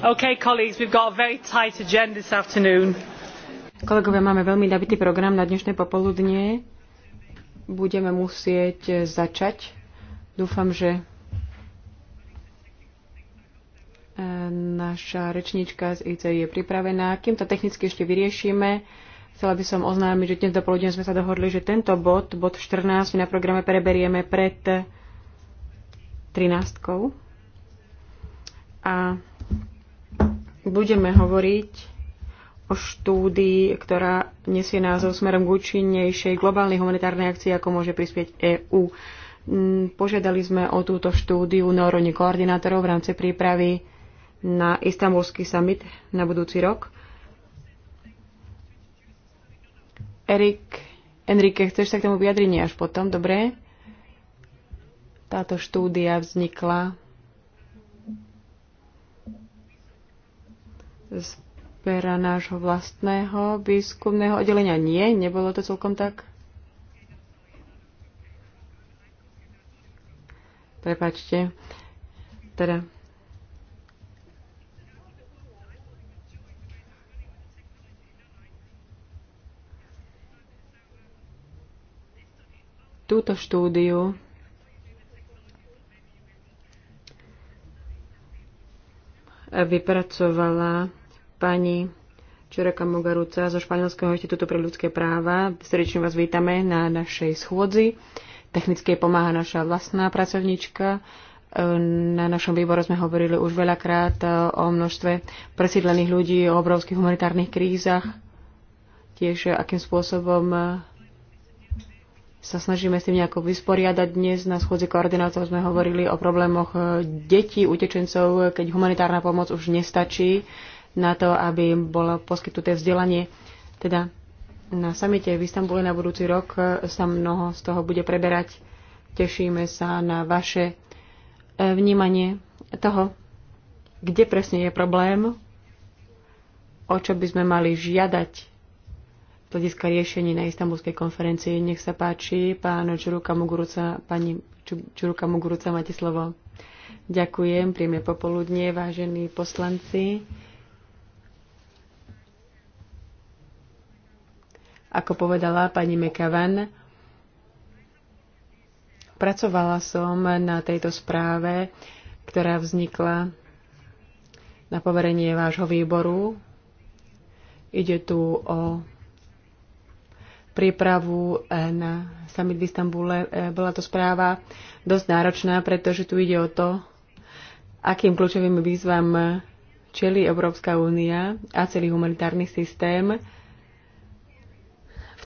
Kolegovia, máme veľmi nabitý program na dnešné popoludnie. Budeme musieť začať. Dúfam, že e, naša rečníčka z IC je pripravená. Kým to technicky ešte vyriešime, chcela by som oznámiť, že dnes dopoludne sme sa dohodli, že tento bod, bod 14, na programe preberieme pred 13. A budeme hovoriť o štúdii, ktorá nesie názov smerom k účinnejšej globálnej humanitárnej akcii, ako môže prispieť EÚ. Mm, požiadali sme o túto štúdiu úrovni koordinátorov v rámci prípravy na istambulský summit na budúci rok. Erik, Enrique, chceš sa k tomu vyjadriť? Nie až potom, dobre. Táto štúdia vznikla z pera nášho vlastného výskumného oddelenia. Nie, nebolo to celkom tak. Prepačte. Teda, túto štúdiu vypracovala pani Čureka Mogaruca zo Španielského inštitútu pre ľudské práva. Srdečne vás vítame na našej schôdzi. Technicky pomáha naša vlastná pracovníčka. E, na našom výbore sme hovorili už veľakrát e, o množstve presídlených ľudí, o obrovských humanitárnych krízach, tiež e, akým spôsobom sa snažíme s tým nejako vysporiadať. Dnes na schôdzi koordinátorov sme hovorili o problémoch detí, utečencov, keď humanitárna pomoc už nestačí na to, aby im bolo poskytnuté vzdelanie. Teda na samite v Istambule na budúci rok sa mnoho z toho bude preberať. Tešíme sa na vaše e, vnímanie toho, kde presne je problém, o čo by sme mali žiadať z hľadiska riešení na istambulskej konferencii. Nech sa páči, pán Čuruka Muguruca, pani Čuruka Muguruca, máte slovo. Ďakujem, príjme popoludne, vážení poslanci. Ako povedala pani McAvan, pracovala som na tejto správe, ktorá vznikla na poverenie vášho výboru. Ide tu o prípravu e, na summit v Istambule. E, bola to správa dosť náročná, pretože tu ide o to, akým kľúčovým výzvam čeli Európska únia a celý humanitárny systém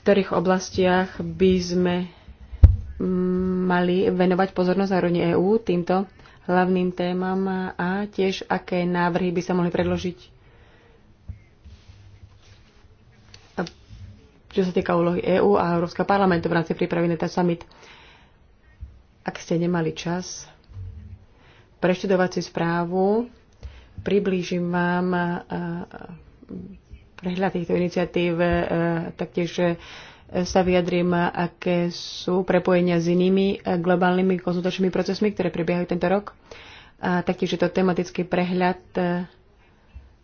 ktorých oblastiach by sme mali venovať pozornosť zároveň EÚ týmto hlavným témam a tiež aké návrhy by sa mohli predložiť čo sa týka úlohy EÚ a Európskeho parlamentu v rámci prípravy na summit. Ak ste nemali čas preštudovať si správu, priblížim vám prehľad týchto iniciatív, e, taktiež e, sa vyjadrím, aké sú prepojenia s inými e, globálnymi konzultačnými procesmi, ktoré prebiehajú tento rok. A taktiež je to tematický prehľad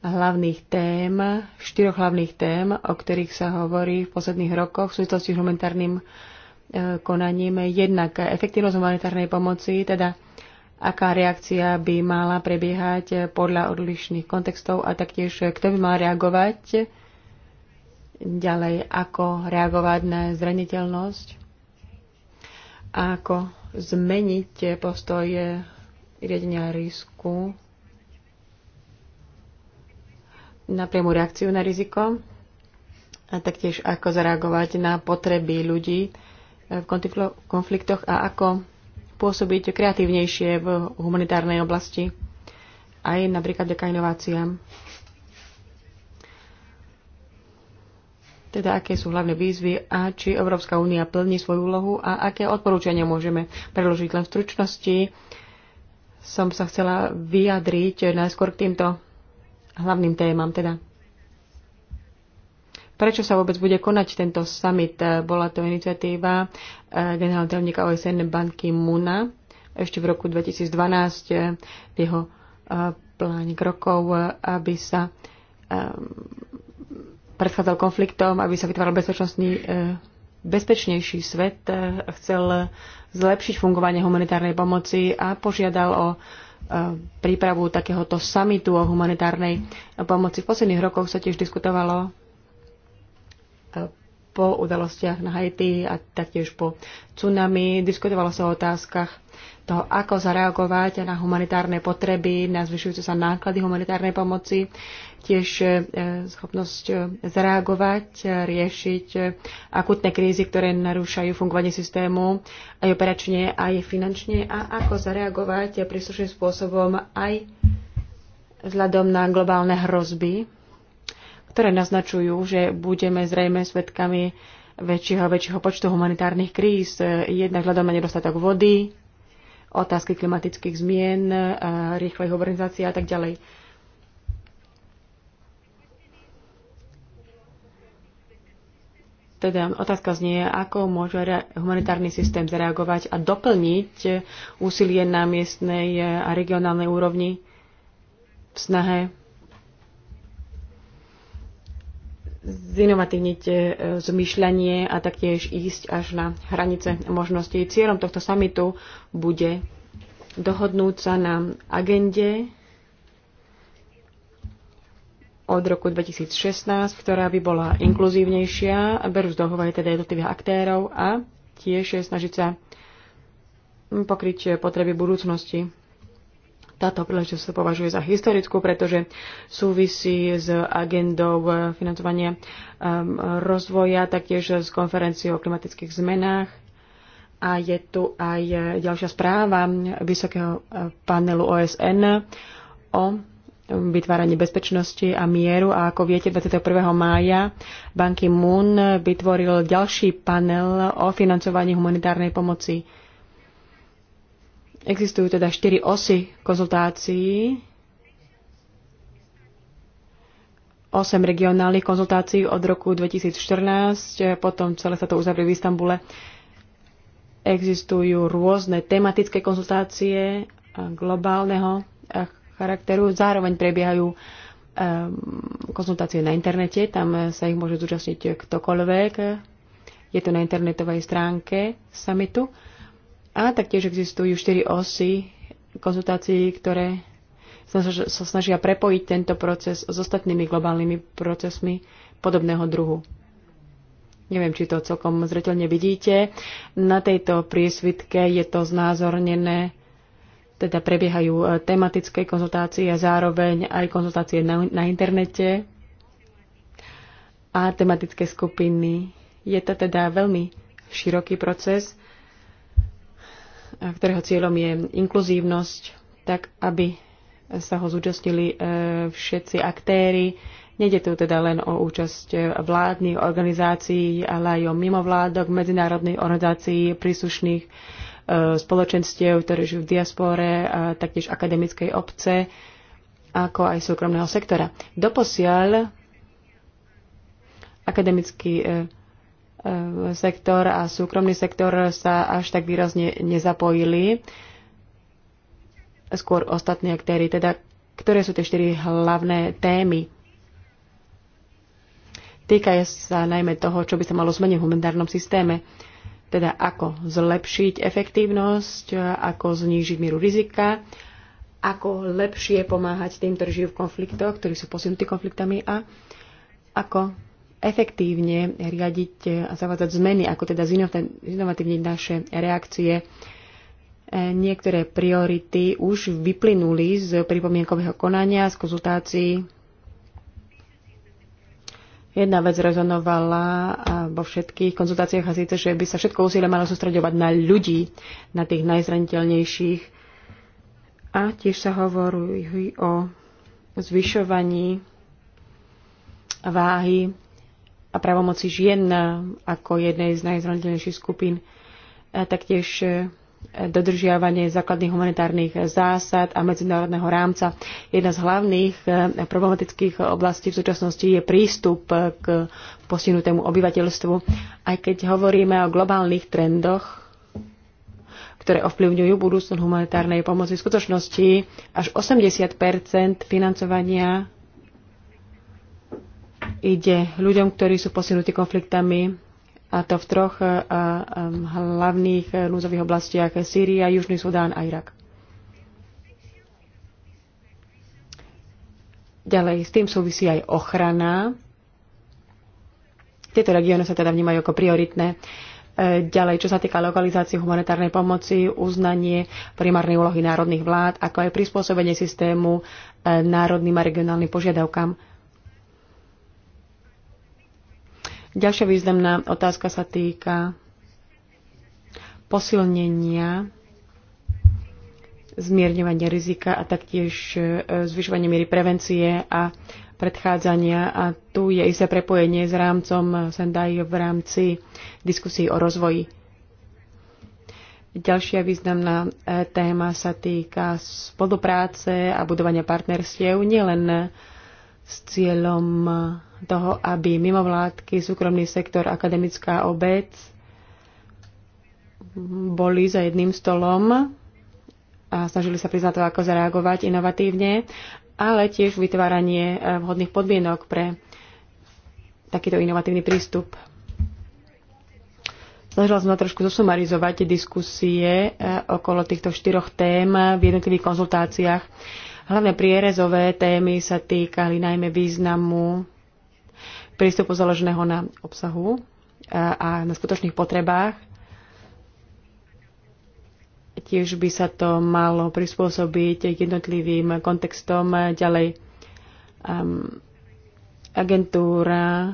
hlavných tém, štyroch hlavných tém, o ktorých sa hovorí v posledných rokoch v súvislosti s humanitárnym konaním. Jednak efektívnosť humanitárnej pomoci, teda aká reakcia by mala prebiehať podľa odlišných kontextov a taktiež kto by mal reagovať ďalej, ako reagovať na zraniteľnosť a ako zmeniť postoj riadenia risku na priamu reakciu na riziko a taktiež ako zareagovať na potreby ľudí v konfliktoch a ako pôsobiť kreatívnejšie v humanitárnej oblasti, aj napríklad vďaka inováciám. Teda aké sú hlavné výzvy a či Európska únia plní svoju úlohu a aké odporúčania môžeme preložiť len v stručnosti. Som sa chcela vyjadriť najskôr k týmto hlavným témam, teda prečo sa vôbec bude konať tento summit. E, bola to iniciatíva e, generálneho tajomníka OSN banky Muna ešte v roku 2012 v e, jeho pláne krokov, aby sa predchádzal konfliktom, aby sa vytváral bezpečnostný bezpečnejší svet, chcel zlepšiť fungovanie humanitárnej pomoci a požiadal o prípravu takéhoto samitu o humanitárnej pomoci. V posledných rokoch sa tiež diskutovalo po udalostiach na Haiti a taktiež po tsunami. Diskutovalo sa o otázkach toho, ako zareagovať na humanitárne potreby, na zvyšujúce sa náklady humanitárnej pomoci, tiež e, schopnosť e, zareagovať, e, riešiť akutné krízy, ktoré narúšajú fungovanie systému aj operačne, aj finančne a ako zareagovať príslušným spôsobom aj vzhľadom na globálne hrozby, ktoré naznačujú, že budeme zrejme svetkami väčšieho a väčšieho počtu humanitárnych kríz, e, jednak hľadom na nedostatok vody, otázky klimatických zmien, e, rýchlej urbanizácie a tak ďalej. Teda otázka znie, ako môže humanitárny systém zareagovať a doplniť úsilie na miestnej a regionálnej úrovni v snahe zinovatívniť e, zmyšľanie a taktiež ísť až na hranice možností. Cieľom tohto samitu bude dohodnúť sa na agende od roku 2016, ktorá by bola inkluzívnejšia, berú z dohovej teda jednotlivých aktérov a tiež snažiť sa pokryť potreby budúcnosti. Táto príležitosť sa považuje za historickú, pretože súvisí s agendou financovania um, rozvoja, taktiež s konferenciou o klimatických zmenách. A je tu aj ďalšia správa Vysokého uh, panelu OSN o vytváranie bezpečnosti a mieru. A ako viete, 21. mája Banky Moon vytvoril ďalší panel o financovaní humanitárnej pomoci Existujú teda štyri osy konzultácií, osem regionálnych konzultácií od roku 2014, potom celé sa to uzavrie v Istambule. Existujú rôzne tematické konzultácie globálneho eh, charakteru. Zároveň prebiehajú ehm, konzultácie na internete, tam eh, sa ich môže zúčastniť eh, ktokoľvek. Je to na internetovej stránke summitu. A taktiež existujú štyri osy konzultácií, ktoré sa snažia prepojiť tento proces s ostatnými globálnymi procesmi podobného druhu. Neviem, či to celkom zretelne vidíte. Na tejto priesvitke je to znázornené, teda prebiehajú e, tematické konzultácie a zároveň aj konzultácie na, na internete a tematické skupiny. Je to teda veľmi široký proces ktorého cieľom je inkluzívnosť, tak aby sa ho zúčastnili e, všetci aktéry. Nede tu teda len o účasť e, vládnych organizácií, ale aj o mimovládok, medzinárodných organizácií, príslušných e, spoločenstiev, ktoré žijú v diaspore, a taktiež akademickej obce, ako aj súkromného sektora. Doposiaľ akademický E, sektor a súkromný sektor sa až tak výrazne nezapojili. Skôr ostatní aktéry, teda ktoré sú tie štyri hlavné témy. Týka sa najmä toho, čo by sa malo zmeniť v humanitárnom systéme, teda ako zlepšiť efektívnosť, ako znížiť mieru rizika, ako lepšie pomáhať tým, ktorí žijú v konfliktoch, ktorí sú posunutí konfliktami a ako efektívne riadiť a zavádzať zmeny, ako teda zinovatívniť naše reakcie. E, niektoré priority už vyplynuli z pripomienkového konania, z konzultácií. Jedna vec rezonovala e, vo všetkých konzultáciách a síce, že by sa všetko úsilie malo sústredovať na ľudí, na tých najzraniteľnejších. A tiež sa hovorí o zvyšovaní váhy a právomoci žien ako jednej z najzraniteľnejších skupín, taktiež e, dodržiavanie základných humanitárnych zásad a medzinárodného rámca. Jedna z hlavných e, problematických oblastí v súčasnosti je prístup e, k postihnutému obyvateľstvu. Aj keď hovoríme o globálnych trendoch, ktoré ovplyvňujú budúcnosť humanitárnej pomoci. V skutočnosti až 80 financovania Ide ľuďom, ktorí sú posunutí konfliktami, a to v troch hlavných e, núzových oblastiach Sýria, Južný Sudán a Irak. Ďalej, s tým súvisí aj ochrana. Tieto regióny sa teda vnímajú ako prioritné. E, ďalej, čo sa týka lokalizácie humanitárnej pomoci, uznanie primárnej úlohy národných vlád, ako aj prispôsobenie systému e, národným a regionálnym požiadavkám. Ďalšia významná otázka sa týka posilnenia zmierňovania rizika a taktiež e, zvyšovanie miery prevencie a predchádzania. A tu je isté prepojenie s rámcom Sendai v rámci diskusí o rozvoji. Ďalšia významná e, téma sa týka spolupráce a budovania partnerstiev nielen s cieľom toho, aby mimovládky, súkromný sektor, akademická obec boli za jedným stolom a snažili sa priznať to, ako zareagovať inovatívne, ale tiež vytváranie eh, vhodných podmienok pre takýto inovatívny prístup. Snažila som sa trošku zosumarizovať diskusie eh, okolo týchto štyroch tém v jednotlivých konzultáciách. Hlavné prierezové témy sa týkali najmä významu prístupu založeného na obsahu e, a na skutočných potrebách. Tiež by sa to malo prispôsobiť jednotlivým kontextom ďalej. Um, agentúra,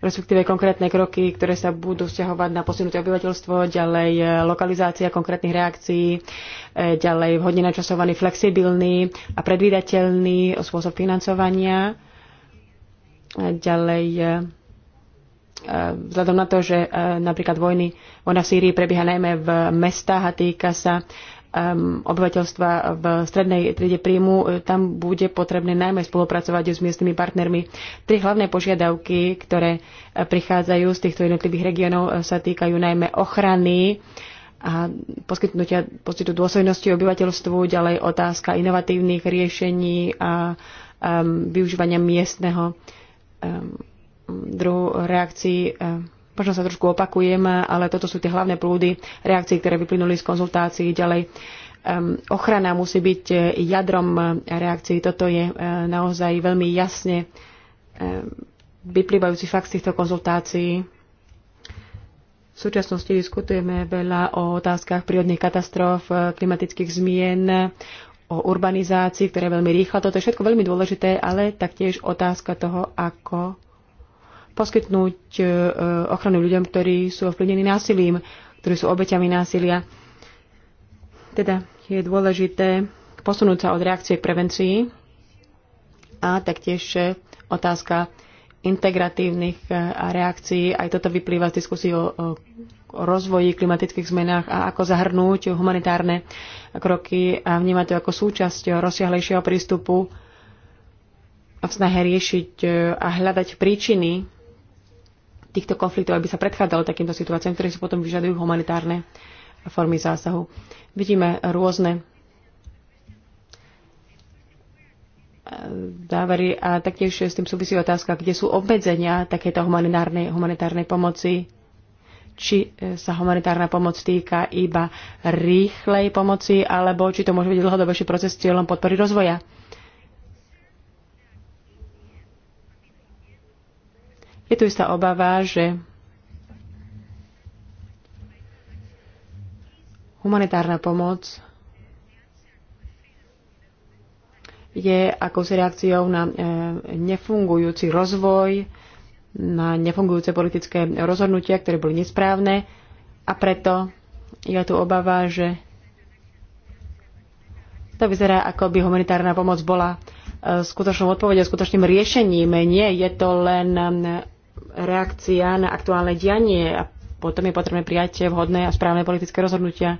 respektíve konkrétne kroky, ktoré sa budú vzťahovať na posunuté obyvateľstvo, ďalej e, lokalizácia konkrétnych reakcií, e, ďalej vhodne načasovaný, flexibilný a predvídateľný spôsob financovania Ďalej, e, e, vzhľadom na to, že e, napríklad vojny, vojna v Sýrii prebieha najmä v mestách a týka sa obyvateľstva v strednej triede príjmu, tam bude potrebné najmä spolupracovať s miestnymi partnermi. Tri hlavné požiadavky, ktoré prichádzajú z týchto jednotlivých regiónov, sa týkajú najmä ochrany a poskytnutia pocitu dôsojnosti obyvateľstvu, ďalej otázka inovatívnych riešení a a využívania miestneho Ehm, druhú reakcii, e, Možno sa trošku opakujem, ale toto sú tie hlavné plúdy reakcií, ktoré vyplynuli z konzultácií ďalej. Ehm, ochrana musí byť e, jadrom reakcií. Toto je e, naozaj veľmi jasne vyplývajúci fakt z týchto konzultácií. V súčasnosti diskutujeme veľa o otázkach prírodných katastrof, klimatických zmien, o urbanizácii, ktorá je veľmi rýchla. Toto je všetko veľmi dôležité, ale taktiež otázka toho, ako poskytnúť e, ochranu ľuďom, ktorí sú ovplyvnení násilím, ktorí sú obeťami násilia. Teda je dôležité posunúť sa od reakcie k prevencii a taktiež otázka integratívnych e, reakcií. Aj toto vyplýva z diskusí o rozvoji, klimatických zmenách a ako zahrnúť humanitárne kroky a vnímať to ako súčasť rozsiahlejšieho prístupu v snahe riešiť a hľadať príčiny týchto konfliktov, aby sa predchádzalo takýmto situáciám, ktoré si potom vyžadujú humanitárne formy zásahu. Vidíme rôzne závery a taktiež s tým súvisí otázka, kde sú obmedzenia takéto humanitárnej, humanitárnej pomoci či e, sa humanitárna pomoc týka iba rýchlej pomoci, alebo či to môže byť dlhodobejší proces s cieľom podpory rozvoja. Je tu istá obava, že humanitárna pomoc je akousi reakciou na e, nefungujúci rozvoj na nefungujúce politické rozhodnutia, ktoré boli nesprávne a preto je tu obava, že to vyzerá, ako by humanitárna pomoc bola e, skutočnou odpovedou, skutočným riešením. Nie, je to len e, reakcia na aktuálne dianie a potom je potrebné prijať vhodné a správne politické rozhodnutia.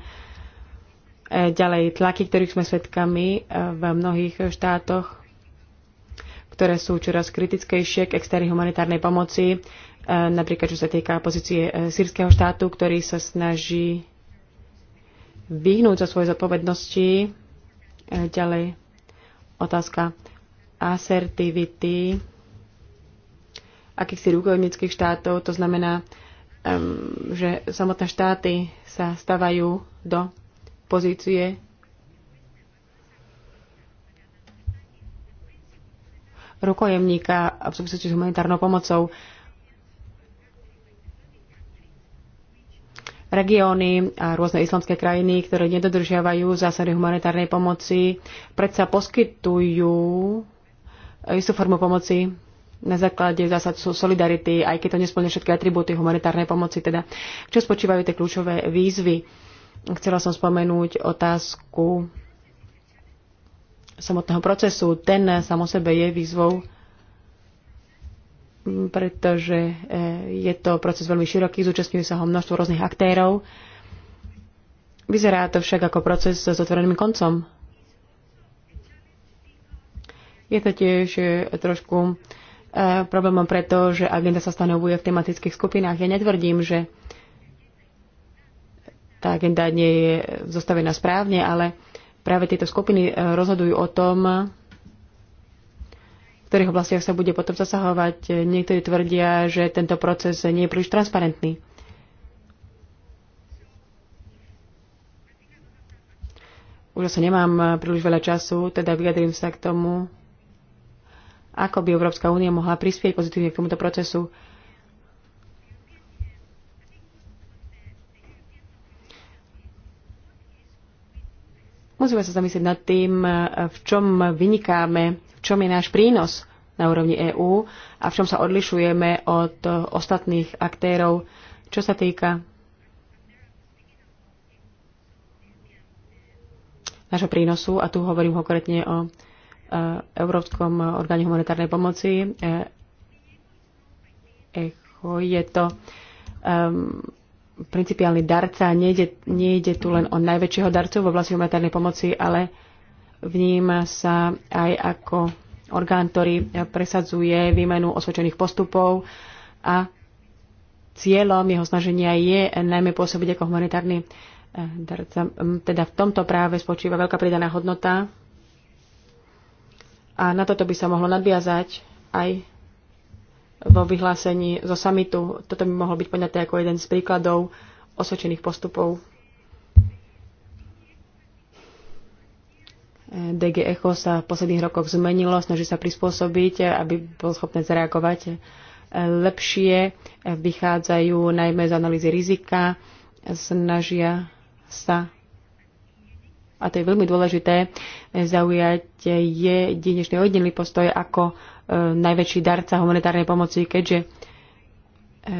E, ďalej, tlaky, ktorých sme svedkami v mnohých štátoch ktoré sú čoraz kritickejšie k externej humanitárnej pomoci, e, napríklad čo sa týka pozície e, sírskeho štátu, ktorý sa snaží vyhnúť sa svojej zodpovednosti. E, ďalej otázka asertivity akýchsi rukojemnických štátov, to znamená, že samotné štáty sa stavajú do pozície rukojemníka v súvislosti s humanitárnou pomocou. regióny a rôzne islamské krajiny, ktoré nedodržiavajú zásady humanitárnej pomoci, predsa poskytujú istú formu pomoci na základe zásad solidarity, aj keď to nesplňuje všetky atribúty humanitárnej pomoci. Teda, čo spočívajú tie kľúčové výzvy? Chcela som spomenúť otázku samotného procesu. Ten sam o sebe je výzvou, pretože e, je to proces veľmi široký, zúčastňujú sa ho množstvo rôznych aktérov. Vyzerá to však ako proces s otvoreným koncom. Je to tiež e, trošku e, problémom preto, že agenda sa stanovuje v tematických skupinách. Ja netvrdím, že tá agenda nie je zostavená správne, ale práve tieto skupiny e, rozhodujú o tom, v ktorých oblastiach sa bude potom zasahovať. E, niektorí tvrdia, že tento proces nie je príliš transparentný. Už asi nemám e, príliš veľa času, teda vyjadrím sa k tomu, ako by Európska únia mohla prispieť pozitívne k tomuto procesu. Musíme sa zamyslieť nad tým, e, v čom vynikáme, v čom je náš prínos na úrovni EÚ a v čom sa odlišujeme od ostatných aktérov, čo sa týka nášho prínosu. A tu hovorím konkrétne o e, Európskom orgáne humanitárnej pomoci. ECHO e je to um, principiálny darca. Nejde, nejde tu len o najväčšieho darcu v oblasti humanitárnej pomoci, ale vníma sa aj ako orgán, ktorý presadzuje výmenu osvedčených postupov a cieľom jeho snaženia je najmä pôsobiť ako humanitárny eh, darca. Mm, teda v tomto práve spočíva veľká pridaná hodnota a na toto by sa mohlo nadviazať aj vo vyhlásení zo samitu. Toto by mohlo byť poňaté ako jeden z príkladov osvedčených postupov. DG Echo sa v posledných rokoch zmenilo, snaží sa prispôsobiť, aby bol schopné zareagovať lepšie, vychádzajú najmä z analýzy rizika, snažia sa a to je veľmi dôležité, zaujať je jedinečný ojedinelý postoj, ako najväčší darca humanitárnej pomoci, keďže e,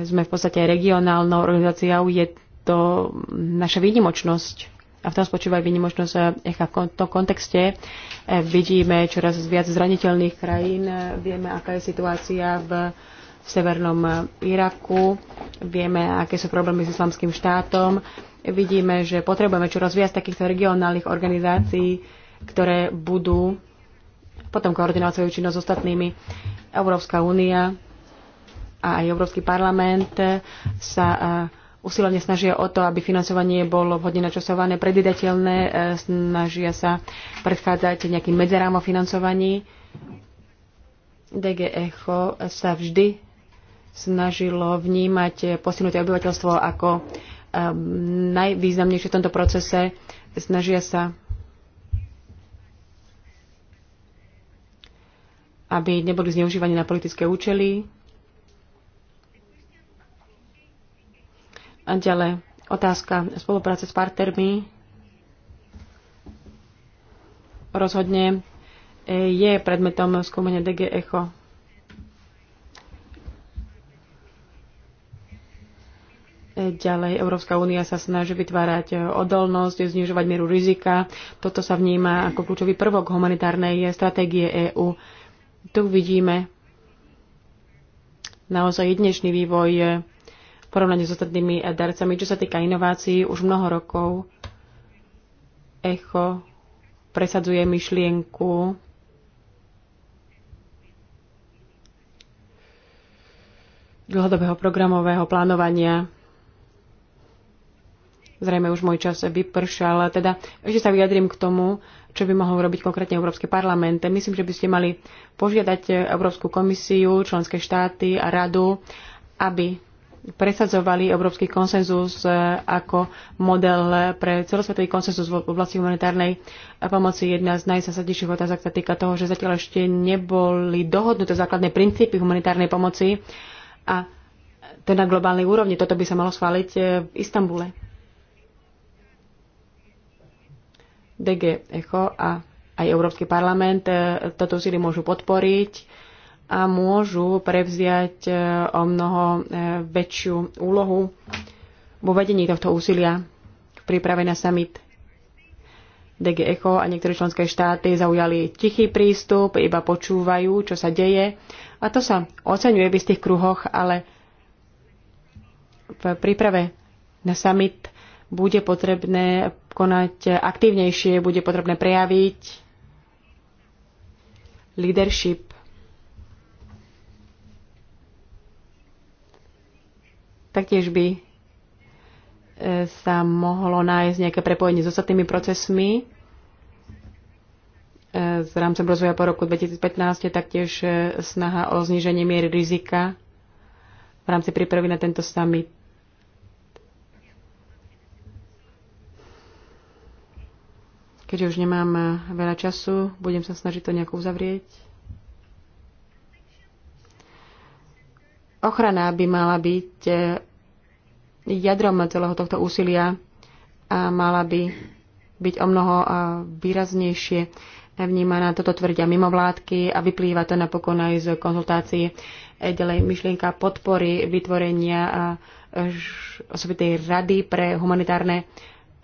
sme v podstate regionálnou organizáciou, je to naša výnimočnosť. A v tom spočíva aj výnimočnosť, aká v tom kontexte e, vidíme čoraz viac zraniteľných krajín, vieme, aká je situácia v v severnom Iraku, vieme, aké sú problémy s islamským štátom, vidíme, že potrebujeme čoraz viac takýchto regionálnych organizácií, ktoré budú potom svoju činnosť s ostatnými. Európska únia a aj Európsky parlament sa e, usilovne snažia o to, aby financovanie bolo vhodne načasované, predvydateľné, e, snažia sa predchádzať nejakým medzerám o financovaní. DG Echo sa vždy snažilo vnímať posunuté obyvateľstvo ako e, najvýznamnejšie v tomto procese. Snažia sa aby neboli zneužívaní na politické účely. A ďalej, otázka spolupráce s partnermi. Rozhodne e, je predmetom skúmania DG ECHO. E, ďalej, Európska únia sa snaží vytvárať odolnosť, znižovať mieru rizika. Toto sa vníma ako kľúčový prvok humanitárnej stratégie EÚ. Tu vidíme naozaj jednešný vývoj v porovnaní s ostatnými darcami. Čo sa týka inovácií, už mnoho rokov ECHO presadzuje myšlienku dlhodobého programového plánovania Zrejme už môj čas pršal, Teda ešte sa vyjadrím k tomu, čo by mohol robiť konkrétne Európsky parlament. Myslím, že by ste mali požiadať Európsku komisiu, členské štáty a radu, aby presadzovali európsky konsenzus eh, ako model pre celosvetový konsenzus v oblasti humanitárnej pomoci. Jedna z najzásadnejších otázok sa týka toho, že zatiaľ ešte neboli dohodnuté základné princípy humanitárnej pomoci a to na globálnej úrovni. Toto by sa malo schváliť eh, v Istambule. DG ECHO a aj Európsky parlament e, toto úsilie môžu podporiť a môžu prevziať e, o mnoho e, väčšiu úlohu vo vedení tohto úsilia v príprave na summit. DG ECHO a niektoré členské štáty zaujali tichý prístup, iba počúvajú, čo sa deje. A to sa oceňuje v istých kruhoch, ale v príprave na summit bude potrebné konať aktívnejšie, bude potrebné prejaviť leadership. Taktiež by e, sa mohlo nájsť nejaké prepojenie s ostatnými procesmi e, s rámcom rozvoja po roku 2015 je taktiež e, snaha o zníženie miery rizika v rámci prípravy na tento summit. Keďže už nemám eh, veľa času, budem sa snažiť to nejako uzavrieť. Ochrana by mala byť eh, jadrom celého tohto úsilia a mala by byť o mnoho eh, výraznejšie vnímaná. Toto tvrdia mimovládky a vyplýva to napokon aj z konzultácií. Ďalej myšlienka podpory vytvorenia osobitej rady pre humanitárne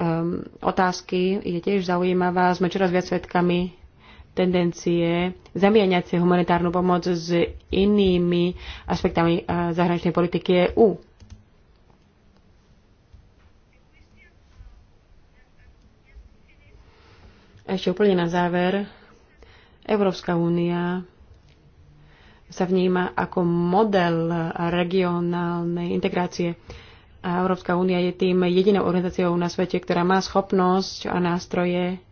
um, otázky je tiež zaujímavá. Sme čoraz viac svetkami tendencie zamieňať si humanitárnu pomoc s inými aspektami eh, zahraničnej politiky EU. Ešte úplne na záver. Európska únia sa vníma ako model regionálnej integrácie. Uh, a Európska únia je tým jedinou organizáciou na svete, ktorá má schopnosť a nástroje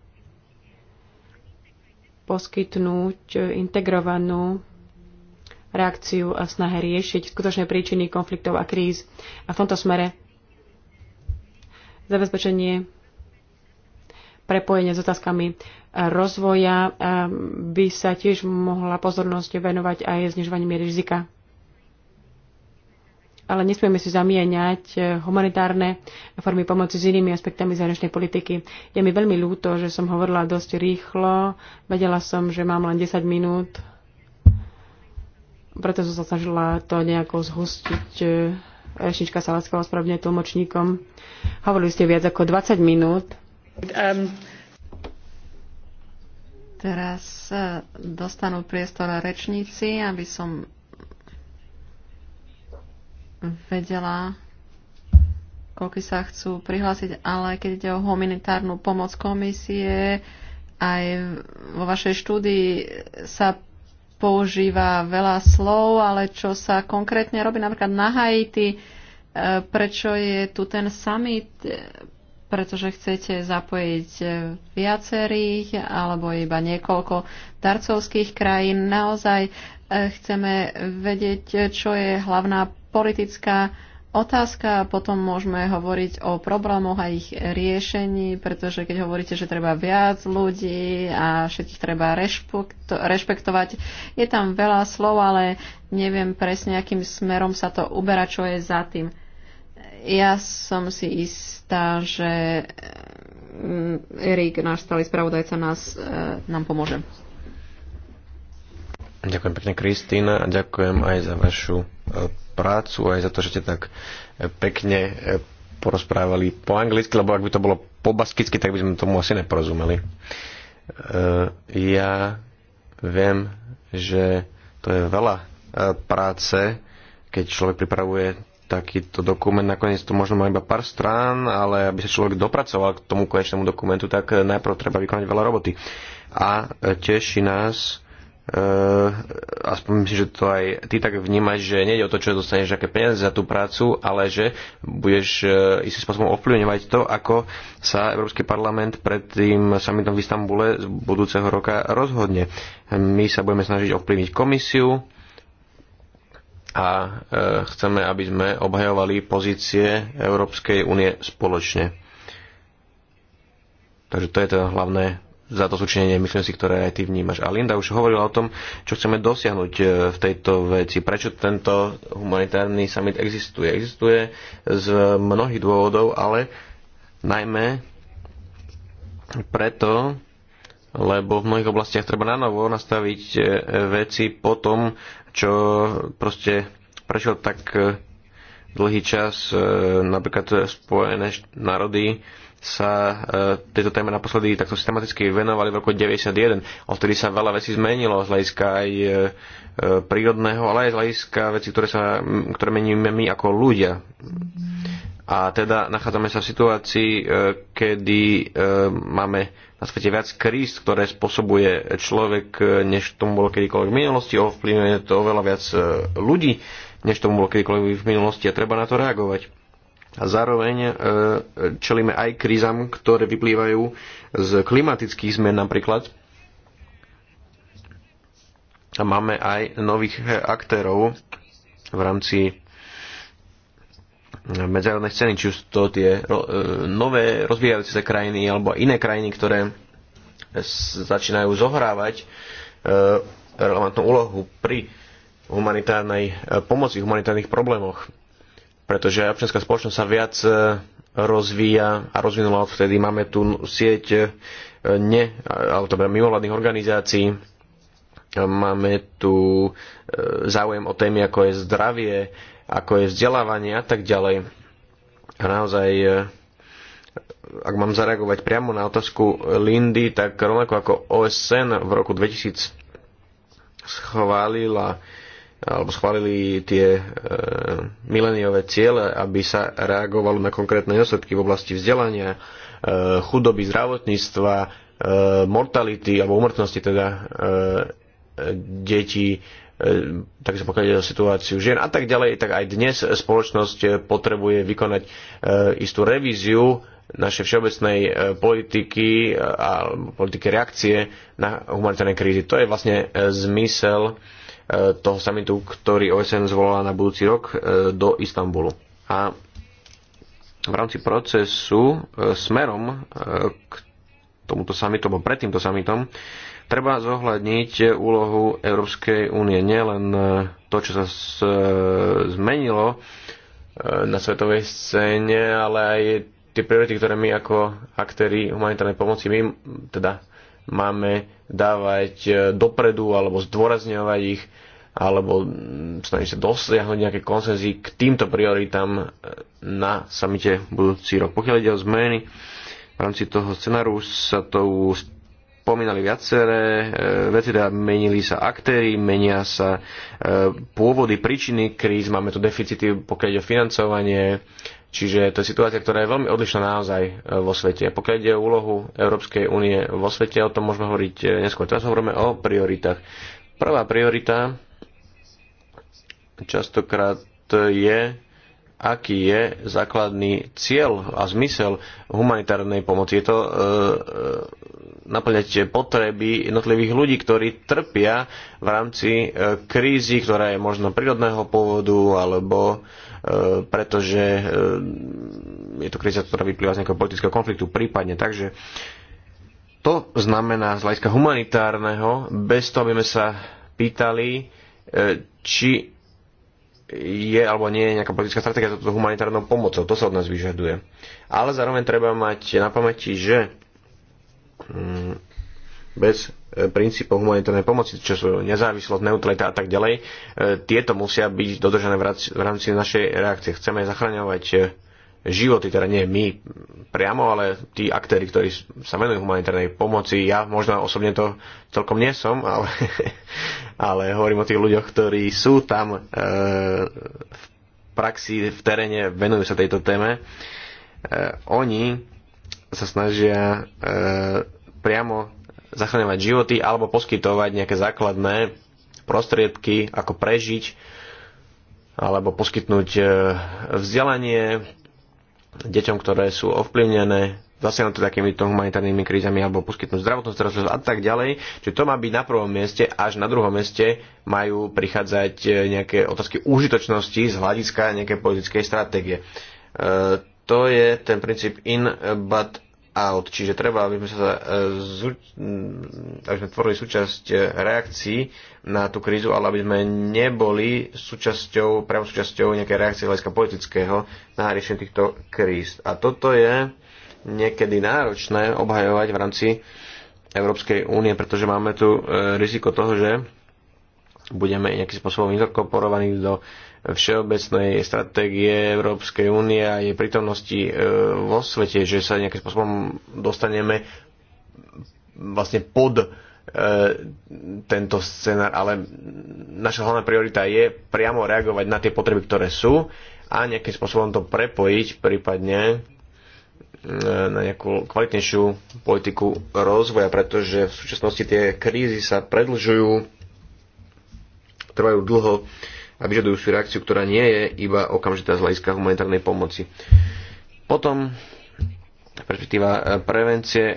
poskytnúť integrovanú reakciu a snahe riešiť skutočné príčiny konfliktov a kríz. A v tomto smere zabezpečenie prepojenie s otázkami rozvoja by sa tiež mohla pozornosť venovať aj znižovaním rizika ale nesmieme si zamieňať eh, humanitárne formy pomoci s inými aspektami zahraničnej politiky. Je mi veľmi ľúto, že som hovorila dosť rýchlo. Vedela som, že mám len 10 minút. Preto som sa snažila to nejako zhustiť. Eh, Rešnička Salackova ospravne tlmočníkom. Hovorili ste viac ako 20 minút. Um. Teraz eh, dostanú priestor rečníci, aby som vedela, koľko sa chcú prihlásiť, ale keď ide o humanitárnu pomoc komisie, aj vo vašej štúdii sa používa veľa slov, ale čo sa konkrétne robí napríklad na Haiti, e, prečo je tu ten summit, pretože chcete zapojiť e, viacerých alebo iba niekoľko darcovských krajín. Naozaj e, chceme vedieť, e, čo je hlavná politická otázka a potom môžeme hovoriť o problémoch a ich riešení, pretože keď hovoríte, že treba viac ľudí a všetkých treba rešpektovať, je tam veľa slov, ale neviem presne, akým smerom sa to uberá, čo je za tým. Ja som si istá, že eh, Erik, náš stály spravodajca, nás, eh, nám pomôže. Ďakujem pekne, Kristýna, a ďakujem aj za vašu eh, prácu, aj za to, že ste tak pekne porozprávali po anglicky, lebo ak by to bolo po baskicky, tak by sme tomu asi neporozumeli. Ja viem, že to je veľa práce, keď človek pripravuje takýto dokument. Nakoniec to možno má iba pár strán, ale aby sa človek dopracoval k tomu konečnému dokumentu, tak najprv treba vykonať veľa roboty. A teší nás, e, aspoň myslím, že to aj ty tak vnímaš, že nejde o to, čo dostaneš aké peniaze za tú prácu, ale že budeš e, istým spôsobom ovplyvňovať to, ako sa Európsky parlament pred tým summitom v Istambule z budúceho roka rozhodne. My sa budeme snažiť ovplyvniť komisiu, a e, chceme, aby sme obhajovali pozície Európskej únie spoločne. Takže to je to hlavné za to súčinenie si, ktoré aj ty vnímaš. A Linda už hovorila o tom, čo chceme dosiahnuť e, v tejto veci. Prečo tento humanitárny summit existuje? Existuje z mnohých dôvodov, ale najmä preto, lebo v mnohých oblastiach treba na novo nastaviť e, veci po tom, čo proste prešiel tak e, dlhý čas, e, napríklad Spojené národy sa e, tejto téme naposledy takto systematicky venovali v roku 1991, Odtedy sa veľa vecí zmenilo z hľadiska aj prírodného, ale aj z hľadiska vecí, ktoré, sa, ktoré meníme my ako ľudia. A teda nachádzame sa v situácii, kedy máme na svete viac kríz, ktoré spôsobuje človek, eh, než tomu bolo kedykoľvek v minulosti. Ovplyvňuje to oveľa viac eh, ľudí, než tomu bolo kedykoľvek v minulosti a treba na to reagovať. A zároveň eh, čelíme aj krízam, ktoré vyplývajú z klimatických zmen napríklad. A máme aj nových aktérov v rámci medzinárodné scény, či už to tie ro, e, nové rozvíjajúce sa krajiny alebo iné krajiny, ktoré začínajú zohrávať e, relevantnú úlohu pri humanitárnej e, pomoci, humanitárnych problémoch. Pretože občianská spoločnosť sa viac rozvíja a rozvinula odvtedy. Máme tu sieť ne, alebo to teda mimovládnych organizácií, Máme tu e, záujem o témy, ako je zdravie, ako je vzdelávanie a tak ďalej. A naozaj, e, ak mám zareagovať priamo na otázku Lindy, tak rovnako ako OSN v roku 2000 schválila alebo schválili tie e, mileniové ciele, aby sa reagovalo na konkrétne následky v oblasti vzdelania, e, chudoby, zdravotníctva, e, mortality alebo umrtnosti teda e, detí, sa e, pokiaľ o situáciu žien a tak ďalej, tak aj dnes spoločnosť potrebuje vykonať e, istú revíziu našej všeobecnej e, politiky a politiky reakcie na humanitárne krízy. To je vlastne zmysel toho samitu, ktorý OSN zvolala na budúci rok do Istanbulu. A v rámci procesu smerom k tomuto samitu, alebo pred týmto samitom, Treba zohľadniť úlohu Európskej únie, nielen e, to, čo sa e, zmenilo e, na svetovej scéne, ale aj tie priority, ktoré my ako aktéry humanitárnej pomoci, my teda máme dávať dopredu alebo zdôrazňovať ich alebo snažiť sa dosiahnuť nejaké konsenzy k týmto prioritám na samite budúci rok. Pokiaľ ide o zmeny, v rámci toho scenáru sa to spomínali viaceré e, veci, teda menili sa aktéry, menia sa e, pôvody, príčiny kríz, máme tu deficity, pokiaľ ide o financovanie, Čiže to je situácia, ktorá je veľmi odlišná naozaj e, vo svete. Pokiaľ ide o úlohu Európskej únie vo svete, o tom môžeme hovoriť neskôr. Teraz hovoríme o prioritách. Prvá priorita častokrát je, aký je základný cieľ a zmysel humanitárnej pomoci. Je to e, naplňať potreby jednotlivých ľudí, ktorí trpia v rámci e, krízy, ktorá je možno prírodného pôvodu alebo e, pretože e, je to kríza, ktorá vyplýva z nejakého politického konfliktu prípadne. Takže to znamená z hľadiska humanitárneho, bez toho, aby sme sa pýtali, či je alebo nie je nejaká politická stratégia za túto humanitárnou pomocou. To sa od nás vyžaduje. Ale zároveň treba mať na pamäti, že Mm, bez e, princípov humanitárnej pomoci, čo sú nezávislosť, neutralita a tak ďalej, e, tieto musia byť dodržané v rámci našej reakcie. Chceme zachraňovať e, životy, teda nie my priamo, ale tí aktéry, ktorí sa venujú humanitárnej pomoci. Ja možno osobne to celkom nie som, ale, ale hovorím o tých ľuďoch, ktorí sú tam e, v praxi, v teréne, venujú sa tejto téme. E, oni sa snažia e, priamo zachraňovať životy alebo poskytovať nejaké základné prostriedky, ako prežiť alebo poskytnúť e, vzdelanie deťom, ktoré sú ovplyvnené zasiahnuté takýmito humanitárnymi krízami alebo poskytnúť zdravotnú starostlivosť a tak ďalej. Čiže to má byť na prvom mieste, až na druhom mieste majú prichádzať e, nejaké otázky užitočnosti z hľadiska nejakej politickej stratégie. E, to je ten princíp in but out. Čiže treba, aby sme, sa, e, mm, aby sme tvorili súčasť e, reakcií na tú krízu, ale aby sme neboli súčasťou, priamo súčasťou nejakej reakcie hľadiska politického na riešenie týchto kríz. A toto je niekedy náročné obhajovať v rámci Európskej únie, pretože máme tu e, riziko toho, že budeme nejakým spôsobom inkorporovaní do všeobecnej stratégie Európskej únie a jej prítomnosti e, vo svete, že sa nejakým spôsobom dostaneme vlastne pod e, tento scenár, ale naša hlavná priorita je priamo reagovať na tie potreby, ktoré sú a nejakým spôsobom to prepojiť prípadne e, na nejakú kvalitnejšiu politiku rozvoja, pretože v súčasnosti tie krízy sa predlžujú, trvajú dlho, a vyžadujú si reakciu, ktorá nie je iba okamžitá z hľadiska humanitárnej pomoci. Potom perspektíva e, prevencie e,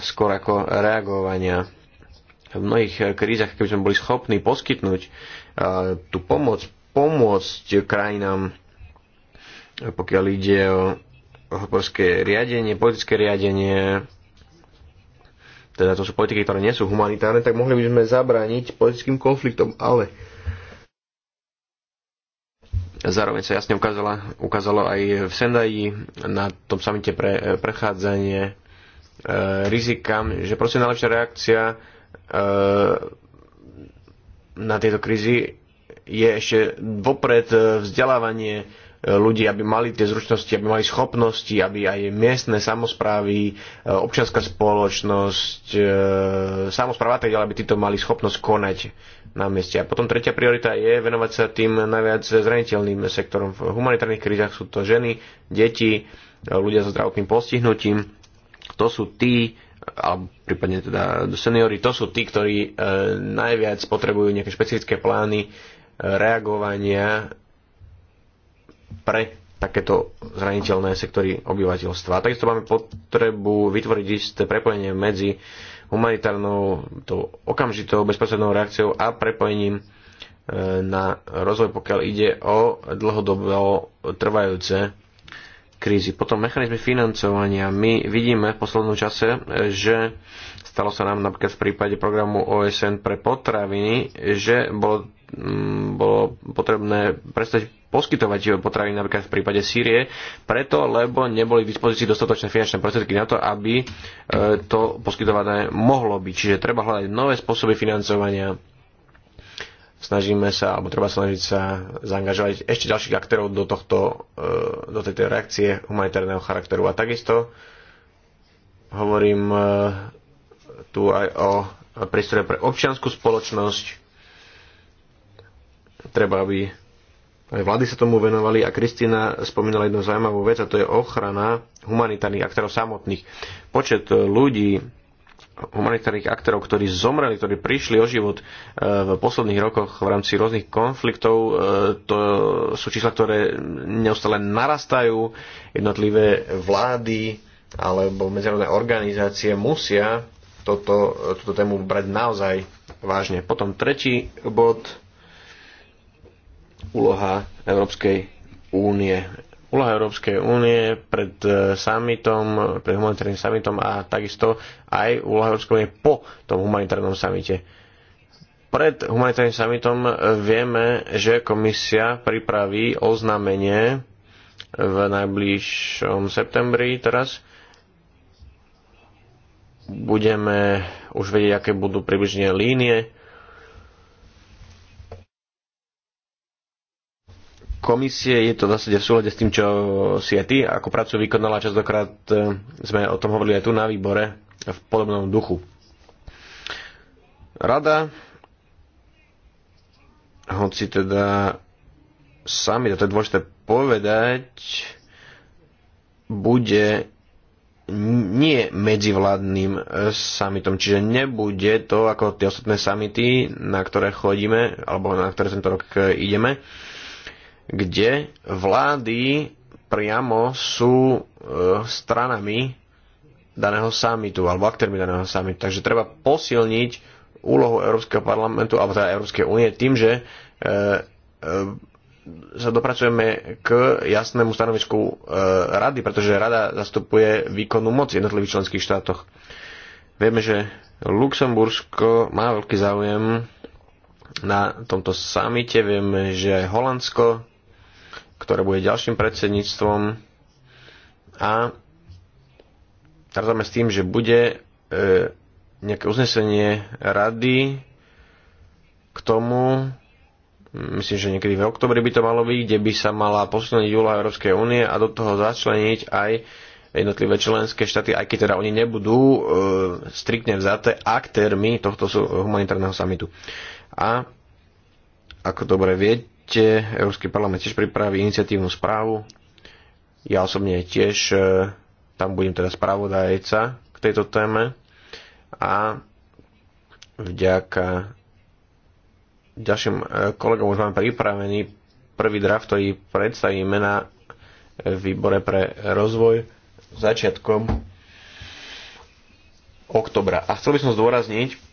skôr ako reagovania. V mnohých e, krízach, keby sme boli schopní poskytnúť tú pomoc, pomôcť krajinám, pokiaľ ide o hospodárske riadenie, politické riadenie, teda to sú politiky, ktoré nie sú humanitárne, tak mohli by sme zabrániť politickým konfliktom, ale Zároveň sa jasne ukázalo, ukázalo aj v Sendaji na tom samite pre e, prechádzanie e, rizikám, že proste najlepšia reakcia e, na tieto krízy je ešte vopred e, vzdelávanie e, ľudí, aby mali tie zručnosti, aby mali schopnosti, aby aj miestne samozprávy, občianská spoločnosť, samozpráva a tak ďalej, aby títo mali schopnosť konať na mieste. A potom tretia priorita je venovať sa tým najviac zraniteľným sektorom. V humanitárnych krízach sú to ženy, deti, ľudia so zdravotným postihnutím. To sú tí, alebo prípadne teda seniory, to sú tí, ktorí e, najviac potrebujú nejaké špecifické plány e, reagovania pre takéto zraniteľné sektory obyvateľstva. takisto máme potrebu vytvoriť isté prepojenie medzi humanitárnou, tou okamžitou bezprostrednou reakciou a prepojením e, na rozvoj, pokiaľ ide o dlhodobo trvajúce krízy. Potom mechanizmy financovania. My vidíme v poslednom čase, e, že stalo sa nám napríklad v prípade programu OSN pre potraviny, že bolo Mm, bolo potrebné prestať poskytovať potraviny napríklad v prípade Sýrie, preto lebo neboli v dispozícii dostatočné finančné prostriedky na to, aby e, to poskytované mohlo byť. Čiže treba hľadať nové spôsoby financovania. Snažíme sa, alebo treba snažiť sa zaangažovať ešte ďalších aktérov do, tohto, e, do tejto reakcie humanitárneho charakteru. A takisto hovorím e, tu aj o priestore pre občianskú spoločnosť, Treba, aby aj vlády sa tomu venovali a Kristina spomínala jednu zaujímavú vec a to je ochrana humanitárnych aktérov samotných. Počet e, ľudí, humanitárnych aktérov, ktorí zomreli, ktorí prišli o život e, v posledných rokoch v rámci rôznych konfliktov. E, to sú čísla, ktoré neustále narastajú. Jednotlivé vlády alebo medzinárodné organizácie musia toto, túto tému brať naozaj vážne. Potom tretí bod úloha Európskej únie. Úloha Európskej únie pred e, summitom, pred humanitárnym summitom a takisto aj úloha Európskej únie po tom humanitárnom samite. Pred humanitárnym summitom e, vieme, že komisia pripraví oznámenie v najbližšom septembri teraz. Budeme už vedieť, aké budú približne línie komisie, je to v zásade v súlade s tým, čo si aj ty ako prácu vykonala, častokrát e, sme o tom hovorili aj tu na výbore v podobnom duchu. Rada, hoci teda sami, to je dôležité povedať, bude nie medzivládnym e, summitom, čiže nebude to ako tie ostatné summity, na ktoré chodíme, alebo na ktoré tento rok e, ideme, kde vlády priamo sú e, stranami daného samitu alebo aktérmi daného samitu. Takže treba posilniť úlohu Európskeho parlamentu alebo teda Európskej únie tým, že e, e, sa dopracujeme k jasnému stanovisku e, rady, pretože rada zastupuje výkonnú moc v jednotlivých členských štátoch. Vieme, že Luxembursko má veľký záujem na tomto samite, vieme, že Holandsko ktoré bude ďalším predsedníctvom a rátame s tým, že bude e, nejaké uznesenie rady k tomu, myslím, že niekedy v oktobri by to malo byť, kde by sa mala posunúť júla Európskej únie a do toho začleniť aj jednotlivé členské štáty, aj keď teda oni nebudú e, striktne vzaté aktérmi tohto humanitárneho samitu. A ako dobre viete, parlamente, Európsky parlament tiež pripraví iniciatívnu správu. Ja osobne tiež e, tam budem teda spravodajca k tejto téme a vďaka ďalším e, kolegom už mám pripravený prvý draft, ktorý predstavíme na výbore pre rozvoj začiatkom oktobra. A chcel by som zdôrazniť,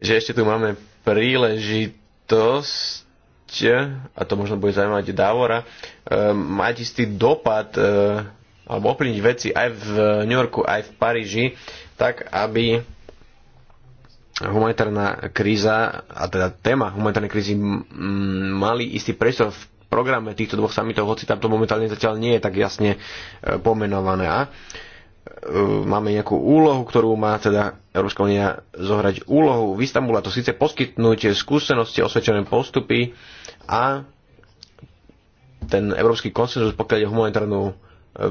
že ešte tu máme príležitosť a to možno bude zaujímať Davora, e, mať istý dopad e, alebo ovplyvniť veci aj v New Yorku, aj v Paríži, tak aby humanitárna kríza, a teda téma humanitárnej krízy mali istý priestor v programe týchto dvoch samitov, hoci tam to momentálne zatiaľ nie je tak jasne e, pomenované. A E, máme nejakú úlohu, ktorú má teda Európska únia zohrať úlohu v Istambule, to síce poskytnúť skúsenosti, osvedčené postupy a ten európsky konsenzus, pokiaľ je humanitárnu e,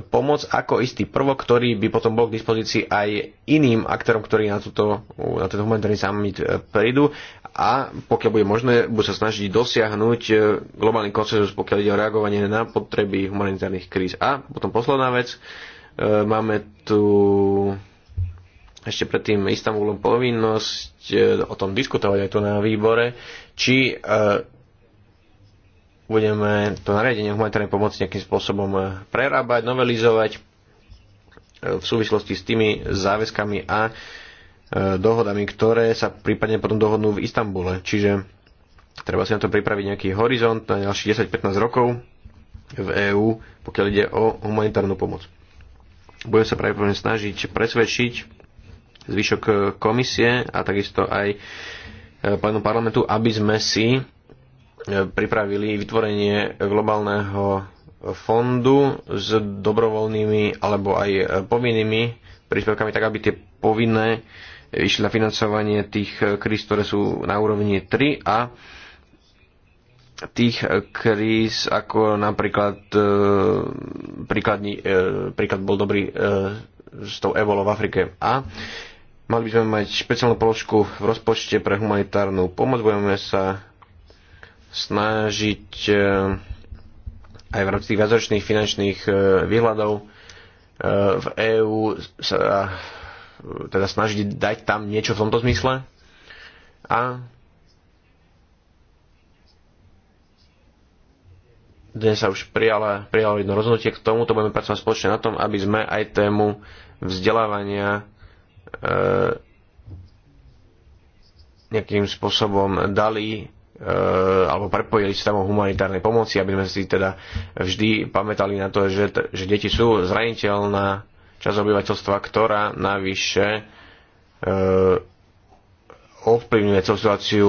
pomoc ako istý prvok, ktorý by potom bol k dispozícii aj iným aktorom, ktorí na, túto, na tento humanitárny summit e, prídu a pokiaľ bude možné, budú sa snažiť dosiahnuť globálny konsenzus, pokiaľ ide o reagovanie na potreby humanitárnych kríz. A potom posledná vec, E, máme tu ešte predtým Istanbulom povinnosť e, o tom diskutovať aj tu na výbore, či e, budeme to nariadenie humanitárnej pomoci nejakým spôsobom prerábať, novelizovať v súvislosti s tými záväzkami a dohodami, ktoré sa prípadne potom dohodnú v Istambule. Čiže treba si na to pripraviť nejaký horizont na ďalších 10-15 rokov v EÚ, pokiaľ ide o humanitárnu pomoc. Budem sa pravdepodobne snažiť presvedčiť zvyšok eh, komisie a takisto aj eh, plénu parlamentu, aby sme si eh, pripravili vytvorenie globálneho fondu s dobrovoľnými alebo aj povinnými príspevkami, tak aby tie povinné išli na financovanie tých kríz, ktoré sú na úrovni 3 a tých eh, kríz, ako napríklad eh, príkladní, eh, príklad bol dobrý s tou ebolou v Afrike. A mali by sme mať špeciálnu položku v rozpočte pre humanitárnu pomoc. Budeme sa snažiť aj v rámci tých viacročných finančných výhľadov v EÚ sa teda snažiť dať tam niečo v tomto zmysle. A dnes sa už prijalo, prijalo jedno rozhodnutie k tomu, to budeme pracovať spoločne na tom, aby sme aj tému vzdelávania e, nejakým spôsobom dali e, alebo prepojili s témou humanitárnej pomoci, aby sme si teda vždy pamätali na to, že, že deti sú zraniteľná časť obyvateľstva, ktorá navyše e, ovplyvňuje celú situáciu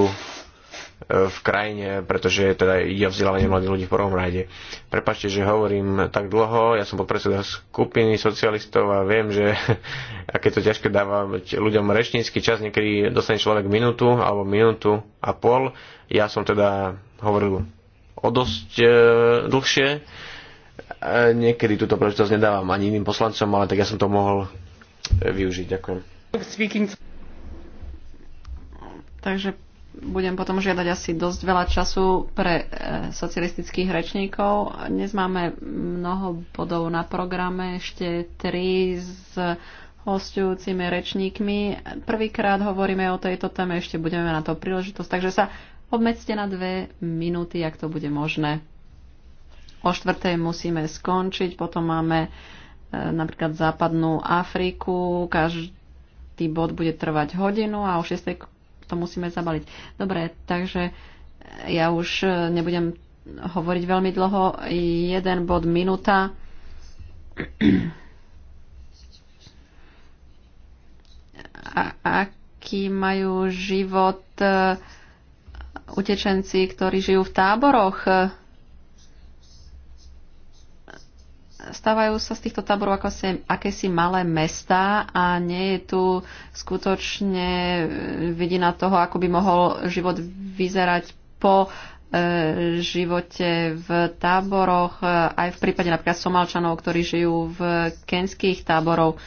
v krajine, pretože teda ide o vzdelávanie mladých ľudí v prvom rade. Prepačte, že hovorím tak dlho, ja som podpredseda skupiny socialistov a viem, že aké to ťažké dáva ľuďom rečnícky čas, niekedy dostane človek minútu alebo minútu a pol. Ja som teda hovoril o dosť e, dlhšie. E, niekedy túto príležitosť nedávam ani iným poslancom, ale tak ja som to mohol e, využiť. Ďakujem. Takže budem potom žiadať asi dosť veľa času pre e, socialistických rečníkov. Dnes máme mnoho bodov na programe, ešte tri s hostujúcimi rečníkmi. Prvýkrát hovoríme o tejto téme, ešte budeme na to príležitosť, takže sa obmedzte na dve minúty, ak to bude možné. O štvrtej musíme skončiť, potom máme e, napríklad západnú Afriku, každý bod bude trvať hodinu a o 6 to musíme zabaliť. Dobre, takže ja už e, nebudem hovoriť veľmi dlho. Jeden bod minúta. A aký majú život e, utečenci, ktorí žijú v táboroch? stávajú sa z týchto táborov ako si, akési malé mesta a nie je tu skutočne e, vidina toho, ako by mohol život vyzerať po e, živote v táboroch, e, aj v prípade napríklad Somalčanov, ktorí žijú v kenských táboroch.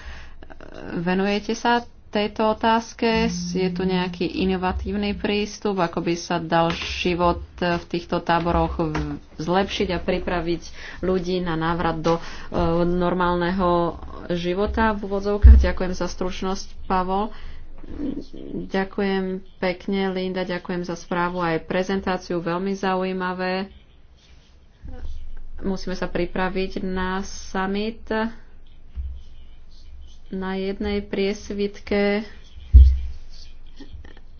Venujete sa tejto otázke? Je tu nejaký inovatívny prístup, ako by sa dal život v týchto táboroch zlepšiť a pripraviť ľudí na návrat do e, normálneho života v úvodzovkách? Ďakujem za stručnosť, Pavol. Ďakujem pekne, Linda, ďakujem za správu aj prezentáciu, veľmi zaujímavé. Musíme sa pripraviť na summit na jednej priesvitke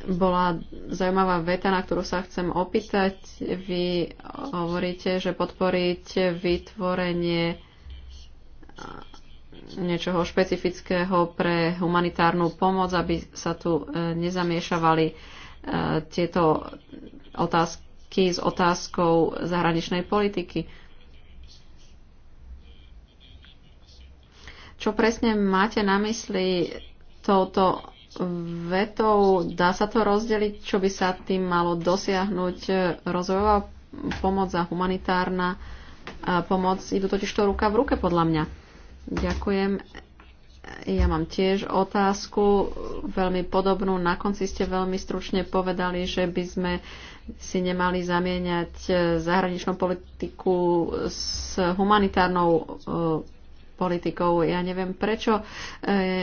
bola zaujímavá veta, na ktorú sa chcem opýtať. Vy hovoríte, že podporíte vytvorenie eh, niečoho špecifického pre humanitárnu pomoc, aby sa tu eh, nezamiešavali eh, tieto otázky s otázkou zahraničnej politiky. Čo presne máte na mysli touto vetou? Dá sa to rozdeliť, čo by sa tým malo dosiahnuť? Rozvojová pomoc a humanitárna pomoc idú totiž to ruka v ruke podľa mňa. Ďakujem. Ja mám tiež otázku, veľmi podobnú. Na konci ste veľmi stručne povedali, že by sme si nemali zamieňať eh, zahraničnú politiku s humanitárnou eh, politikov. Ja neviem prečo. E,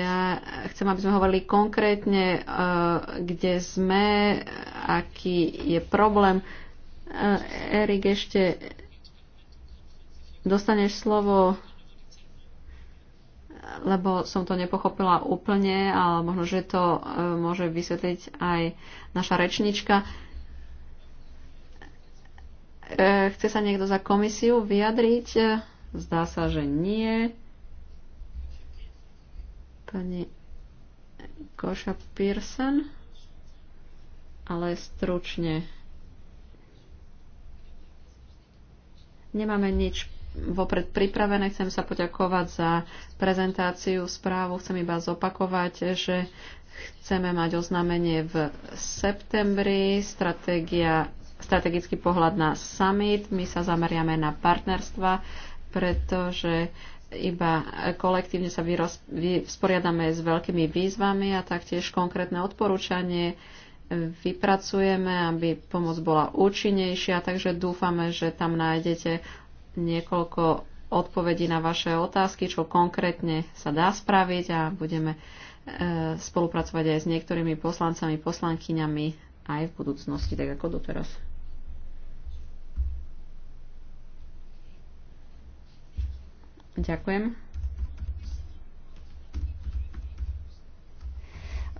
ja chcem, aby sme hovorili konkrétne, e, kde sme, aký je problém. E, Erik, ešte dostaneš slovo, lebo som to nepochopila úplne, ale možno, že to môže vysvetliť aj naša rečnička. Chce sa niekto za komisiu vyjadriť? Zdá sa, že nie pani Koša Pearson, ale stručne. Nemáme nič vopred pripravené. Chcem sa poďakovať za prezentáciu, správu. Chcem iba zopakovať, že chceme mať oznámenie v septembri, stratégia, strategický pohľad na summit. My sa zameriame na partnerstva, pretože iba kolektívne sa vysporiadame s veľkými výzvami a taktiež konkrétne odporúčanie vypracujeme, aby pomoc bola účinnejšia, takže dúfame, že tam nájdete niekoľko odpovedí na vaše otázky, čo konkrétne sa dá spraviť a budeme e, spolupracovať aj s niektorými poslancami, poslankyňami aj v budúcnosti, tak ako doteraz. Ďakujem.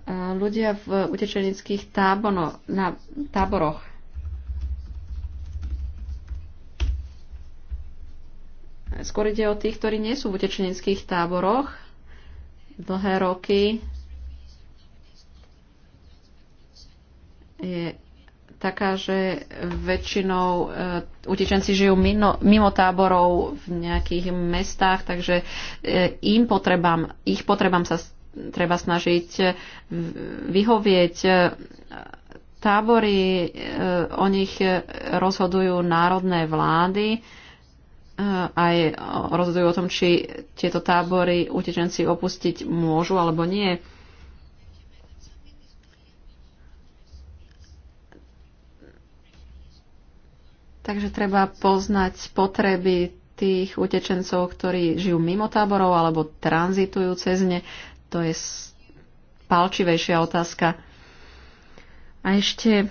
E, ľudia v utečenických tábono, na táboroch. Skôr ide o tých, ktorí nie sú v utečenických táboroch. Dlhé roky je taká, že väčšinou e, utečenci žijú mimo, mimo táborov v nejakých mestách, takže e, im potrebám, ich potrebám sa treba snažiť e, vyhovieť. Tábory, o nich rozhodujú národné vlády, aj rozhodujú o tom, či tieto tábory utečenci opustiť môžu alebo nie. Takže treba poznať potreby tých utečencov, ktorí žijú mimo táborov alebo tranzitujú cez ne. To je palčivejšia otázka. A ešte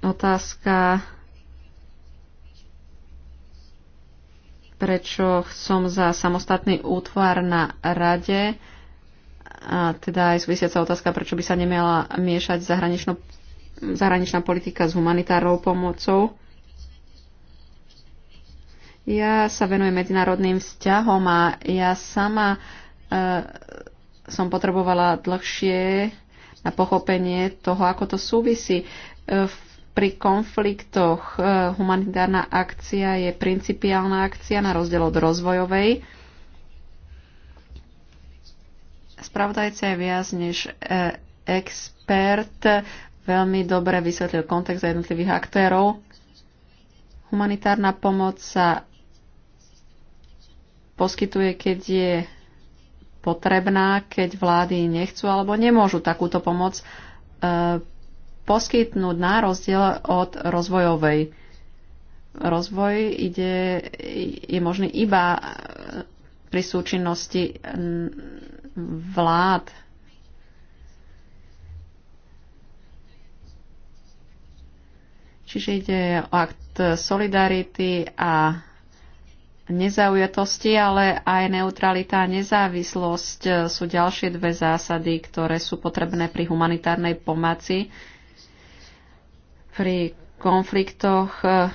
otázka, prečo som za samostatný útvar na rade. A teda aj súvisiaca otázka, prečo by sa nemala miešať zahraničnú zahraničná politika s humanitárnou pomocou. Ja sa venujem medzinárodným vzťahom a ja sama e, som potrebovala dlhšie na pochopenie toho, ako to súvisí. E, v, pri konfliktoch e, humanitárna akcia je principiálna akcia na rozdiel od rozvojovej. Spravodajca je viac než e, expert veľmi dobre vysvetlil kontext jednotlivých aktérov. Humanitárna pomoc sa poskytuje, keď je potrebná, keď vlády nechcú alebo nemôžu takúto pomoc e, poskytnúť na rozdiel od rozvojovej. Rozvoj ide, je možný iba pri súčinnosti vlád Čiže ide o akt solidarity a nezaujatosti, ale aj neutralita a nezávislosť sú ďalšie dve zásady, ktoré sú potrebné pri humanitárnej pomoci. Pri konfliktoch eh,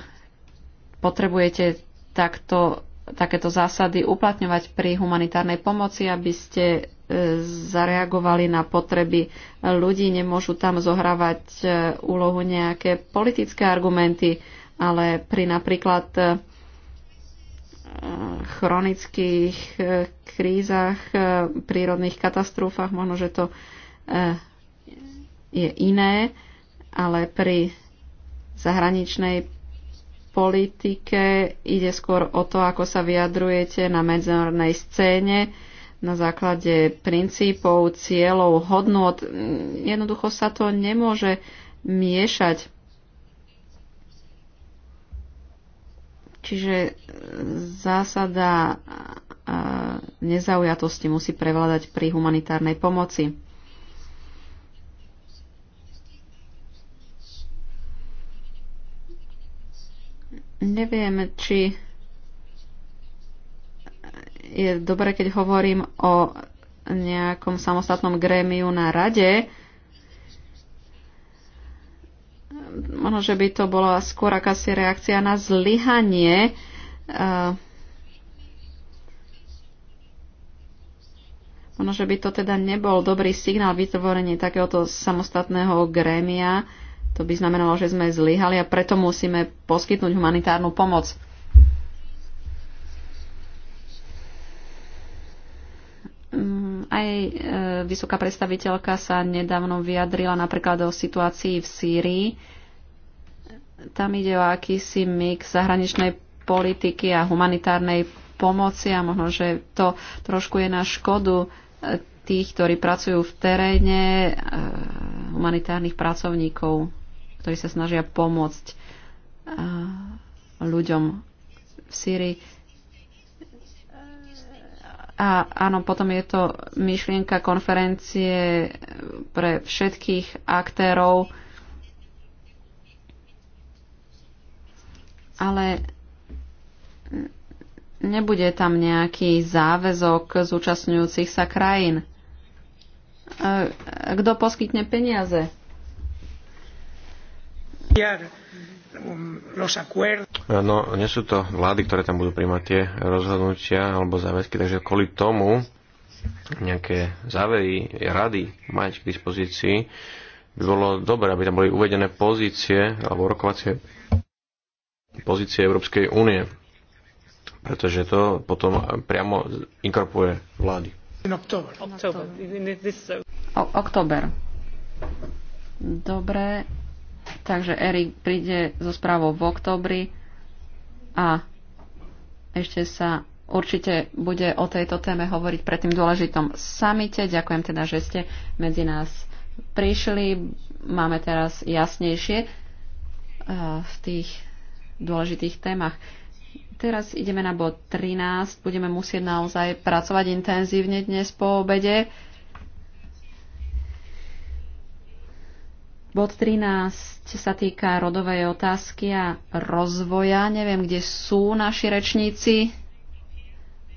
potrebujete takto, takéto zásady uplatňovať pri humanitárnej pomoci, aby ste zareagovali na potreby ľudí. Nemôžu tam zohrávať e, úlohu nejaké politické argumenty, ale pri napríklad e, chronických e, krízach, prírodných katastrofách, možno, že to je iné, ale pri zahraničnej politike ide skôr o to, ako sa vyjadrujete na medzinárodnej scéne na základe princípov, cieľov, hodnot. Jednoducho sa to nemôže miešať. Čiže zásada nezaujatosti musí prevládať pri humanitárnej pomoci. Neviem, či je dobré, keď hovorím o nejakom samostatnom grémiu na rade. Možno, že by to bola skôr akási reakcia na zlyhanie. Eh, možno, že by to teda nebol dobrý signál vytvorenie takéhoto samostatného grémia. To by znamenalo, že sme zlyhali a preto musíme poskytnúť humanitárnu pomoc. Aj e, vysoká predstaviteľka sa nedávno vyjadrila napríklad o situácii v Sýrii. Tam ide o akýsi mix zahraničnej politiky a humanitárnej pomoci a možno, že to trošku je na škodu e, tých, ktorí pracujú v teréne, e, humanitárnych pracovníkov, ktorí sa snažia pomôcť ľuďom v Sýrii a áno, potom je to myšlienka konferencie pre všetkých aktérov, ale nebude tam nejaký záväzok zúčastňujúcich sa krajín. E, kto poskytne peniaze? los acuerdos. No, nie sú to vlády, ktoré tam budú príjmať tie rozhodnutia alebo záväzky, takže kvôli tomu nejaké závery, rady mať k dispozícii, by bolo dobré, aby tam boli uvedené pozície alebo rokovacie pozície Európskej únie, pretože to potom priamo inkorporuje vlády. Október. Dobre, Takže Erik príde so správou v oktobri a ešte sa určite bude o tejto téme hovoriť pred tým dôležitom samite. Ďakujem teda, že ste medzi nás prišli. Máme teraz jasnejšie eh, v tých dôležitých témach. Teraz ideme na bod 13. Budeme musieť naozaj pracovať intenzívne dnes po obede. Bod 13 sa týka rodovej otázky a rozvoja. Neviem, kde sú naši rečníci.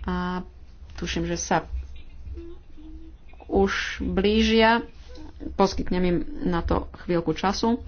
A tuším, že sa už blížia. Poskytnem im na to chvíľku času.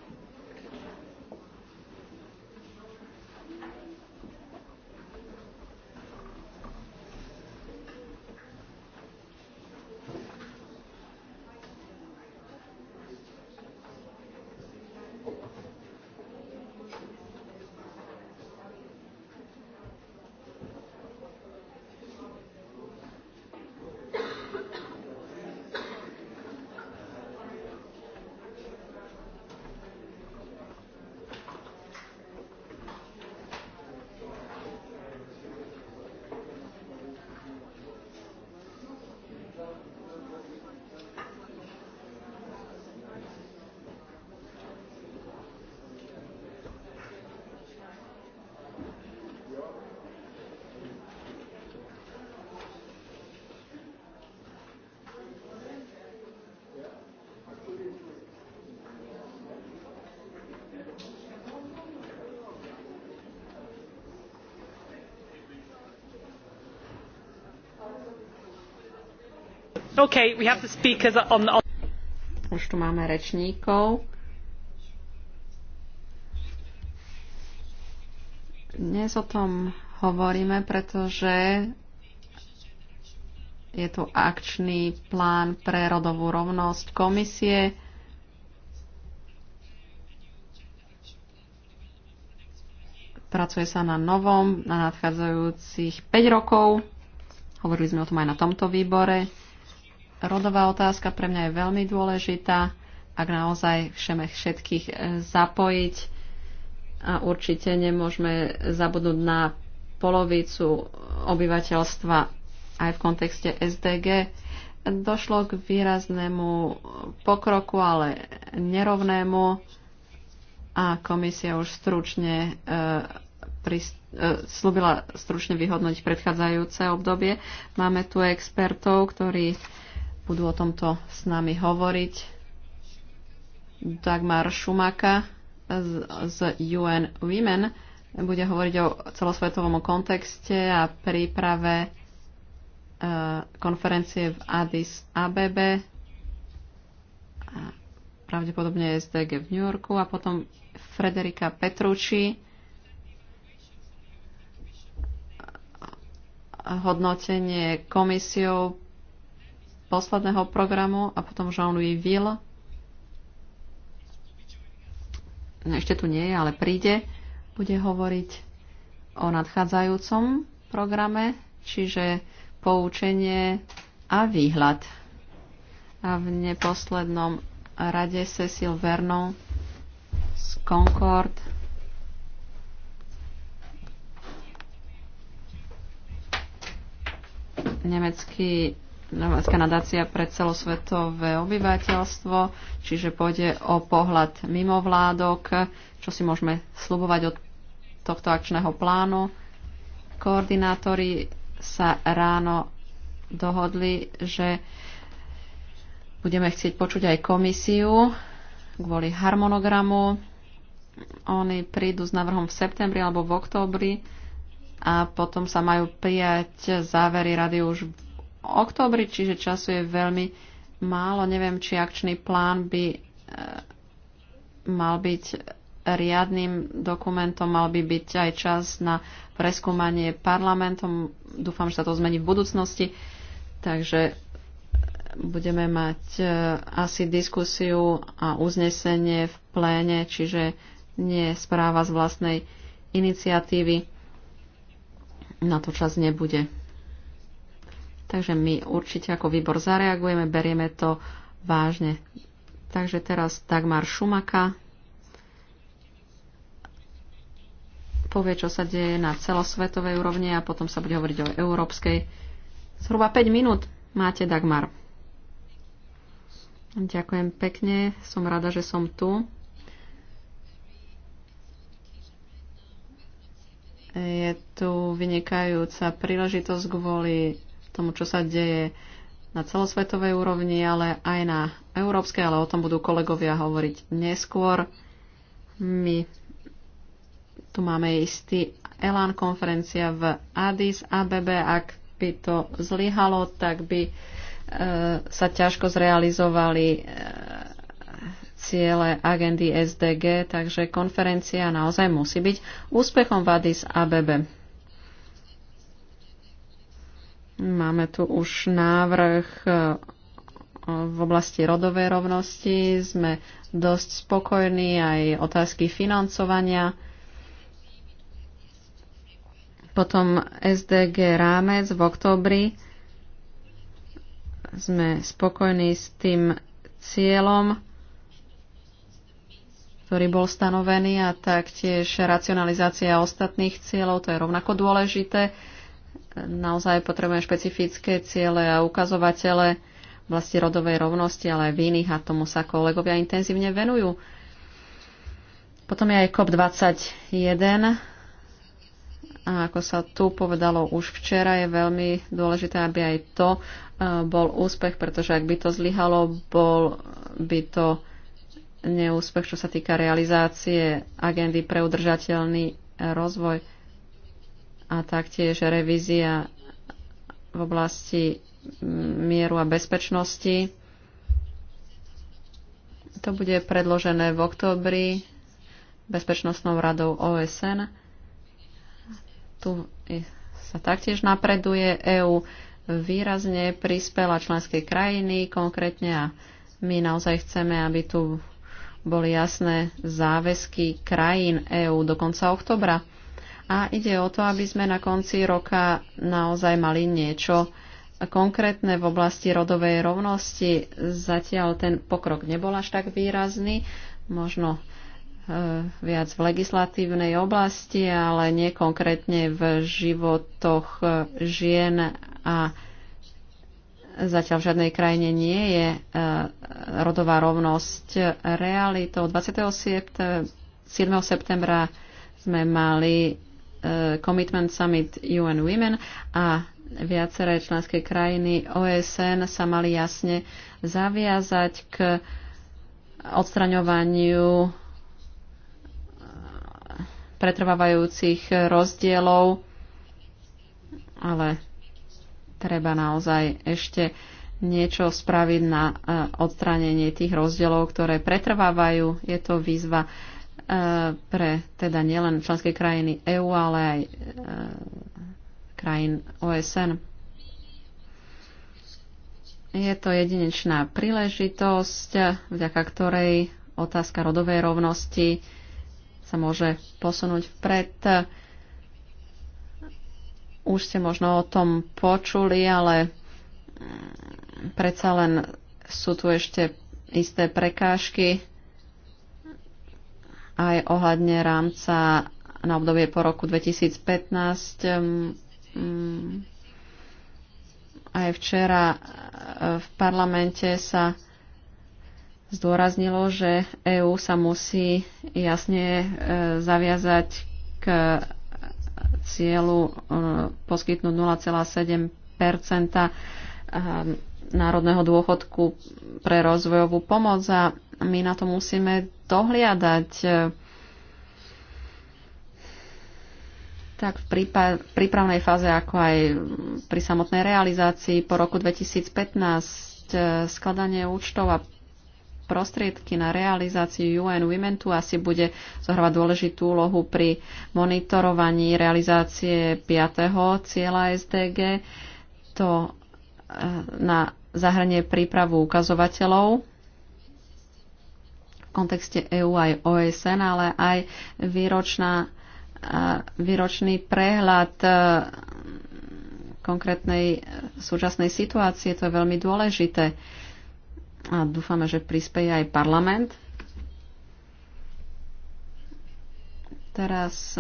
Okay, we have the speakers on, on... Už tu máme rečníkov. Dnes o tom hovoríme, pretože je tu akčný plán pre rodovú rovnosť komisie. Pracuje sa na novom, na nadchádzajúcich 5 rokov. Hovorili sme o tom aj na tomto výbore rodová otázka pre mňa je veľmi dôležitá, ak naozaj chceme všetkých e, zapojiť a určite nemôžeme zabudnúť na polovicu obyvateľstva aj v kontexte SDG. Došlo k výraznému pokroku, ale nerovnému a komisia už stručne e, e, slúbila stručne vyhodnotiť predchádzajúce obdobie. Máme tu expertov, ktorí budú o tomto s nami hovoriť. Dagmar Šumaka z, z UN Women bude hovoriť o celosvetovom kontexte a príprave e, konferencie v Addis Abebe a pravdepodobne SDG v New Yorku a potom Frederika Petrucci hodnotenie komisiou posledného programu a potom Jean-Louis Ville. No, ešte tu nie je, ale príde. Bude hovoriť o nadchádzajúcom programe, čiže poučenie a výhľad. A v neposlednom rade Cecil Vernon z Concord nemecký Novácká nadácia pre celosvetové obyvateľstvo, čiže pôjde o pohľad mimo vládok, čo si môžeme slubovať od tohto akčného plánu. Koordinátori sa ráno dohodli, že budeme chcieť počuť aj komisiu kvôli harmonogramu. Oni prídu s návrhom v septembri alebo v októbri a potom sa majú prijať závery rady už októbri, čiže času je veľmi málo. Neviem, či akčný plán by e, mal byť riadným dokumentom, mal by byť aj čas na preskúmanie parlamentom. Dúfam, že sa to zmení v budúcnosti. Takže budeme mať e, asi diskusiu a uznesenie v pléne, čiže nie správa z vlastnej iniciatívy. Na to čas nebude. Takže my určite ako výbor zareagujeme, berieme to vážne. Takže teraz Dagmar Šumaka povie, čo sa deje na celosvetovej úrovni a potom sa bude hovoriť o európskej. Zhruba 5 minút máte, Dagmar. Ďakujem pekne, som rada, že som tu. Je tu vynikajúca príležitosť kvôli tomu, čo sa deje na celosvetovej úrovni, ale aj na európskej, ale o tom budú kolegovia hovoriť neskôr. My tu máme istý Elán konferencia v Addis ABB. Ak by to zlyhalo, tak by e, sa ťažko zrealizovali e, ciele agendy SDG, takže konferencia naozaj musí byť úspechom v Addis ABB. Máme tu už návrh e, v oblasti rodovej rovnosti. Sme dosť spokojní aj otázky financovania. Potom SDG rámec v oktobri. Sme spokojní s tým cieľom, ktorý bol stanovený a taktiež racionalizácia ostatných cieľov, to je rovnako dôležité naozaj potrebujeme špecifické ciele a ukazovatele vlasti rodovej rovnosti, ale aj v iných a tomu sa kolegovia intenzívne venujú. Potom je aj COP21. A ako sa tu povedalo už včera, je veľmi dôležité, aby aj to e, bol úspech, pretože ak by to zlyhalo, bol by to neúspech, čo sa týka realizácie agendy pre udržateľný rozvoj a taktiež revízia v oblasti mieru a bezpečnosti. To bude predložené v oktobri Bezpečnostnou radou OSN. Tu sa taktiež napreduje. EÚ výrazne prispela členské krajiny konkrétne a my naozaj chceme, aby tu boli jasné záväzky krajín EÚ do konca oktobra. A ide o to, aby sme na konci roka naozaj mali niečo konkrétne v oblasti rodovej rovnosti. Zatiaľ ten pokrok nebol až tak výrazný, možno e, viac v legislatívnej oblasti, ale nie konkrétne v životoch e, žien a zatiaľ v žiadnej krajine nie je e, rodová rovnosť realitou. 27. septembra sme mali Eh, Commitment Summit UN Women a viaceré členské krajiny OSN sa mali jasne zaviazať k odstraňovaniu eh, pretrvávajúcich rozdielov, ale treba naozaj ešte niečo spraviť na eh, odstránenie tých rozdielov, ktoré pretrvávajú. Je to výzva Eh, pre teda nielen členské krajiny EÚ, ale aj eh, krajín OSN. Je to jedinečná príležitosť, vďaka ktorej otázka rodovej rovnosti sa môže posunúť vpred. Už ste možno o tom počuli, ale mm, predsa len sú tu ešte isté prekážky, aj ohľadne rámca na obdobie po roku 2015. Mm, aj včera e, v parlamente sa zdôraznilo, že EÚ sa musí jasne e, zaviazať k cieľu e, poskytnúť 0,7 národného dôchodku pre rozvojovú pomoc a my na to musíme dohliadať. Tak v prípravnej fáze, ako aj pri samotnej realizácii po roku 2015 eh, skladanie účtov a prostriedky na realizáciu UN Women tu asi bude zohrávať dôležitú úlohu pri monitorovaní realizácie 5. cieľa SDG. To eh, na zahranie prípravu ukazovateľov kontexte EÚ aj OSN, ale aj výročná, výročný prehľad e, konkrétnej súčasnej situácie. To je veľmi dôležité. A dúfame, že prispieje aj parlament. Teraz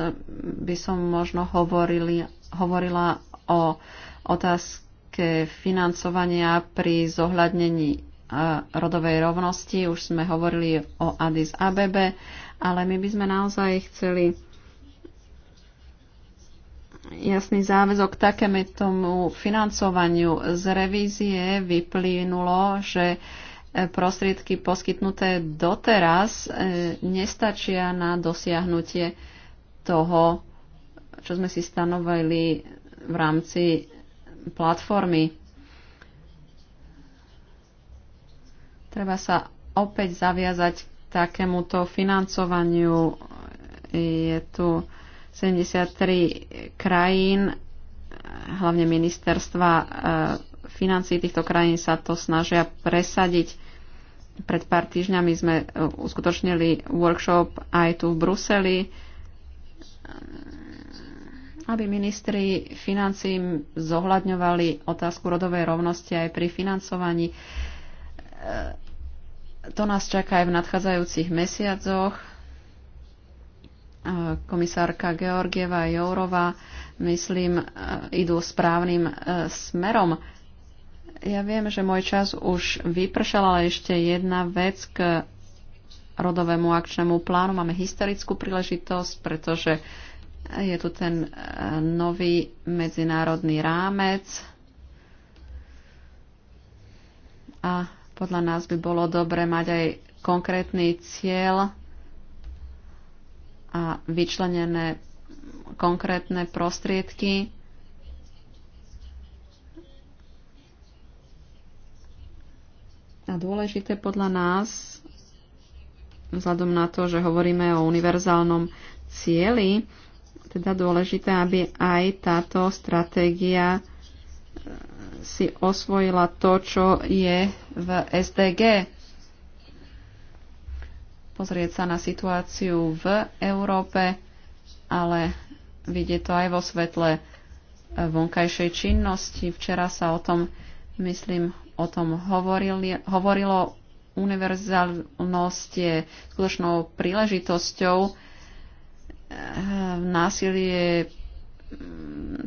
by som možno hovorili, hovorila o otázke financovania pri zohľadnení rodovej rovnosti. Už sme hovorili o Addis Abebe, ale my by sme naozaj chceli jasný záväzok takému tomu financovaniu. Z revízie vyplynulo, že prostriedky poskytnuté doteraz e, nestačia na dosiahnutie toho, čo sme si stanovili v rámci platformy Treba sa opäť zaviazať k takémuto financovaniu. Je tu 73 krajín, hlavne ministerstva e, financí týchto krajín sa to snažia presadiť. Pred pár týždňami sme e, uskutočnili workshop aj tu v Bruseli, e, aby ministri financí zohľadňovali otázku rodovej rovnosti aj pri financovaní to nás čaká aj v nadchádzajúcich mesiacoch. Komisárka Georgieva a Jourova, myslím, e, idú správnym e, smerom. Ja viem, že môj čas už vypršal, ale ešte jedna vec k rodovému akčnému plánu. Máme historickú príležitosť, pretože je tu ten e, nový medzinárodný rámec a podľa nás by bolo dobre mať aj konkrétny cieľ a vyčlenené konkrétne prostriedky. A dôležité podľa nás, vzhľadom na to, že hovoríme o univerzálnom cieli, teda dôležité, aby aj táto stratégia si osvojila to, čo je v SDG. Pozrieť sa na situáciu v Európe, ale vidieť to aj vo svetle vonkajšej činnosti. Včera sa o tom, myslím, o tom hovorili, hovorilo. Univerzálnosť je skutočnou príležitosťou. Násilie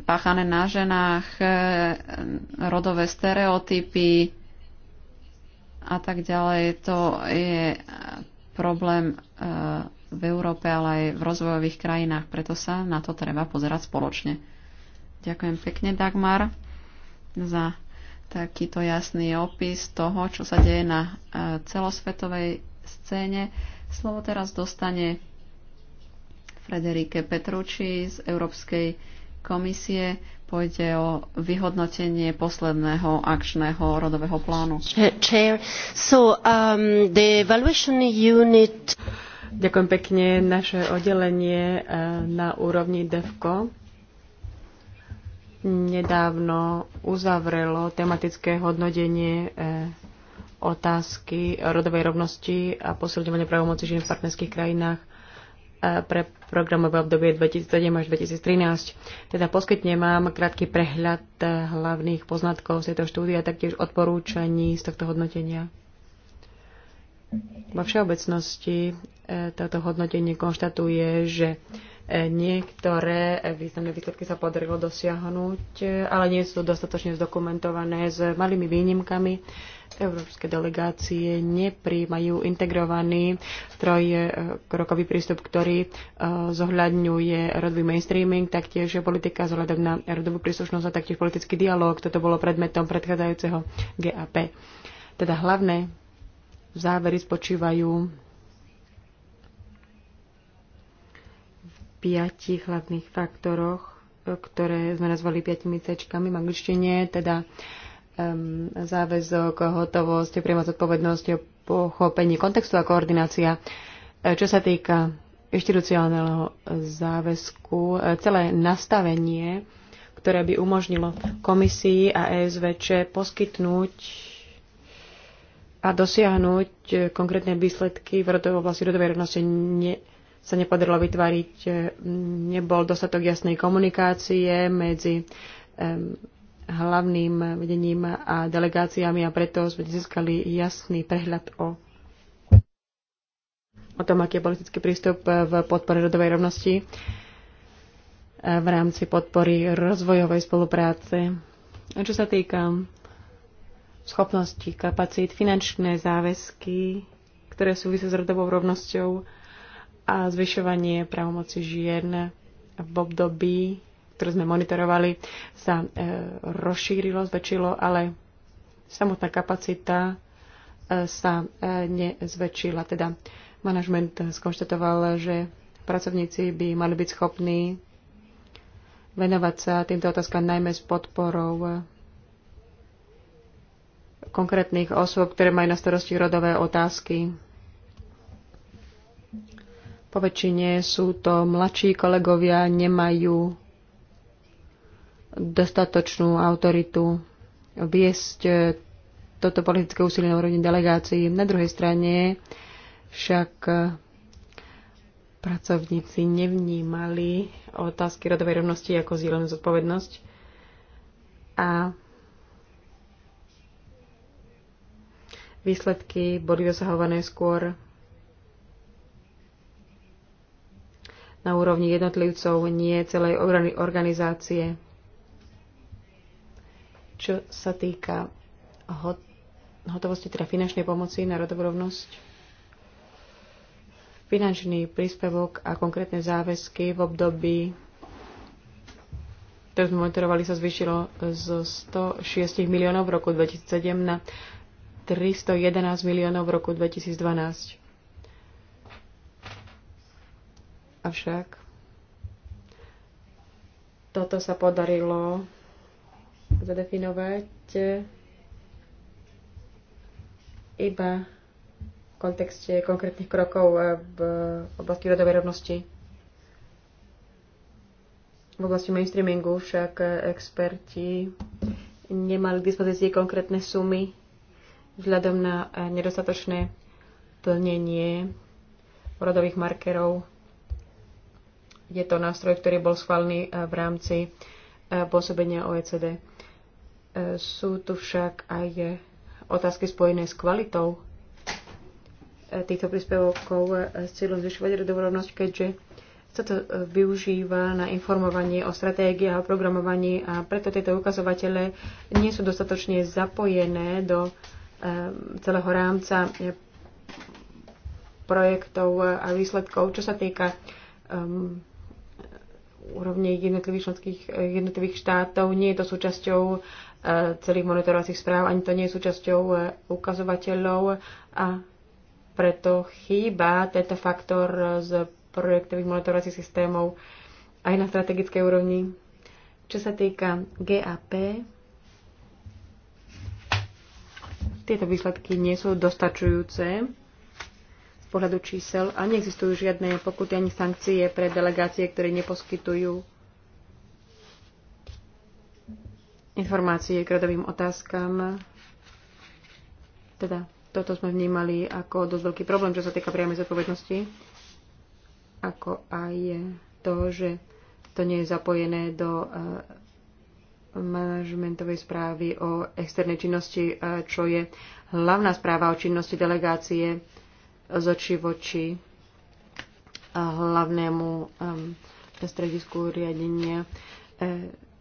páchané na ženách, e, rodové stereotypy a tak ďalej. To je problém e, v Európe, ale aj v rozvojových krajinách, preto sa na to treba pozerať spoločne. Ďakujem pekne, Dagmar, za takýto jasný opis toho, čo sa deje na e, celosvetovej scéne. Slovo teraz dostane Frederike Petruči z Európskej komisie pôjde o vyhodnotenie posledného akčného rodového plánu. So, um, the evaluation unit... Ďakujem pekne. Naše oddelenie uh, na úrovni DEVCO nedávno uzavrelo tematické hodnodenie uh, otázky rodovej rovnosti a posilňovanie právomoci žien v partnerských krajinách. E, pre programové obdobie 2007 až 2013. Teda poskytnem vám krátky prehľad e, hlavných poznatkov z tejto štúdie a taktiež odporúčaní z tohto hodnotenia. Vo všeobecnosti e, toto hodnotenie konštatuje, že niektoré významné výsledky sa podarilo dosiahnuť, ale nie sú dostatočne zdokumentované s malými výnimkami Európske delegácie nepríjmajú integrovaný trojkrokový e, prístup, ktorý e, zohľadňuje rodový mainstreaming, taktiež politika zohľadom na rodovú príslušnosť a taktiež politický dialog. Toto bolo predmetom predchádzajúceho GAP. Teda hlavné závery spočívajú v piatich hlavných faktoroch, e, ktoré sme nazvali piatimi cečkami v angličtine, teda uh, um, záväzok, hotovosť, priama zodpovednosť, pochopenie kontextu a koordinácia. E, čo sa týka inštitucionálneho záväzku, e, celé nastavenie, ktoré by umožnilo komisii a ESVČ poskytnúť a dosiahnuť e, konkrétne výsledky v rodovej oblasti rodovej rovnosti ne, sa nepodarilo vytvoriť. Nebol dostatok jasnej komunikácie medzi um, hlavným vedením a delegáciami a preto sme získali jasný prehľad o, o tom, aký je politický prístup v podpore rodovej rovnosti eh, v rámci podpory rozvojovej spolupráce. A čo sa týka schopnosti, kapacít, finančné záväzky, ktoré súvisia s rodovou rovnosťou a zvyšovanie právomoci žien v období ktoré sme monitorovali, sa e, rozšírilo, zväčšilo, ale samotná kapacita e, sa e, nezväčšila. Teda manažment skonštatoval, že pracovníci by mali byť schopní venovať sa týmto otázkam najmä s podporou konkrétnych osôb, ktoré majú na starosti rodové otázky. Po väčšine sú to mladší kolegovia, nemajú dostatočnú autoritu viesť e, toto politické úsilie na úrovni delegácií. Na druhej strane však e, pracovníci nevnímali otázky rodovej rovnosti ako zielenú zodpovednosť a výsledky boli dosahované skôr na úrovni jednotlivcov, nie celej organizácie. Čo sa týka hot- hotovosti, teda finančnej pomoci na rodovú rovnosť, finančný príspevok a konkrétne záväzky v období, ktoré sme monitorovali, sa zvýšilo zo 106 miliónov v roku 2007 na 311 miliónov v roku 2012. Avšak toto sa podarilo zadefinovať e, iba v kontexte konkrétnych krokov e, v oblasti rodovej rovnosti. V oblasti mainstreamingu však experti nemali k dispozícii konkrétne sumy vzhľadom na e, nedostatočné plnenie rodových markerov. Je to nástroj, ktorý bol schválený v rámci pôsobenia OECD. Sú tu však aj otázky spojené s kvalitou eh, týchto príspevokov eh, s cieľom zvyšovať rodovorovnosť, keďže sa to eh, využíva na informovanie o stratégiách a programovaní a preto tieto ukazovatele nie sú dostatočne zapojené do celého rámca projektov a výsledkov, čo sa týka um, úrovne jednotlivých, jednotlivých štátov. Nie je to súčasťou E, celých monitorovacích správ, ani to nie je súčasťou e, ukazovateľov a preto chýba tento faktor z projektových monitorovacích systémov aj na strategickej úrovni. Čo sa týka GAP, tieto výsledky nie sú dostačujúce z pohľadu čísel a neexistujú žiadne pokuty ani sankcie pre delegácie, ktoré neposkytujú informácie k radovým otázkam. Teda toto sme vnímali ako dosť veľký problém, čo sa týka priamej zodpovednosti, ako aj to, že to nie je zapojené do eh, manažmentovej správy o externej činnosti, eh, čo je hlavná správa o činnosti delegácie z oči voči eh, hlavnému stredisku riadenia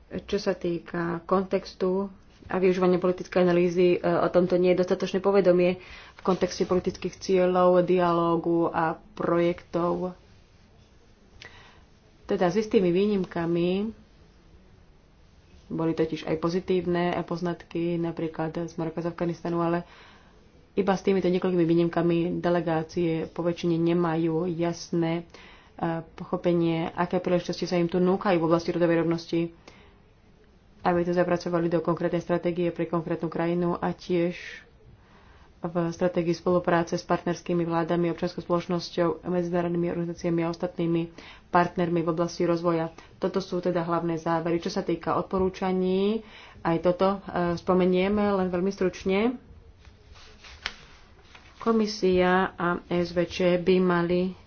čo sa týka kontextu a využívania politickej analýzy, e, o tomto nie je dostatočné povedomie v kontexte politických cieľov, dialógu a projektov. Teda s istými výnimkami boli totiž aj pozitívne poznatky, napríklad z Maroka, z Afganistanu, ale iba s týmito niekoľkými výnimkami delegácie po väčšine nemajú jasné e, pochopenie, aké príležitosti sa im tu núkajú v oblasti rodovej rovnosti aby to zapracovali do konkrétnej stratégie pre konkrétnu krajinu a tiež v stratégii spolupráce s partnerskými vládami, občanskou spoločnosťou, medzinárodnými organizáciami a ostatnými partnermi v oblasti rozvoja. Toto sú teda hlavné závery. Čo sa týka odporúčaní, aj toto e, spomenieme len veľmi stručne. Komisia a SVČ by mali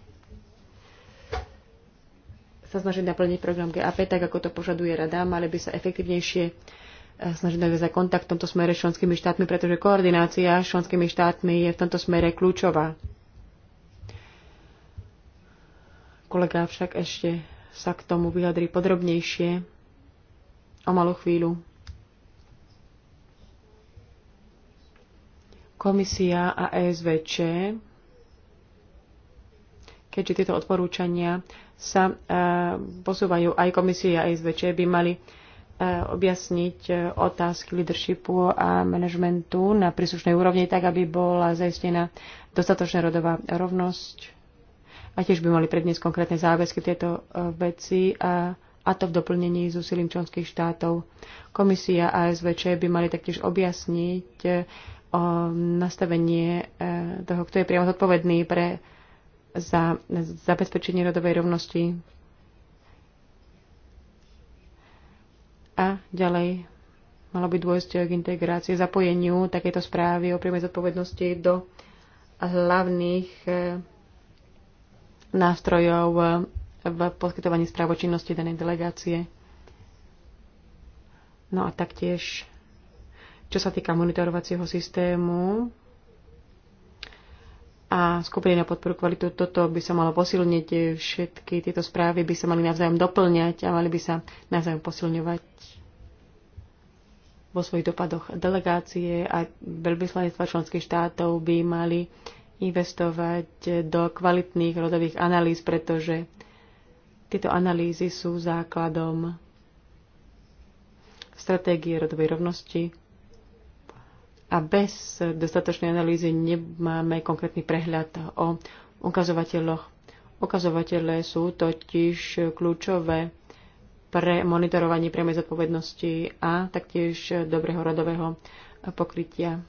sa snažiť naplniť program GAP, tak ako to požaduje rada, mali by sa efektívnejšie e, snažiť naviazať kontakt v tomto smere s členskými štátmi, pretože koordinácia s členskými štátmi je v tomto smere kľúčová. Kolega však ešte sa k tomu vyjadri podrobnejšie o malú chvíľu. Komisia a ESVČ keďže tieto odporúčania sa e, posúvajú aj komisie a SVČ, by mali e, objasniť e, otázky leadershipu a manažmentu na príslušnej úrovni, tak aby bola zaistená dostatočná rodová rovnosť. A tiež by mali predniesť konkrétne záväzky tieto veci a, a to v doplnení s úsilím členských štátov. Komisia a SVČ by mali taktiež objasniť o nastavenie toho, kto je priamo zodpovedný pre za zabezpečenie rodovej rovnosti a ďalej malo by dôjsť k integrácii, zapojeniu takéto správy o priamej zodpovednosti do hlavných e, nástrojov e, v poskytovaní správočinnosti činnosti danej delegácie. No a taktiež, čo sa týka monitorovacieho systému, a skupiny na podporu kvalitu. Toto by sa malo posilniť. Všetky tieto správy by sa mali navzájom doplňať a mali by sa navzájom posilňovať vo svojich dopadoch. Delegácie a veľvyslanectva členských štátov by mali investovať do kvalitných rodových analýz, pretože tieto analýzy sú základom stratégie rodovej rovnosti a bez dostatočnej analýzy nemáme konkrétny prehľad o ukazovateľoch. Ukazovatele sú totiž kľúčové pre monitorovanie priamej zodpovednosti a taktiež dobrého rodového pokrytia.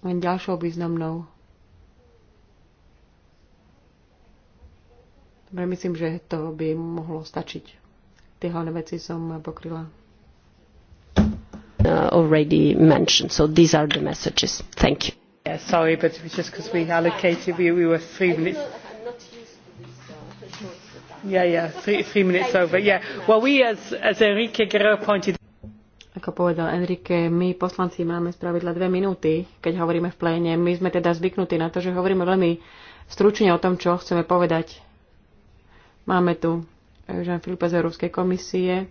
Ďalšou významnou myslím, že to by mohlo stačiť. Tie hlavné veci som pokryla. Uh, already mentioned. So these are the messages. Thank you. Yeah, sorry, but it was just because we allocated, we, we were three minutes. Uh, yeah, yeah, three, three minutes over. Yeah. Well, we as, as Enrique Guerrero pointed ako povedal Enrique, my poslanci máme spravidla dve minúty, keď hovoríme v pléne. My sme teda zvyknutí na to, že hovoríme veľmi stručne o tom, čo chceme povedať. Máme tu Jean Filipa z Európskej komisie.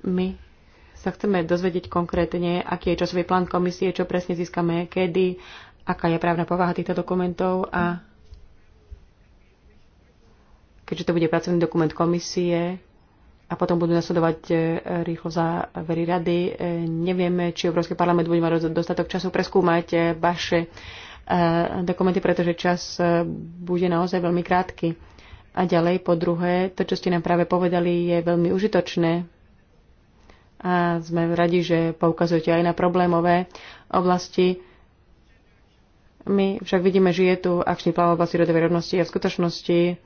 My sa chceme dozvedieť konkrétne, aký je časový plán komisie, čo presne získame, kedy, aká je právna povaha týchto dokumentov a keďže to bude pracovný dokument komisie a potom budú nasledovať e, rýchlo za veri rady. E, nevieme, či Európsky parlament bude mať dostatok času preskúmať e, vaše dokumenty, pretože čas bude naozaj veľmi krátky. A ďalej, po druhé, to, čo ste nám práve povedali, je veľmi užitočné a sme radi, že poukazujete aj na problémové oblasti. My však vidíme, že je tu akčný plán oblasti rodovej rovnosti a v skutočnosti eh,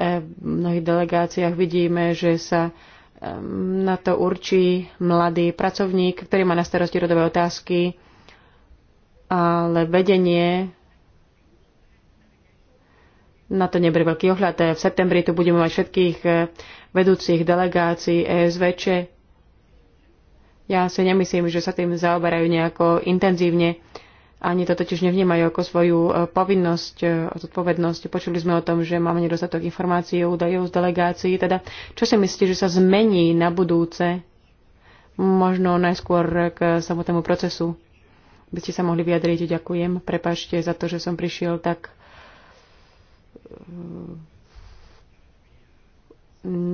v mnohých delegáciách vidíme, že sa ehm, na to určí mladý pracovník, ktorý má na starosti rodové otázky, ale vedenie na to nebude veľký ohľad. V septembri tu budeme mať všetkých eh, vedúcich delegácií ESVČ, ja si nemyslím, že sa tým zaoberajú nejako intenzívne. Ani to totiž nevnímajú ako svoju e, povinnosť e, a zodpovednosť. Počuli sme o tom, že máme nedostatok informácií o údajov z delegácií. Teda, čo si myslíte, že sa zmení na budúce? Možno najskôr k samotnému procesu. By ste sa mohli vyjadriť. Ďakujem. Prepašte za to, že som prišiel tak e,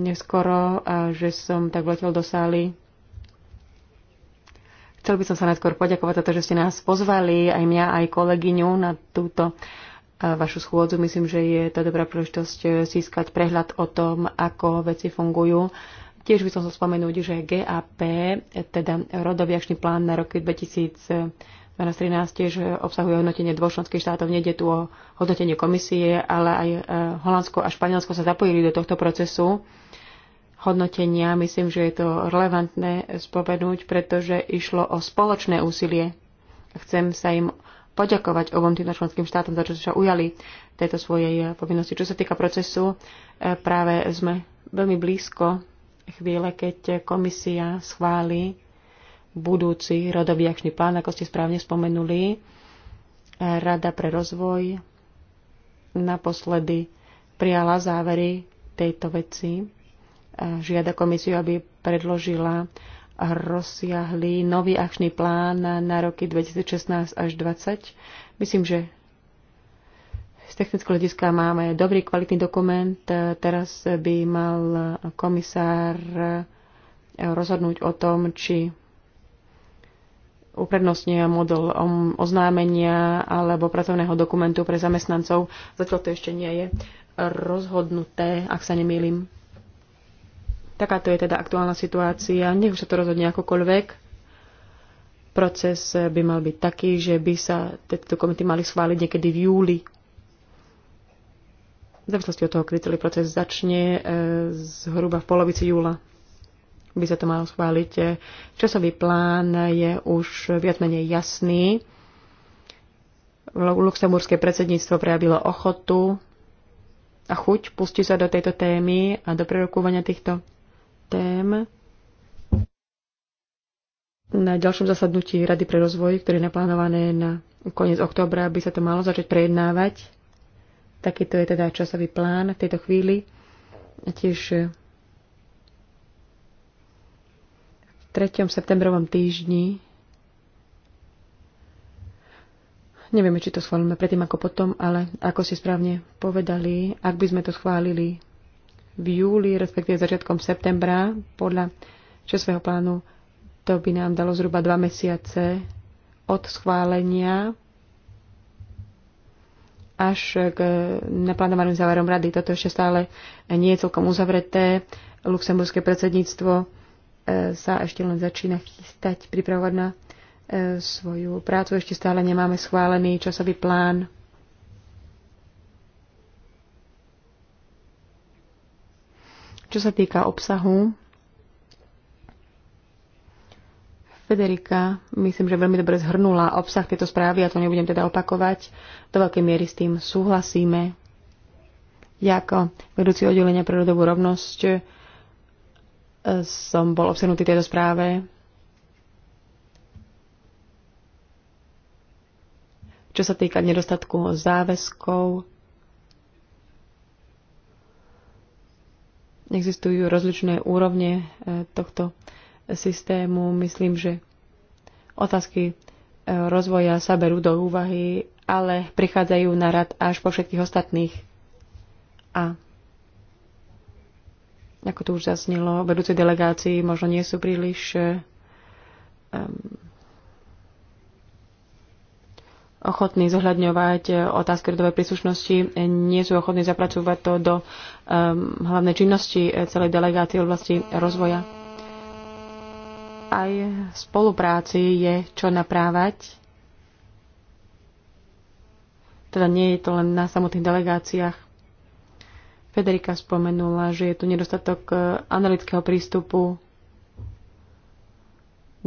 neskoro a že som tak vletel do sály. Chcel by som sa najskôr poďakovať za to, že ste nás pozvali, aj mňa, aj kolegyňu na túto e, vašu schôdzu. Myslím, že je to dobrá príležitosť e, získať prehľad o tom, ako veci fungujú. Tiež by som sa spomenúť, že GAP, e, teda rodový akčný plán na roky 2012-2013 tiež obsahuje hodnotenie dvočlenských štátov. Nejde tu o hodnotenie komisie, ale aj Holandsko a Španielsko sa zapojili do tohto procesu hodnotenia. Myslím, že je to relevantné spomenúť, pretože išlo o spoločné úsilie. Chcem sa im poďakovať obom týmto členským štátom za to, sa ujali tejto svojej povinnosti. Čo sa týka procesu, e, práve sme veľmi blízko chvíle, keď komisia schváli budúci rodový akčný plán, ako ste správne spomenuli. E, Rada pre rozvoj naposledy prijala závery tejto veci žiada komisiu, aby predložila rozsiahlý nový akčný plán na roky 2016 až 2020. Myslím, že z technického hľadiska máme dobrý kvalitný dokument. Teraz by mal komisár rozhodnúť o tom, či uprednostňuje model oznámenia alebo pracovného dokumentu pre zamestnancov. Zatiaľ to ešte nie je rozhodnuté, ak sa nemýlim. Takáto je teda aktuálna situácia. Nech už sa to rozhodne akokoľvek. Proces eh, by mal byť taký, že by sa tieto komity mali schváliť niekedy v júli. V závislosti od toho, kedy celý proces začne, eh, zhruba v polovici júla by sa to malo schváliť. Eh, časový plán je už viac menej jasný. Luxemburské predsedníctvo prejavilo ochotu a chuť pustiť sa do tejto témy a do prerokovania týchto tém na ďalšom zasadnutí Rady pre rozvoj, ktoré je naplánované na koniec októbra, by sa to malo začať prejednávať. Takýto je teda časový plán v tejto chvíli. A tiež v 3. septembrovom týždni nevieme, či to schválime predtým ako potom, ale ako ste správne povedali, ak by sme to schválili v júli, respektíve začiatkom septembra. Podľa časového plánu to by nám dalo zhruba dva mesiace od schválenia až k naplánovaným záverom rady. Toto ešte stále nie je celkom uzavreté. Luxemburské predsedníctvo e, sa ešte len začína chystať, pripravovať na e, svoju prácu. Ešte stále nemáme schválený časový plán Čo sa týka obsahu, Federika, myslím, že veľmi dobre zhrnula obsah tejto správy, ja to nebudem teda opakovať. Do veľkej miery s tým súhlasíme. Ja ako vedúci oddelenia pre rodovú rovnosť e, som bol obsenutý tejto správe. Čo sa týka nedostatku záväzkov, Existujú rozličné úrovne e, tohto systému. Myslím, že otázky e, rozvoja sa berú do úvahy, ale prichádzajú na rad až po všetkých ostatných. A ako to už zasnilo, vedúce delegácii možno nie sú príliš um, ochotní zohľadňovať e, otázky rodovej príslušnosti, e, nie sú ochotní zapracovať to do um, hlavnej činnosti e, celej delegácie v oblasti rozvoja. Aj v spolupráci je čo naprávať. Teda nie je to len na samotných delegáciách. Federika spomenula, že je tu nedostatok analytického prístupu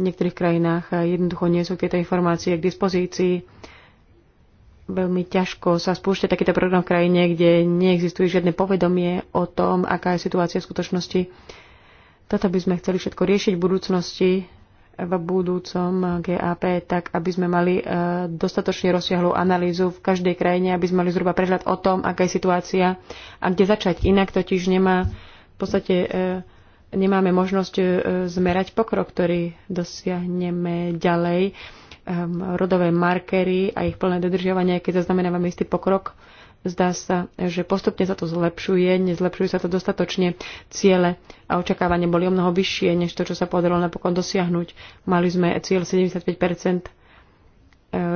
v niektorých krajinách jednoducho nie sú tieto informácie k dispozícii veľmi ťažko sa spúšťa takýto program v krajine, kde neexistuje žiadne povedomie o tom, aká je situácia v skutočnosti. Toto by sme chceli všetko riešiť v budúcnosti, v budúcom GAP, tak aby sme mali e, dostatočne rozsiahlú analýzu v každej krajine, aby sme mali zhruba prehľad o tom, aká je situácia a kde začať. Inak totiž nemá, v podstate e, nemáme možnosť e, zmerať pokrok, ktorý dosiahneme ďalej Um, rodové markery a ich plné dodržiavanie, keď zaznamenávame istý pokrok, zdá sa, že postupne sa to zlepšuje, nezlepšujú sa to dostatočne. Ciele a očakávania boli o mnoho vyššie, než to, čo sa podarilo napokon dosiahnuť. Mali sme cieľ 75 eh,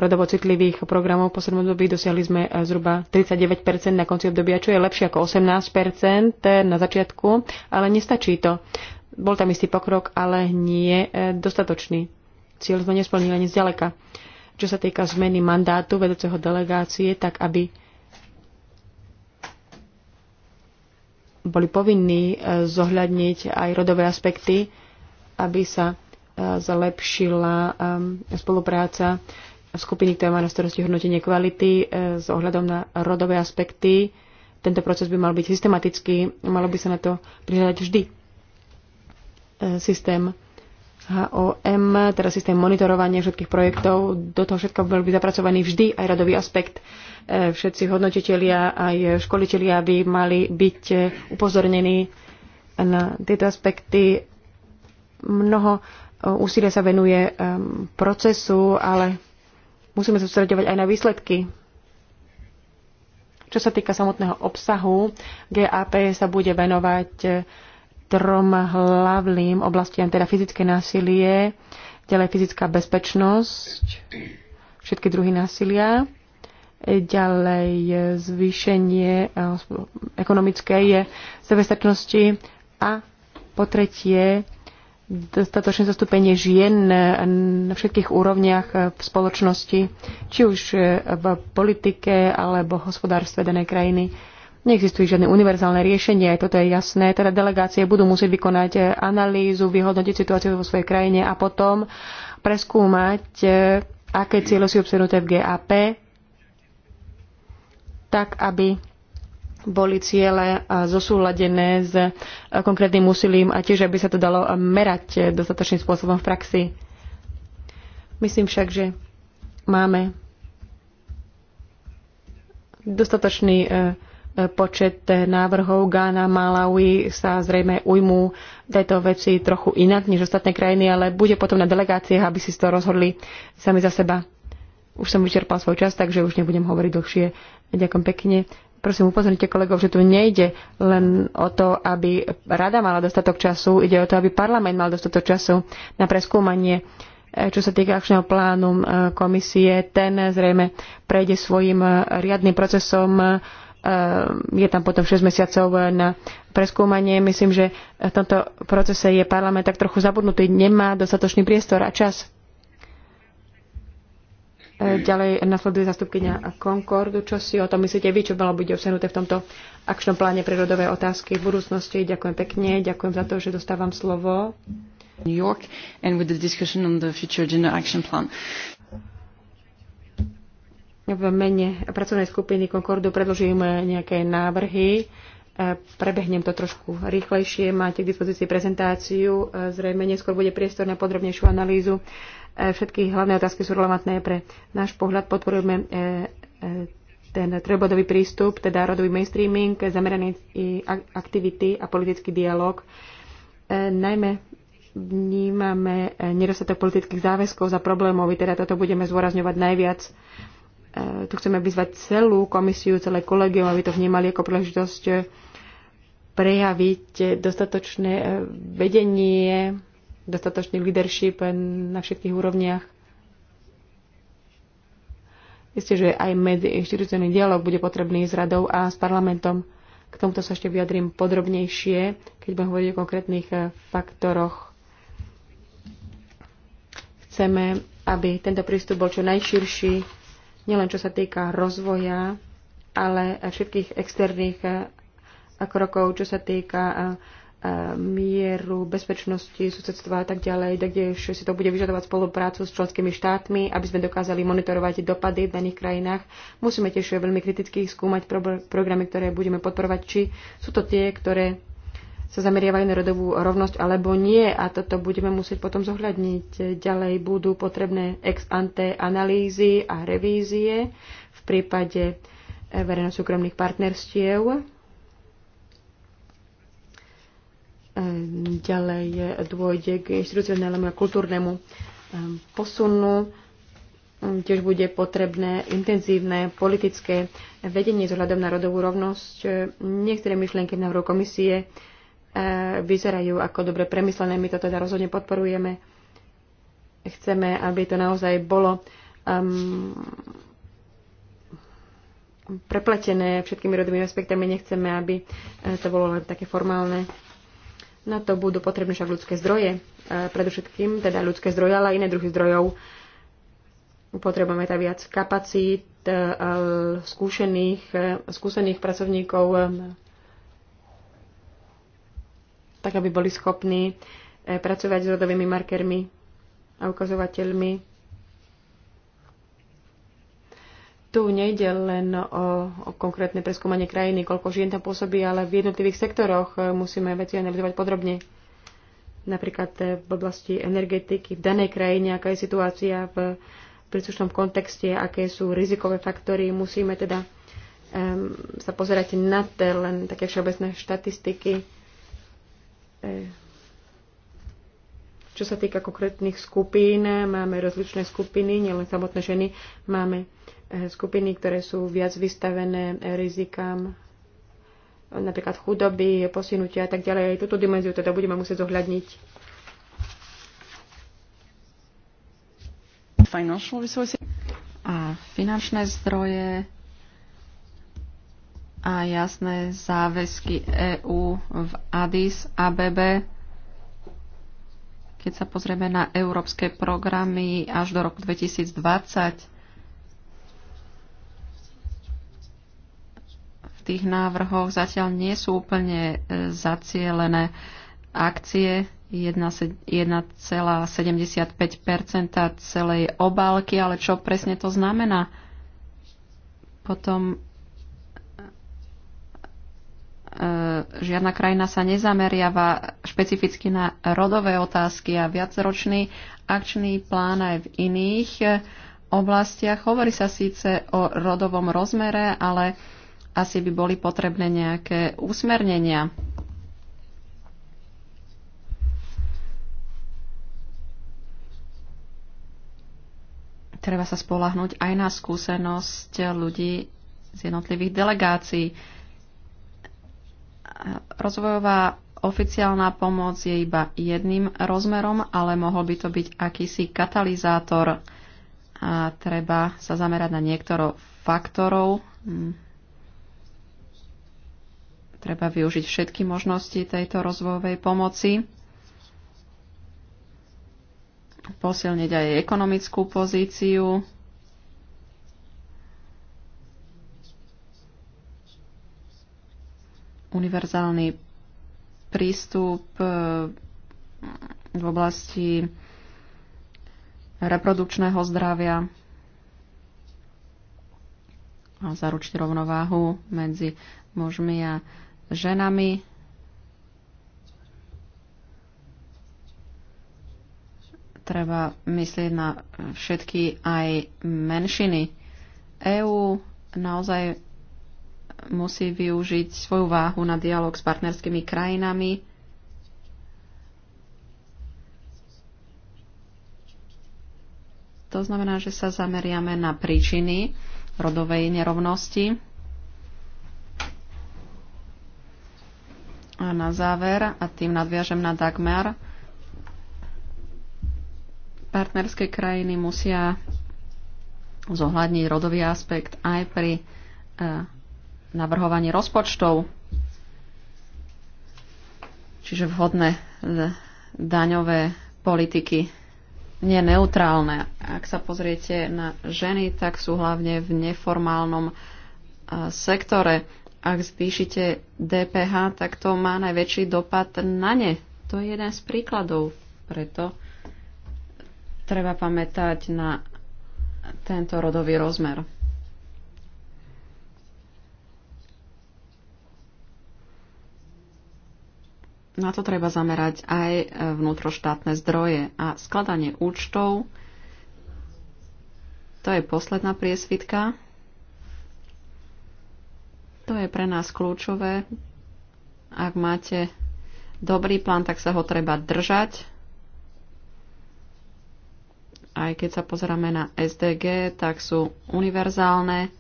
rodovo citlivých programov v poslednom období dosiahli sme eh, zhruba 39 na konci obdobia, čo je lepšie ako 18 eh, na začiatku, ale nestačí to. Bol tam istý pokrok, ale nie dostatočný cieľ sme nesplnili ani zďaleka. Čo sa týka zmeny mandátu vedúceho delegácie, tak aby boli povinní e, zohľadniť aj rodové aspekty, aby sa e, zlepšila e, spolupráca skupiny, ktorá má na starosti hodnotenie kvality s ohľadom na rodové aspekty. Tento proces by mal byť systematický, malo by sa na to prihľadať vždy. Systém HOM, teda systém monitorovania všetkých projektov. Do toho všetko bol by zapracovaný vždy aj radový aspekt. E, všetci hodnotitelia aj školitelia by mali byť e, upozornení na tieto aspekty. Mnoho e, úsilia sa venuje procesu, ale musíme sa sústredovať aj na výsledky. Čo sa týka samotného obsahu, GAP sa bude venovať trom hlavným oblastiam, teda fyzické násilie, ďalej fyzická bezpečnosť, všetky druhy násilia, ďalej zvýšenie eh, ekonomickej sebestačnosti a po tretie dostatočné zastúpenie žien na všetkých úrovniach v spoločnosti, či už v politike alebo hospodárstve danej krajiny. Neexistuje žiadne univerzálne riešenie, toto je jasné. Teda delegácie budú musieť vykonať e, analýzu, vyhodnotiť situáciu vo svojej krajine a potom preskúmať, e, aké cieľe sú obsahnuté v GAP, tak aby boli ciele e, zosúladené s konkrétnym úsilím a tiež, aby sa to dalo merať dostatočným spôsobom v praxi. Myslím však, že máme dostatočný počet návrhov Gána, Malawi sa zrejme ujmú tejto veci trochu inak než ostatné krajiny, ale bude potom na delegáciách, aby si to rozhodli sami za seba. Už som vyčerpal svoj čas, takže už nebudem hovoriť dlhšie. Ďakujem pekne. Prosím, upozornite kolegov, že tu nejde len o to, aby rada mala dostatok času, ide o to, aby parlament mal dostatok času na preskúmanie eh, čo sa týka akčného plánu eh, komisie, ten zrejme prejde svojim eh, riadnym procesom Ehm, je tam potom 6 mesiacov na preskúmanie. Myslím, že v tomto procese je parlament tak trochu zabudnutý, nemá dostatočný priestor a čas. Ehm, ďalej nasleduje zastupkynia Concordu. Čo si o tom myslíte vy, čo malo byť obsenuté v tomto akčnom pláne prírodové otázky v budúcnosti? Ďakujem pekne, ďakujem za to, že dostávam slovo. New York and with the discussion on the future gender action plan v mene pracovnej skupiny Concordu predložím nejaké návrhy. Prebehnem to trošku rýchlejšie. Máte k dispozícii prezentáciu. Zrejme neskôr bude priestor na podrobnejšiu analýzu. Všetky hlavné otázky sú relevantné pre náš pohľad. Podporujeme e, e, ten trojbodový prístup, teda rodový mainstreaming, zameraný aktivity a politický dialog. E, najmä vnímame nedostatok politických záväzkov za problémov, teda toto budeme zvorazňovať najviac tu chceme vyzvať celú komisiu, celé kolegium, aby to vnímali ako príležitosť prejaviť dostatočné eh, vedenie, dostatočný leadership na všetkých úrovniach. Isté, že aj medziinstitucionálny dialog bude potrebný s radou a s parlamentom. K tomuto sa ešte vyjadrím podrobnejšie, keď budem hovoriť o konkrétnych eh, faktoroch. Chceme, aby tento prístup bol čo najširší, nielen čo sa týka rozvoja, ale všetkých externých eh, krokov, čo sa týka eh, eh, mieru, bezpečnosti, susedstva a tak ďalej, kde si to bude vyžadovať spoluprácu s členskými štátmi, aby sme dokázali monitorovať dopady v daných krajinách. Musíme tiež veľmi kriticky skúmať programy, ktoré budeme podporovať, či sú to tie, ktoré sa zameriavajú na rodovú rovnosť alebo nie a toto budeme musieť potom zohľadniť. Ďalej budú potrebné ex ante analýzy a revízie v prípade eh, verejno-súkromných partnerstiev. Eh, ďalej eh, dôjde k inštitucionálnemu a kultúrnemu posunu. Mm, tiež bude potrebné intenzívne politické vedenie zohľadom na rodovú rovnosť. Niektoré myšlienky v návrhu komisie E, vyzerajú ako dobre premyslené. My to teda rozhodne podporujeme. Chceme, aby to naozaj bolo um, prepletené všetkými rodovými aspektami. Nechceme, aby e, to bolo len také formálne. Na to budú potrebné však ľudské zdroje. E, predovšetkým teda ľudské zdroje, ale aj iné druhy zdrojov. Potrebujeme tam viac kapacít, skúsených, skúsených pracovníkov, tak aby boli schopní e, pracovať s rodovými markermi a ukazovateľmi. Tu nejde len o, o konkrétne preskúmanie krajiny, koľko žien tam pôsobí, ale v jednotlivých sektoroch e, musíme veci analyzovať podrobne. Napríklad e, v oblasti energetiky, v danej krajine, aká je situácia v príslušnom kontexte, aké sú rizikové faktory. Musíme teda um, sa pozerať na te len také všeobecné štatistiky E. Čo sa týka konkrétnych skupín, máme rozličné skupiny, nielen samotné ženy, máme e, skupiny, ktoré sú viac vystavené rizikám napríklad chudoby, posunutia a tak ďalej. Aj túto dimenziu teda budeme musieť zohľadniť. A finančné zdroje a jasné záväzky EÚ v Addis ABB. Keď sa pozrieme na európske programy až do roku 2020, v tých návrhoch zatiaľ nie sú úplne e, zacielené akcie 1,75 celej obálky, ale čo presne to znamená? Potom E, žiadna krajina sa nezameriava špecificky na rodové otázky a viacročný akčný plán aj v iných e, oblastiach. Hovorí sa síce o rodovom rozmere, ale asi by boli potrebné nejaké usmernenia. Treba sa spolahnuť aj na skúsenosť ľudí z jednotlivých delegácií Rozvojová oficiálna pomoc je iba jedným rozmerom, ale mohol by to byť akýsi katalizátor a treba sa zamerať na niektoro faktorov. Mm. Treba využiť všetky možnosti tejto rozvojovej pomoci, posilniť aj ekonomickú pozíciu univerzálny prístup e, v oblasti reprodukčného zdravia a zaručiť rovnováhu medzi mužmi a ženami. Treba myslieť na všetky aj menšiny. EÚ naozaj musí využiť svoju váhu na dialog s partnerskými krajinami. To znamená, že sa zameriame na príčiny rodovej nerovnosti. A na záver, a tým nadviažem na Dagmar, partnerské krajiny musia zohľadniť rodový aspekt aj pri eh, navrhovanie rozpočtov. Čiže vhodné e, daňové politiky nie neutrálne. Ak sa pozriete na ženy, tak sú hlavne v neformálnom e, sektore. Ak zvýšite DPH, tak to má najväčší dopad na ne. To je jeden z príkladov. Preto treba pamätať na tento rodový rozmer. na to treba zamerať aj e, vnútroštátne zdroje a skladanie účtov. To je posledná priesvitka. To je pre nás kľúčové. Ak máte dobrý plán, tak sa ho treba držať. Aj keď sa pozeráme na SDG, tak sú univerzálne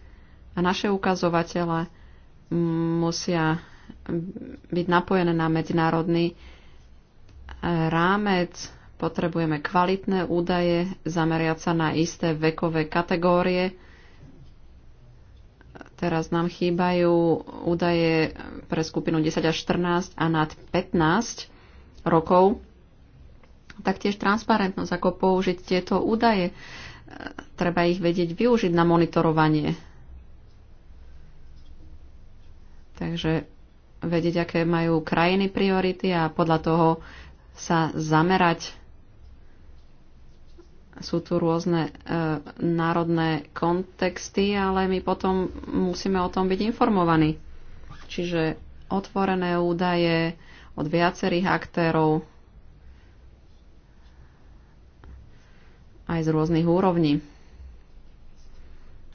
a naše ukazovatele musia byť napojené na medzinárodný eh, rámec. Potrebujeme kvalitné údaje, zameriať sa na isté vekové kategórie. Teraz nám chýbajú údaje pre skupinu 10 až 14 a nad 15 rokov. Taktiež transparentnosť, ako použiť tieto údaje. Eh, treba ich vedieť využiť na monitorovanie. Takže vedieť, aké majú krajiny priority a podľa toho sa zamerať. Sú tu rôzne e, národné kontexty, ale my potom musíme o tom byť informovaní. Čiže otvorené údaje od viacerých aktérov aj z rôznych úrovní.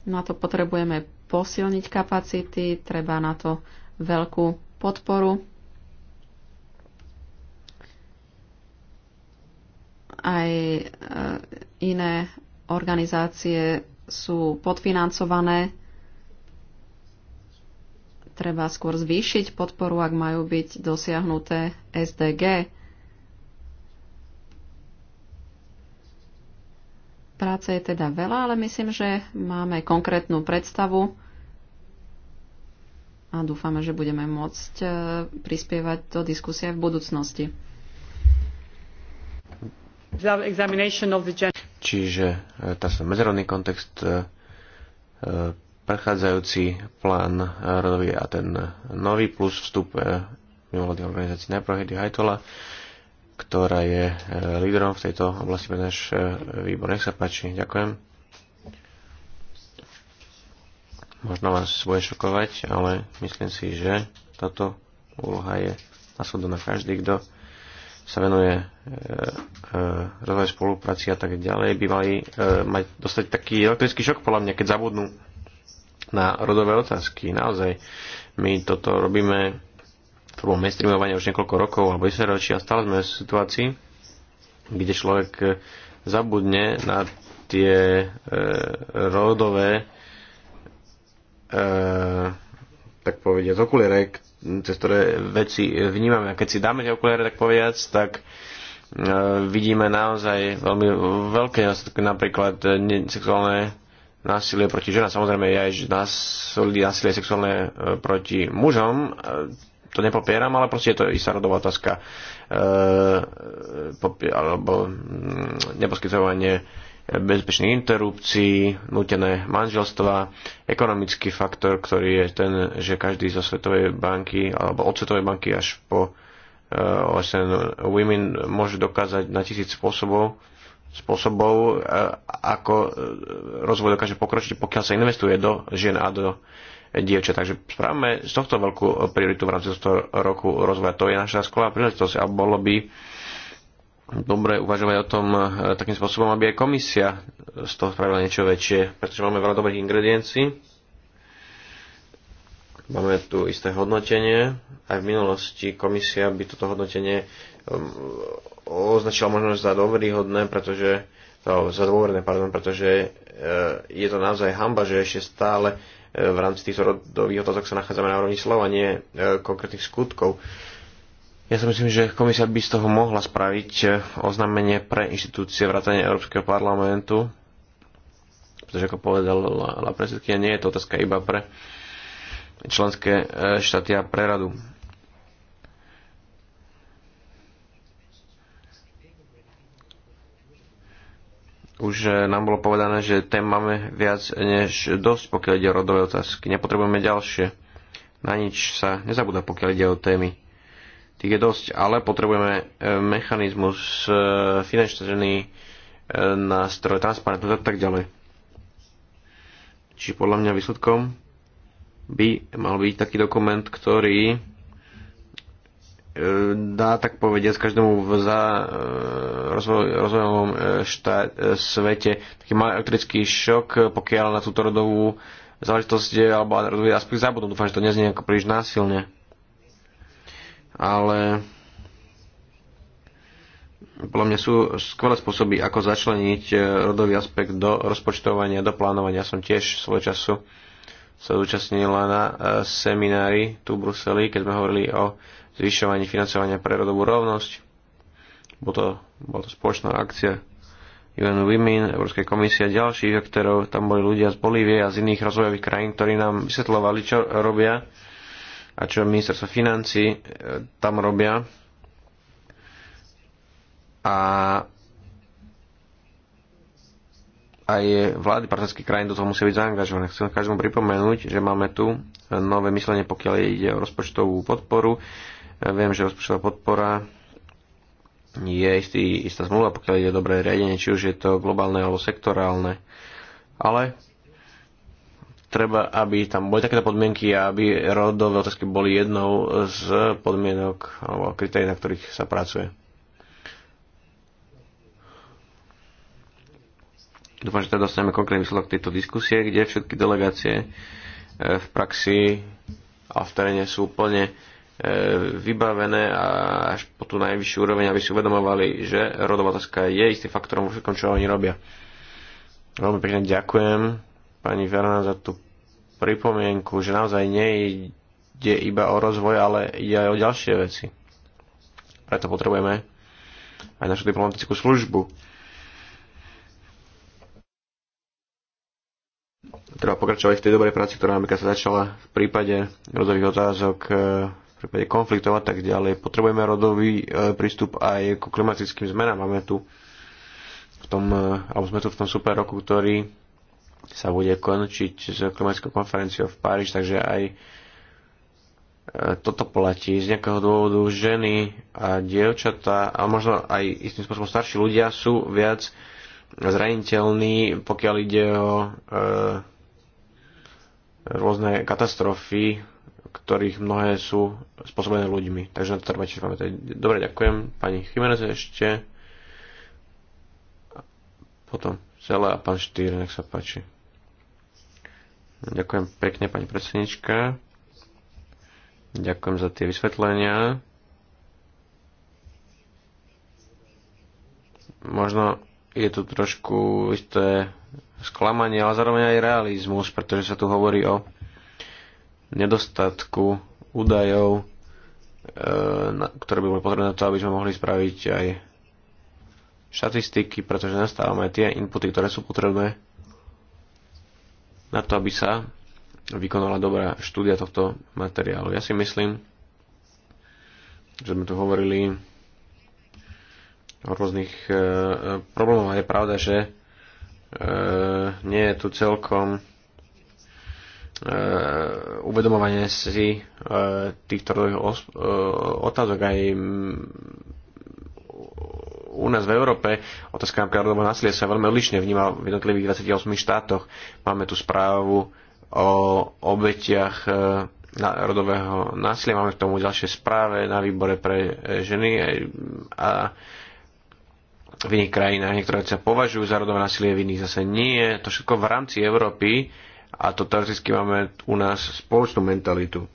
Na to potrebujeme posilniť kapacity, treba na to veľkú podporu. Aj e, iné organizácie sú podfinancované. Treba skôr zvýšiť podporu, ak majú byť dosiahnuté SDG. Práce je teda veľa, ale myslím, že máme konkrétnu predstavu a dúfame, že budeme môcť e, prispievať do diskusie v budúcnosti. Čiže e, tá sa medzirodný kontext, e, prechádzajúci plán rodový a ten nový plus vstup mimovládnej organizácie Neprohedy Hajtola, ktorá je líderom v tejto oblasti pre náš výbor. Nech sa páči, ďakujem. Možno vás bude šokovať, ale myslím si, že táto úloha je nasledná každý, kto sa venuje e, e, rozvoj spolupráci a tak ďalej, by mali e, mať, dostať taký elektrický šok, podľa mňa, keď zabudnú na rodové otázky. Naozaj, my toto robíme formou mainstreamovania už niekoľko rokov alebo 10 ročí a stále sme v situácii, kde človek e, zabudne na tie e, rodové E, tak povediať, okuliere, cez ktoré veci vnímame. A keď si dáme tie okuliere, tak povediac, tak e, vidíme naozaj veľmi veľké následky, napríklad e, sexuálne násilie proti ženám, samozrejme je aj násilie, násilie sexuálne proti mužom, to nepopieram, ale proste je to istá rodová otázka, e, popi- alebo mm, neposkytovanie bezpečných interrupcií, nutené manželstva, ekonomický faktor, ktorý je ten, že každý zo Svetovej banky alebo od Svetovej banky až po eh, OSN Women môže dokázať na tisíc spôsobov, spôsobov eh, ako eh, rozvoj dokáže pokročiť, pokiaľ sa investuje do žien a do dievča. Takže správame z tohto veľkú prioritu v rámci tohto roku rozvoja. To je naša skvelá príležitosť a bolo by dobre uvažovať o tom eh, takým spôsobom, aby aj komisia z toho spravila niečo väčšie, pretože máme veľa dobrých ingrediencií. Máme tu isté hodnotenie. Aj v minulosti komisia by toto hodnotenie označila možno za dôveryhodné, pretože to, za dôverné, pardon, pretože eh, je to naozaj hamba, že ešte stále eh, v rámci týchto rodových otázok sa nachádzame na úrovni slova, nie konkrétnych skutkov. Ja si myslím, že komisia by z toho mohla spraviť eh, oznámenie pre inštitúcie vrátane Európskeho parlamentu, pretože ako povedala predsedkynia, nie je to otázka iba pre členské eh, štáty a pre radu. Už eh, nám bolo povedané, že tém máme viac než dosť, pokiaľ ide o rodové otázky. Nepotrebujeme ďalšie. Na nič sa nezabúda, pokiaľ ide o témy tých je dosť, ale potrebujeme e, mechanizmus, e, finančný e, nástroj, transparentnosť a tak ďalej. Čiže podľa mňa výsledkom by mal byť taký dokument, ktorý dá tak povediať každému v za rozvoj, rozvojovom štá, svete taký malý elektrický šok, pokiaľ na túto rodovú záležitosť alebo rodový aspekt zabudnú. Dúfam, že to neznie ako príliš násilne ale podľa mňa sú skvelé spôsoby, ako začleniť e, rodový aspekt do rozpočtovania, do plánovania. Som tiež svoj času sa zúčastnila na e, seminári tu v Bruseli, keď sme hovorili o zvyšovaní financovania pre rodovú rovnosť. Bolo to, bola to spoločná akcia UN Women, Európskej komisie a ďalších aktérov. Tam boli ľudia z Bolívie a z iných rozvojových krajín, ktorí nám vysvetľovali, čo robia a čo ministerstvo financí e, tam robia. A aj vlády partnerských krajín do toho musia byť zaangažované. Chcem každému pripomenúť, že máme tu nové myslenie, pokiaľ ide o rozpočtovú podporu. E, viem, že rozpočtová podpora je istý, istá zmluva, pokiaľ ide o dobré riadenie, či už je to globálne alebo sektorálne. Ale treba, aby tam boli takéto podmienky a aby rodové otázky boli jednou z podmienok alebo kritérií, na ktorých sa pracuje. Dúfam, že teda dostaneme konkrétny výsledok tejto diskusie, kde všetky delegácie e, v praxi a v teréne sú úplne e, vybavené a až po tú najvyššiu úroveň, aby si uvedomovali, že rodová otázka je istým faktorom vo všetkom, čo oni robia. Veľmi pekne ďakujem pani Fernanda za tú pripomienku, že naozaj nejde iba o rozvoj, ale ide aj o ďalšie veci. Preto potrebujeme aj našu diplomatickú službu. Treba pokračovať v tej dobrej práci, ktorá napríklad sa začala v prípade rodových otázok, e, v prípade konfliktov a tak ďalej. Potrebujeme rodový e, prístup aj ku klimatickým zmenám. Máme tu v tom, e, alebo sme tu v tom super roku, ktorý sa bude končiť s klimatickou konferenciou v Páriž, takže aj e, toto platí. Z nejakého dôvodu ženy a dievčatá, a možno aj istým spôsobom starší ľudia sú viac zraniteľní, pokiaľ ide o e, rôzne katastrofy, ktorých mnohé sú spôsobené ľuďmi. Takže na to treba tiež pamätať. Dobre, ďakujem. Pani Chimenez ešte. Potom celé a pán Štýr, nech sa páči. Ďakujem pekne, pani predsednička. Ďakujem za tie vysvetlenia. Možno je tu trošku isté sklamanie, ale zároveň aj realizmus, pretože sa tu hovorí o nedostatku údajov, e, ktoré by boli potrebné na to, aby sme mohli spraviť aj štatistiky, pretože nastávame tie inputy, ktoré sú potrebné na to, aby sa vykonala dobrá štúdia tohto materiálu. Ja si myslím, že sme tu hovorili o rôznych e, problémoch. Je pravda, že e, nie je tu celkom e, uvedomovanie si e, týchto e, otázok. Aj u nás v Európe otázka napríklad násilie násilia sa veľmi odlišne vníma v jednotlivých 28 štátoch. Máme tu správu o obetiach e, rodového násilia, máme k tomu ďalšie správe na výbore pre e, ženy e, a v iných krajinách niektoré sa považujú za rodové násilie, v iných zase nie. To všetko v rámci Európy a to teoreticky máme u nás spoločnú mentalitu.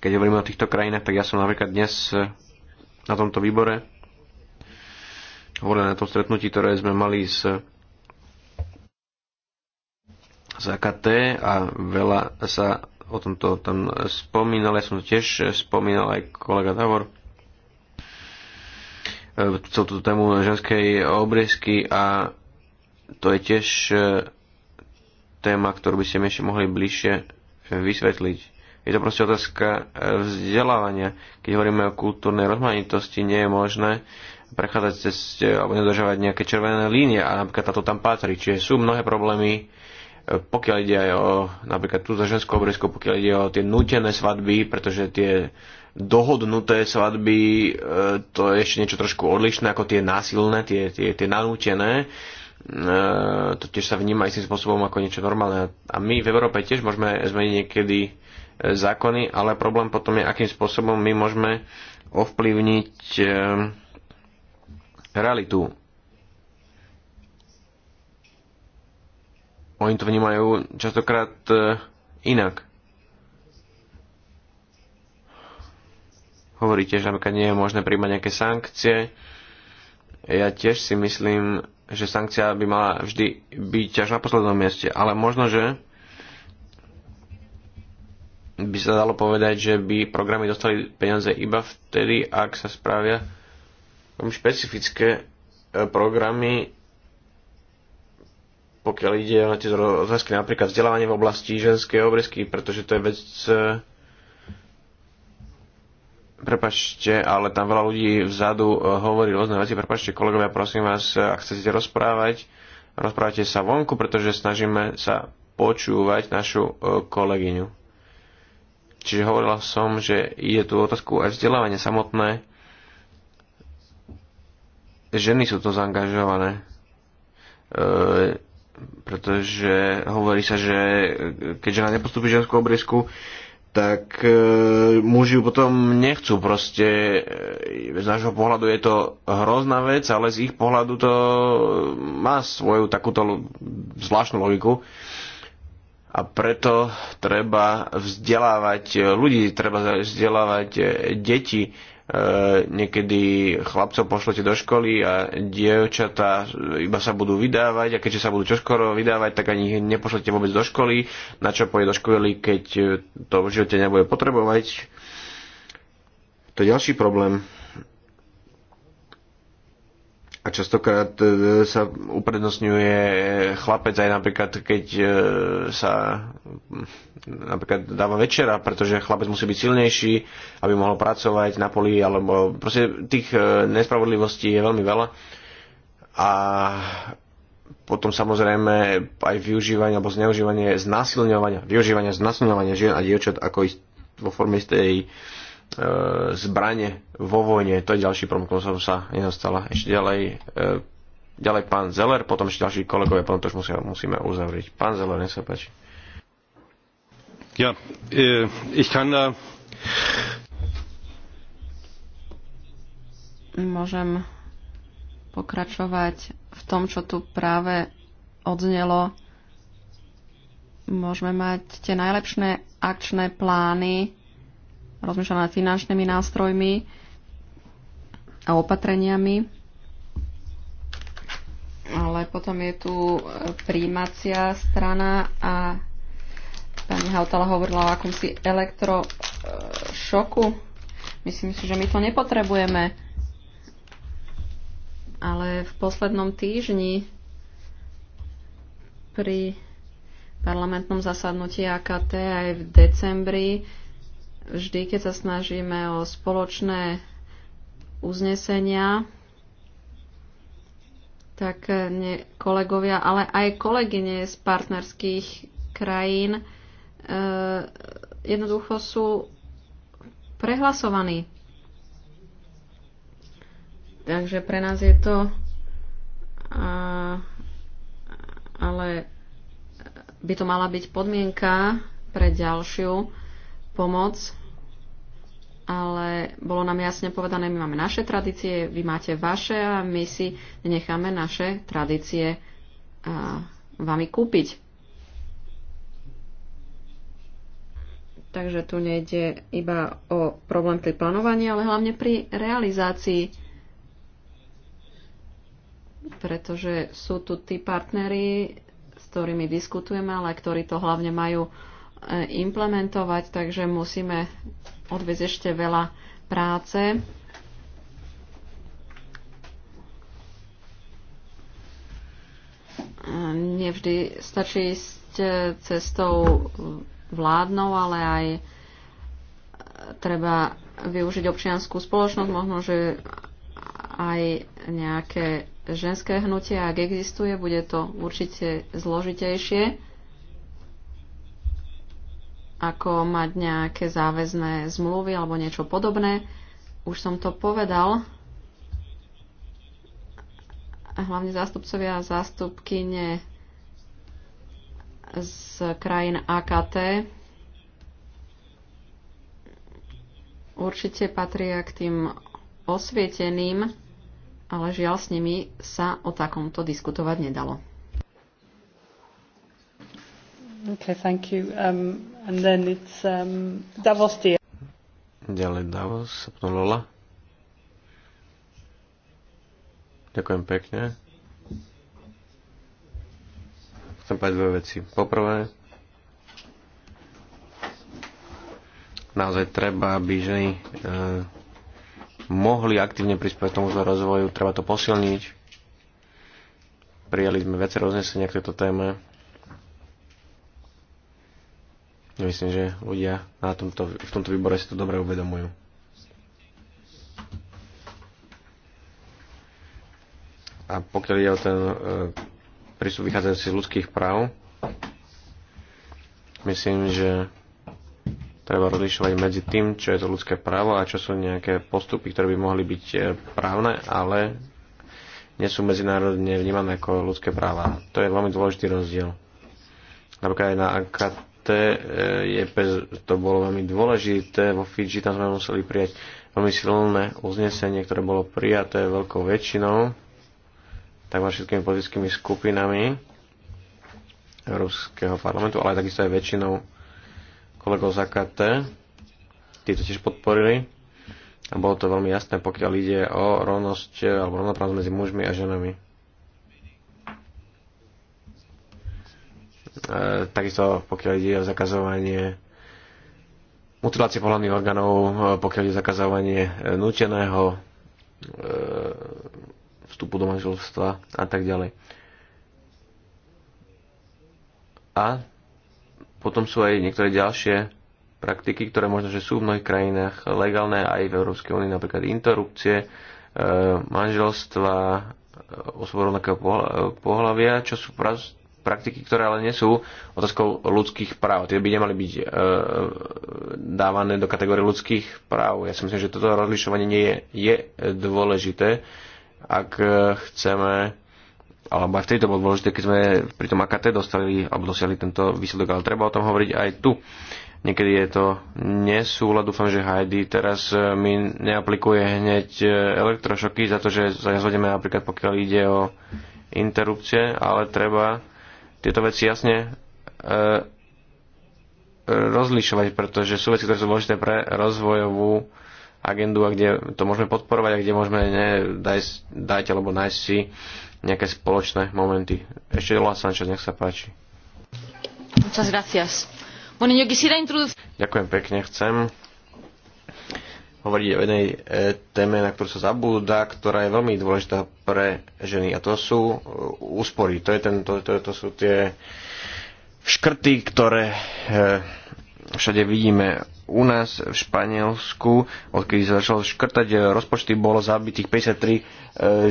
Keď hovoríme o týchto krajinách, tak ja som napríklad dnes na tomto výbore hovorili na tom stretnutí, ktoré sme mali s ZKT a veľa sa o tomto tam spomínal, ja som to tiež spomínal aj kolega Davor, e, celú túto tému ženskej obriezky a to je tiež e, téma, ktorú by ste mi ešte mohli bližšie e, vysvetliť. Je to proste otázka vzdelávania. Keď hovoríme o kultúrnej rozmanitosti, nie je možné, prechádzať cez alebo nedodržovať nejaké červené línie a napríklad táto tam patrí. Čiže sú mnohé problémy, e, pokiaľ ide aj o napríklad tú za ženskú obresku, pokiaľ ide o tie nutené svadby, pretože tie dohodnuté svadby, e, to je ešte niečo trošku odlišné ako tie násilné, tie, tie, tie nanútené. E, to tiež sa vníma istým spôsobom ako niečo normálne. A my v Európe tiež môžeme zmeniť niekedy zákony, ale problém potom je, akým spôsobom my môžeme ovplyvniť realitu. Oni to vnímajú častokrát e, inak. Hovoríte, že napríklad nie je možné príjmať nejaké sankcie. Ja tiež si myslím, že sankcia by mala vždy byť až na poslednom mieste, ale možno, že by sa dalo povedať, že by programy dostali peniaze iba vtedy, ak sa spravia špecifické e, programy, pokiaľ ide na tie otázky napríklad vzdelávanie v oblasti ženskej obrezky, pretože to je vec e, prepačte, ale tam veľa ľudí vzadu e, hovorí rôzne veci. Prepačte, kolegovia, prosím vás, ak chcete rozprávať, rozprávajte sa vonku, pretože snažíme sa počúvať našu kolegyňu. Čiže hovorila som, že ide tu otázku aj vzdelávanie samotné, ženy sú to zaangažované. E, pretože hovorí sa, že keď žena nepostupí ženskú obrysku, tak e, muži ju potom nechcú. Proste e, z nášho pohľadu je to hrozná vec, ale z ich pohľadu to má svoju takúto zvláštnu logiku. A preto treba vzdelávať ľudí, treba vzdelávať e, deti E, niekedy chlapcov pošlete do školy a dievčatá iba sa budú vydávať a keďže sa budú čoskoro vydávať, tak ani ich nepošlete vôbec do školy, na čo pôjde do školy, keď to v živote nebude potrebovať. To je ďalší problém častokrát e, sa uprednostňuje chlapec aj napríklad, keď e, sa napríklad dáva večera, pretože chlapec musí byť silnejší, aby mohol pracovať na poli, alebo proste tých e, nespravodlivostí je veľmi veľa. A potom samozrejme aj využívanie alebo zneužívanie znásilňovania, využívania znásilňovania žien a dievčat ako vo forme istej e, zbranie vo vojne. To je ďalší problém, ktorý som sa nedostala. Ešte ďalej, e, ďalej pán Zeller, potom ešte ďalší kolegovia, potom to už musia, musíme uzavrieť. Pán Zeller, nech sa páči. Ja, e, ich kann da... Môžem pokračovať v tom, čo tu práve odznelo. Môžeme mať tie najlepšie akčné plány, rozmýšľa nad finančnými nástrojmi a opatreniami. Ale potom je tu e, príjmacia strana a pani Hautala hovorila o akomsi elektrošoku. Myslím si, že my to nepotrebujeme. Ale v poslednom týždni pri parlamentnom zasadnutí AKT aj v decembri vždy, keď sa snažíme o spoločné uznesenia, tak ne, kolegovia, ale aj kolegyne z partnerských krajín e, jednoducho sú prehlasovaní. Takže pre nás je to a, ale by to mala byť podmienka pre ďalšiu pomoc ale bolo nám jasne povedané, my máme naše tradície, vy máte vaše a my si necháme naše tradície a, vami kúpiť. Takže tu nejde iba o problém pri plánovaní, ale hlavne pri realizácii. Pretože sú tu tí partnery, s ktorými diskutujeme, ale ktorí to hlavne majú E, implementovať, takže musíme odviezť ešte veľa práce. E, nevždy stačí ísť e, cestou vládnou, ale aj treba využiť občianskú spoločnosť, možno, že aj nejaké ženské hnutie, ak existuje, bude to určite zložitejšie ako mať nejaké záväzné zmluvy alebo niečo podobné. Už som to povedal. hlavne zástupcovia a zástupkyne z krajín AKT určite patria k tým osvieteným, ale žiaľ s nimi sa o takomto diskutovať nedalo. Okay, thank you. Um, and then it's um, Davos Ďalej Davos, potom Lola. Ďakujem pekne. Chcem povedať dve veci. Poprvé, naozaj treba, aby ženy e, mohli aktívne prispieť tomu rozvoju, treba to posilniť. Prijali sme viacero roznesenia k tejto téme Myslím, že ľudia na tomto, v tomto výbore si to dobre uvedomujú. A pokiaľ ide o ten e, prístup vychádzajúci z ľudských práv, myslím, že treba rozlišovať medzi tým, čo je to ľudské právo a čo sú nejaké postupy, ktoré by mohli byť e, právne, ale nie sú medzinárodne vnímané ako ľudské práva. To je veľmi dôležitý rozdiel. Napríklad aj na dôležité, eh, je, to bolo veľmi dôležité, vo Fidži tam sme museli prijať veľmi silné uznesenie, ktoré bolo prijaté veľkou väčšinou, takmer všetkými politickými skupinami Európskeho parlamentu, ale aj takisto aj väčšinou kolegov z AKT. Tí to tiež podporili a bolo to veľmi jasné, pokiaľ ide o rovnosť eh, alebo rovnoprávnosť medzi mužmi a ženami. E, takisto pokiaľ ide o zakazovanie mutilácie pohľadných orgánov, e, pokiaľ ide o zakazovanie e, nuteného vstupu do manželstva a tak ďalej. A potom sú aj niektoré ďalšie praktiky, ktoré možno, že sú v mnohých krajinách legálne, aj v Európskej únii, napríklad interrupcie, manželstva osôb rovnakého pohľavia, čo sú praktiky, ktoré ale nie sú otázkou ľudských práv. Tie by nemali byť e, dávané do kategórie ľudských práv. Ja si myslím, že toto rozlišovanie nie je, je dôležité, ak e, chceme alebo aj vtedy to bolo dôležité, keď sme pri tom AKT dostali alebo dosiahli tento výsledok, ale treba o tom hovoriť aj tu. Niekedy je to nesúľad, dúfam, že Heidi teraz e, mi neaplikuje hneď e, elektrošoky za to, že zazvedieme napríklad pokiaľ ide o interrupcie, ale treba tieto veci jasne e, rozlišovať, pretože sú veci, ktoré sú dôležité pre rozvojovú agendu a kde to môžeme podporovať a kde môžeme ne, daj, dať alebo nájsť si nejaké spoločné momenty. Ešte Lola Sanchez, nech sa páči. Muchas gracias. Ďakujem pekne, chcem hovoriť o jednej e, téme, na ktorú sa zabúda, ktorá je veľmi dôležitá pre ženy. A to sú e, úspory. To, je ten, to, to, to sú tie škrty, ktoré e, všade vidíme u nás v Španielsku, odkedy sa začalo škrtať rozpočty, bolo zabitých 53 e,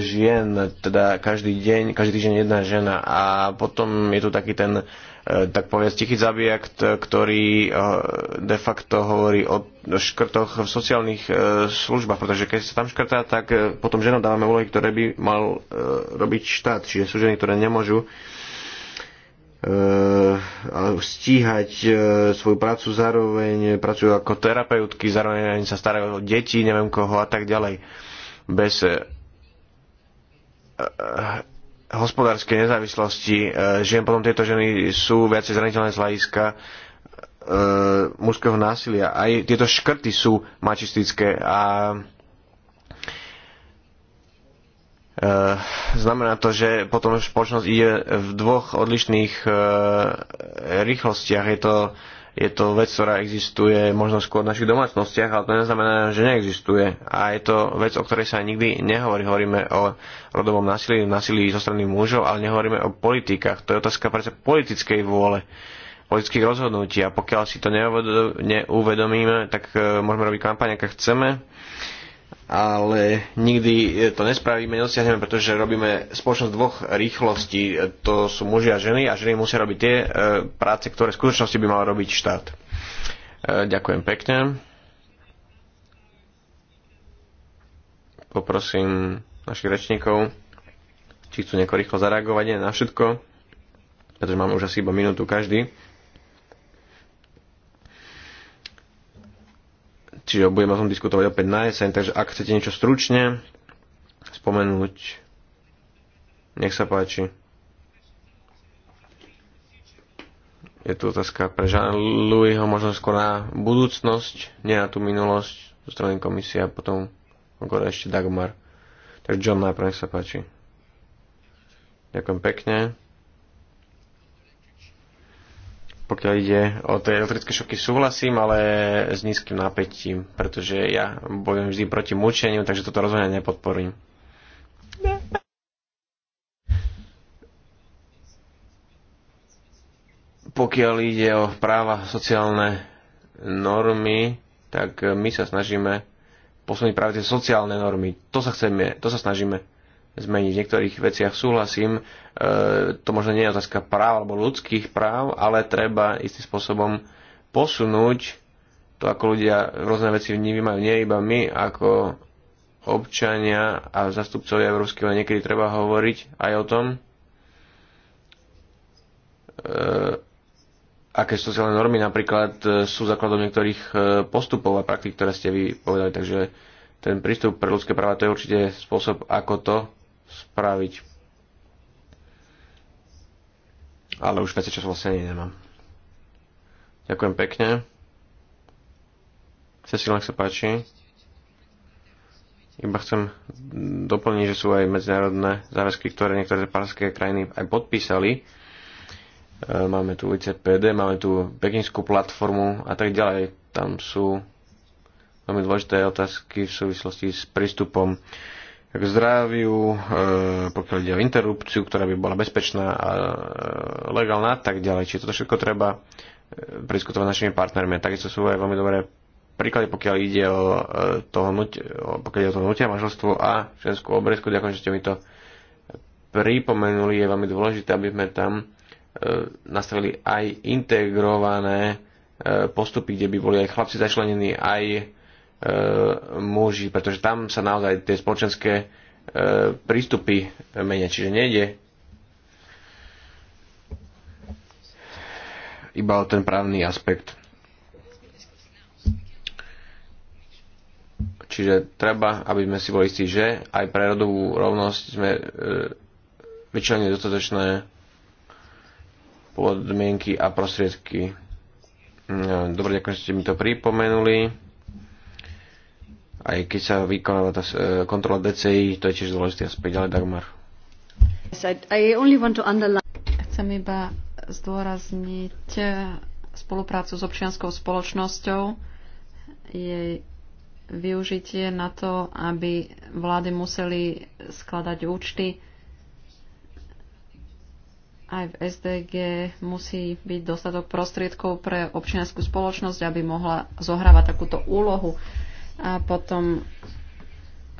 žien, teda každý deň, každý týždeň jedna žena. A potom je tu taký ten e, tak povedať tichý zabijak, ktorý e, de facto hovorí o škrtoch v sociálnych službách, pretože keď sa tam škrtá, tak potom ženom dávame úlohy, ktoré by mal robiť štát. Čiže sú ženy, ktoré nemôžu Eh, a stíhať eh, svoju prácu, zároveň pracujú ako terapeutky, zároveň sa starajú o deti, neviem koho a tak ďalej. Bez eh, hospodárskej nezávislosti žien potom tieto ženy sú viacej zraniteľné z hľadiska mužského násilia. Aj tieto škrty sú mačistické a Eh, znamená to, že potom spoločnosť ide v dvoch odlišných eh, rýchlostiach. Je to, je to vec, ktorá existuje možno skôr v našich domácnostiach, ale to neznamená, že neexistuje. A je to vec, o ktorej sa nikdy nehovorí. Hovoríme o rodovom násilí, násilí zo strany mužov, ale nehovoríme o politikách. To je otázka predsa politickej vôle politických rozhodnutí a pokiaľ si to neuvedomíme, tak eh, môžeme robiť kampaň, aká chceme ale nikdy e, to nespravíme, nedosiahneme, pretože robíme spoločnosť dvoch rýchlostí. E, to sú muži a ženy a ženy musia robiť tie e, práce, ktoré v skutočnosti by mal robiť štát. Ďakujem pekne. Poprosím našich rečníkov, či chcú nejako rýchlo zareagovať na všetko, pretože máme už asi iba minútu každý. Čiže budeme o tom diskutovať opäť na jeseň, takže ak chcete niečo stručne spomenúť, nech sa páči. Je tu otázka pre Jean-Louisho, možno skôr na budúcnosť, nie na tú minulosť zo strany komisie a potom okolo ešte Dagmar. Takže John najprv, nech sa páči. Ďakujem pekne pokiaľ ide o tie elektrické šoky, súhlasím, ale s nízkym napätím, pretože ja bojujem vždy proti mučeniu, takže toto rozhodne nepodporím. Pokiaľ ide o práva sociálne normy, tak my sa snažíme posunúť práve tie sociálne normy. To sa chceme, to sa snažíme zmeniť. V niektorých veciach súhlasím, e, to možno nie je otázka práv alebo ľudských práv, ale treba istým spôsobom posunúť to, ako ľudia rôzne veci vnímajú, nie iba my, ako občania a zastupcovia Európskej únie. Niekedy treba hovoriť aj o tom, e, aké sociálne normy napríklad e, sú základom niektorých e, postupov a praktik, ktoré ste vy povedali. Takže ten prístup pre ľudské práva to je určite spôsob, ako to spraviť. Ale už viacej času vlastne ani nemám. Ďakujem pekne. Cecil, nech sa páči. Iba chcem doplniť, že sú aj medzinárodné záväzky, ktoré niektoré parské krajiny aj podpísali. E, máme tu ICPD, máme tu pekinskú platformu a tak ďalej. Tam sú veľmi dôležité otázky v súvislosti s prístupom k zdraviu, e, pokiaľ ide o interrupciu, ktorá by bola bezpečná a e, legálna a tak ďalej. Čiže toto všetko treba e, prediskutovať s našimi partnermi. A takisto sú aj veľmi dobré príklady, pokiaľ ide o, toho, pokiaľ ide o to nutia manželstvo a ženskú obrezku. Ďakujem, že ste mi to pripomenuli. Je veľmi dôležité, aby sme tam nastavili aj integrované postupy, kde by boli aj chlapci začlenení, aj E, muži, pretože tam sa naozaj tie spoločenské e, prístupy menia, čiže nejde iba o ten právny aspekt. Čiže treba, aby sme si boli istí, že aj pre rodovú rovnosť sme e, vyčlenili dostatočné podmienky a prostriedky. E, dobre, ďakujem, že ste mi to pripomenuli aj keď sa vykonáva tá e, kontrola DCI, to je tiež dôležitý aspekt, ale Dagmar. Chcem iba zdôrazniť e, spoluprácu s občianskou spoločnosťou, jej využitie na to, aby vlády museli skladať účty. Aj v SDG musí byť dostatok prostriedkov pre občianskú spoločnosť, aby mohla zohrávať takúto úlohu. A potom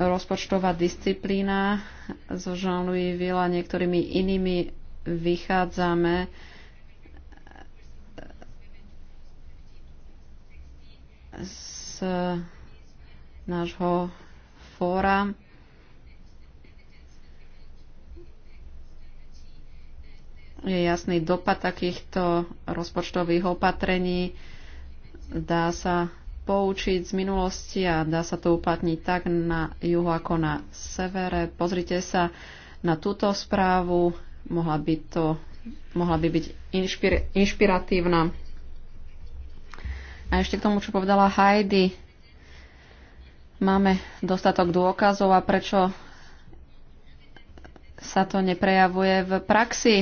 rozpočtová disciplína so Jean-Louis Villa niektorými inými vychádzame z nášho fóra. Je jasný dopad takýchto rozpočtových opatrení. Dá sa poučiť z minulosti a dá sa to uplatniť tak na juhu ako na severe. Pozrite sa na túto správu, mohla by, to, mohla by byť inšpir, inšpiratívna. A ešte k tomu, čo povedala Heidi, máme dostatok dôkazov a prečo sa to neprejavuje v praxi.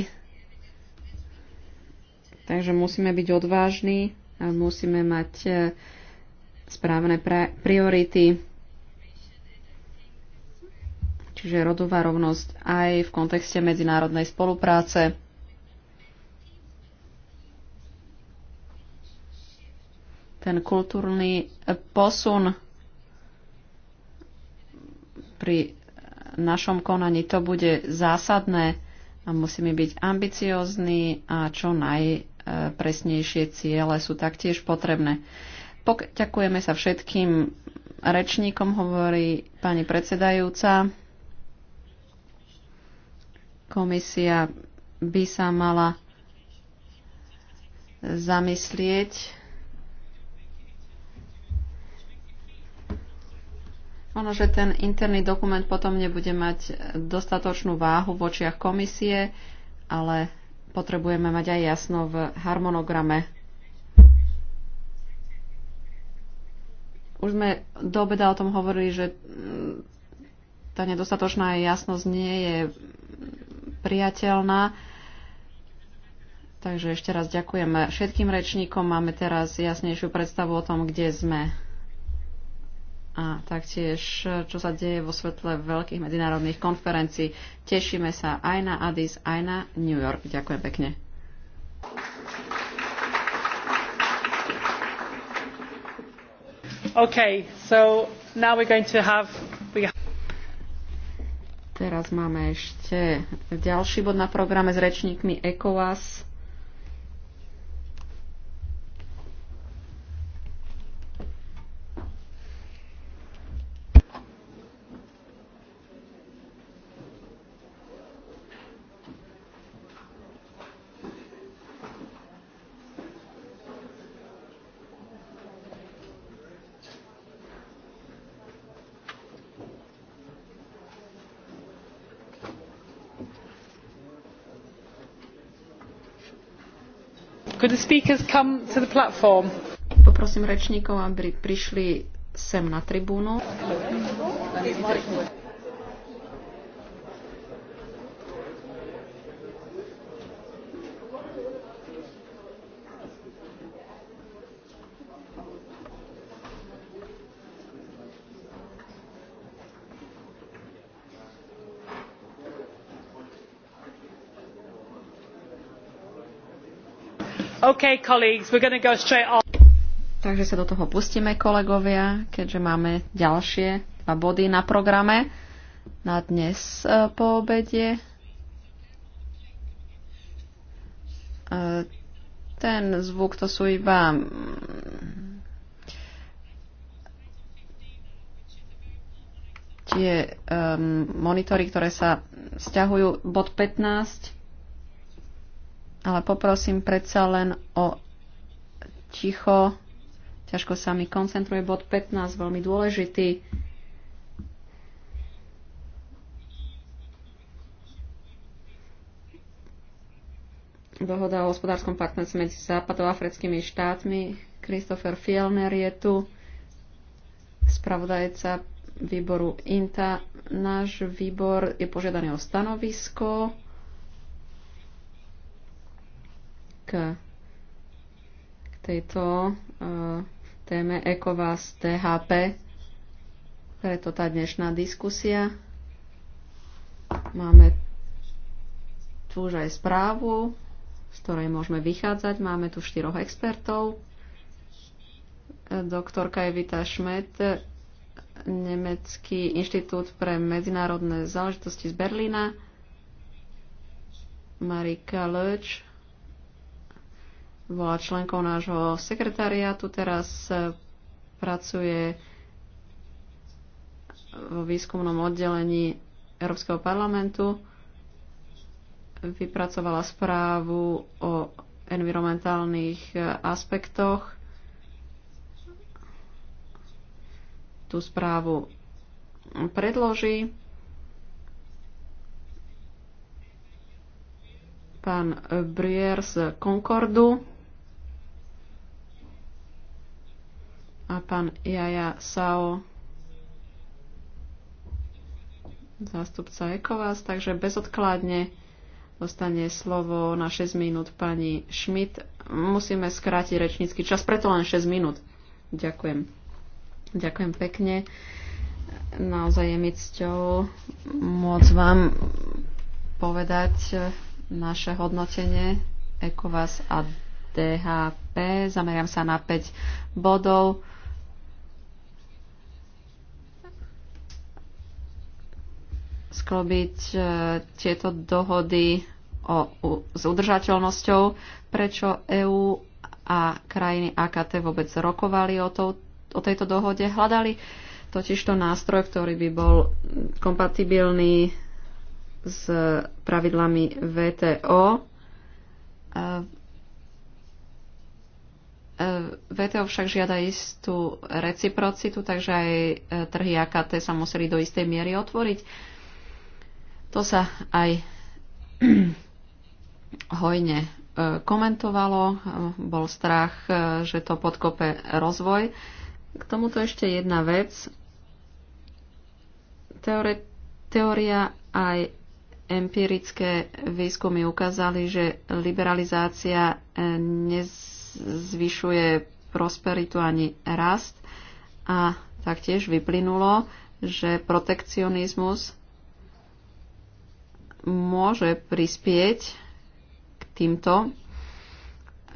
Takže musíme byť odvážni a musíme mať eh, správne priority, čiže rodová rovnosť aj v kontexte medzinárodnej spolupráce. Ten kultúrny eh, posun pri eh, našom konaní to bude zásadné a musíme byť ambiciózni a čo najpresnejšie ciele sú taktiež potrebné. Ďakujeme sa všetkým rečníkom, hovorí pani predsedajúca. Komisia by sa mala zamyslieť. Ono, že ten interný dokument potom nebude mať dostatočnú váhu v očiach komisie, ale potrebujeme mať aj jasno v harmonograme Už sme do obeda o tom hovorili, že mm, tá nedostatočná jasnosť nie je priateľná. Takže ešte raz ďakujeme všetkým rečníkom. Máme teraz jasnejšiu predstavu o tom, kde sme. A taktiež, čo sa deje vo svetle veľkých medzinárodných konferencií. Tešíme sa aj na Addis, aj na New York. Ďakujem pekne. Okay, so now we're going to have... Teraz máme ešte ďalší bod na programe s rečníkmi ECOWAS. speakers come to the platform. Poprosím rečníkov, aby prišli sem na tribúnu. Okay, colleagues, we're going to go straight on. Takže sa do toho pustíme, kolegovia, keďže máme ďalšie dva body na programe na dnes e, po obede. E, ten zvuk to sú iba mm, tie um, monitory, ktoré sa stiahujú. Bod 15 ale poprosím predsa len o ticho. Ťažko sa mi koncentruje bod 15, veľmi dôležitý. Dohoda o hospodárskom partnerstve medzi západoafrickými štátmi. Christopher Fielner je tu, spravodajca výboru INTA. Náš výbor je požiadaný o stanovisko. k, k tejto uh, téme ECOVAS THP. Preto tá dnešná diskusia. Máme tu už aj správu, z ktorej môžeme vychádzať. Máme tu štyroch expertov. Doktorka Evita Schmidt, Nemecký inštitút pre medzinárodné záležitosti z Berlína, Marika Löč, bola členkou nášho sekretariátu, teraz e, pracuje vo výskumnom oddelení Európskeho parlamentu. Vypracovala správu o environmentálnych e, aspektoch. Tú správu predloží pán Briers z Concordu. a pán Jaja Sao, zástupca Ekovás, takže bezodkladne dostane slovo na 6 minút pani Schmidt. Musíme skrátiť rečnícky čas, preto len 6 minút. Ďakujem. Ďakujem pekne. Naozaj je mi cťou môcť vám povedať naše hodnotenie Ekovas a DHP. Zameriam sa na 5 bodov. sklobiť e, tieto dohody o, s udržateľnosťou, prečo EÚ a krajiny AKT vôbec rokovali o, to, o tejto dohode. Hľadali totiž to nástroj, ktorý by bol kompatibilný s pravidlami VTO. E, e, VTO však žiada istú reciprocitu, takže aj trhy AKT sa museli do istej miery otvoriť. To sa aj hojne e, komentovalo, e, bol strach, e, že to podkope rozvoj. K tomuto ešte jedna vec. Teore, teória aj empirické výskumy ukázali, že liberalizácia nezvyšuje prosperitu ani rast a taktiež vyplynulo, že protekcionizmus môže prispieť k týmto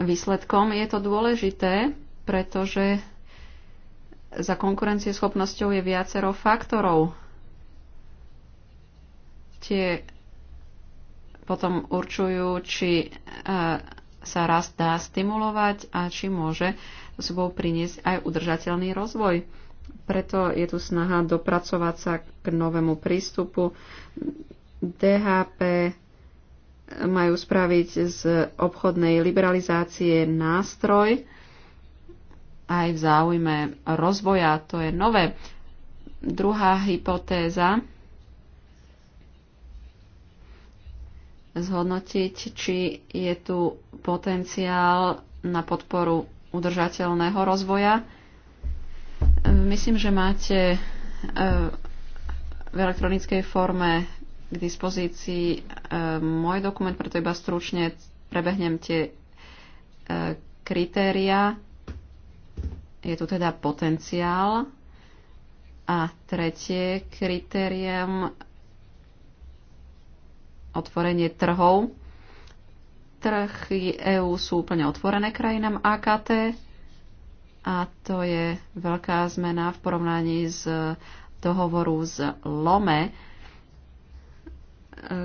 výsledkom. Je to dôležité, pretože za konkurencieschopnosťou je viacero faktorov. Tie potom určujú, či e, sa rast dá stimulovať a či môže sebou priniesť aj udržateľný rozvoj. Preto je tu snaha dopracovať sa k novému prístupu, DHP majú spraviť z obchodnej liberalizácie nástroj aj v záujme rozvoja. To je nové. Druhá hypotéza zhodnotiť, či je tu potenciál na podporu udržateľného rozvoja. Myslím, že máte eh, v elektronickej forme k dispozícii e, môj dokument, preto iba stručne prebehnem tie e, kritéria. Je tu teda potenciál. A tretie kritérium otvorenie trhov. Trhy EÚ sú úplne otvorené krajinám AKT a to je veľká zmena v porovnaní s dohovoru z Lome,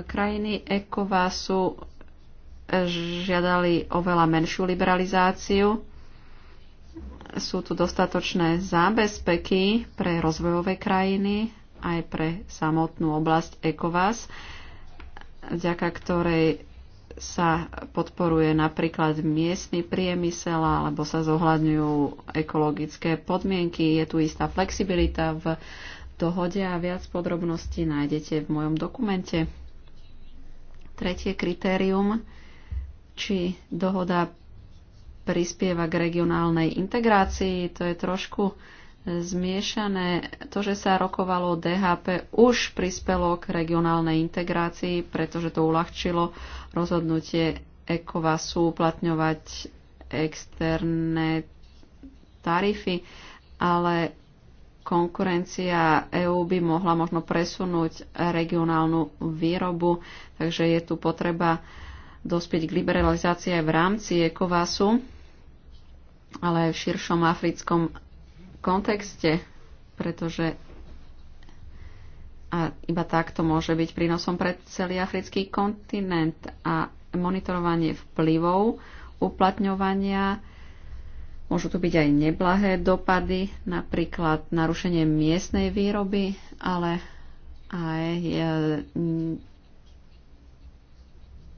Krajiny ECOWASu žiadali oveľa menšiu liberalizáciu. Sú tu dostatočné zábezpeky pre rozvojové krajiny aj pre samotnú oblasť ECOWAS, vďaka ktorej sa podporuje napríklad miestny priemysel alebo sa zohľadňujú ekologické podmienky. Je tu istá flexibilita v dohode a viac podrobností nájdete v mojom dokumente. Tretie kritérium, či dohoda prispieva k regionálnej integrácii, to je trošku zmiešané. To, že sa rokovalo DHP, už prispelo k regionálnej integrácii, pretože to uľahčilo rozhodnutie ECOVASu uplatňovať externé tarify, ale konkurencia EÚ by mohla možno presunúť regionálnu výrobu, takže je tu potreba dospieť k liberalizácii aj v rámci ECOVASu, ale aj v širšom africkom kontexte, pretože a iba takto môže byť prínosom pre celý africký kontinent a monitorovanie vplyvov uplatňovania Môžu tu byť aj neblahé dopady, napríklad narušenie miestnej výroby, ale aj e,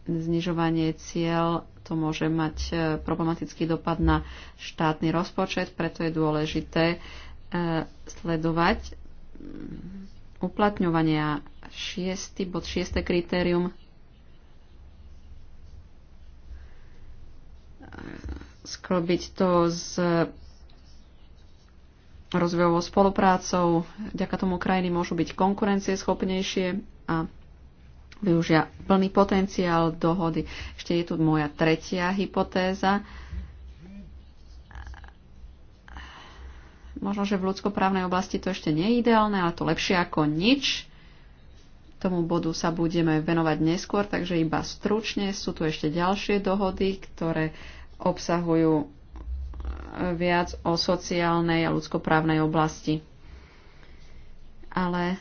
znižovanie cieľ to môže mať e, problematický dopad na štátny rozpočet, preto je dôležité e, sledovať mm, uplatňovania 6. bod 6. kritérium sklbiť to s rozvojovou spoluprácou. Vďaka tomu krajiny môžu byť konkurencieschopnejšie a využia plný potenciál dohody. Ešte je tu moja tretia hypotéza. Možno, že v ľudskoprávnej oblasti to ešte nie je ideálne, ale to lepšie ako nič. Tomu bodu sa budeme venovať neskôr, takže iba stručne sú tu ešte ďalšie dohody, ktoré uh, obsahujú e, viac o sociálnej a ľudskoprávnej oblasti. Ale e,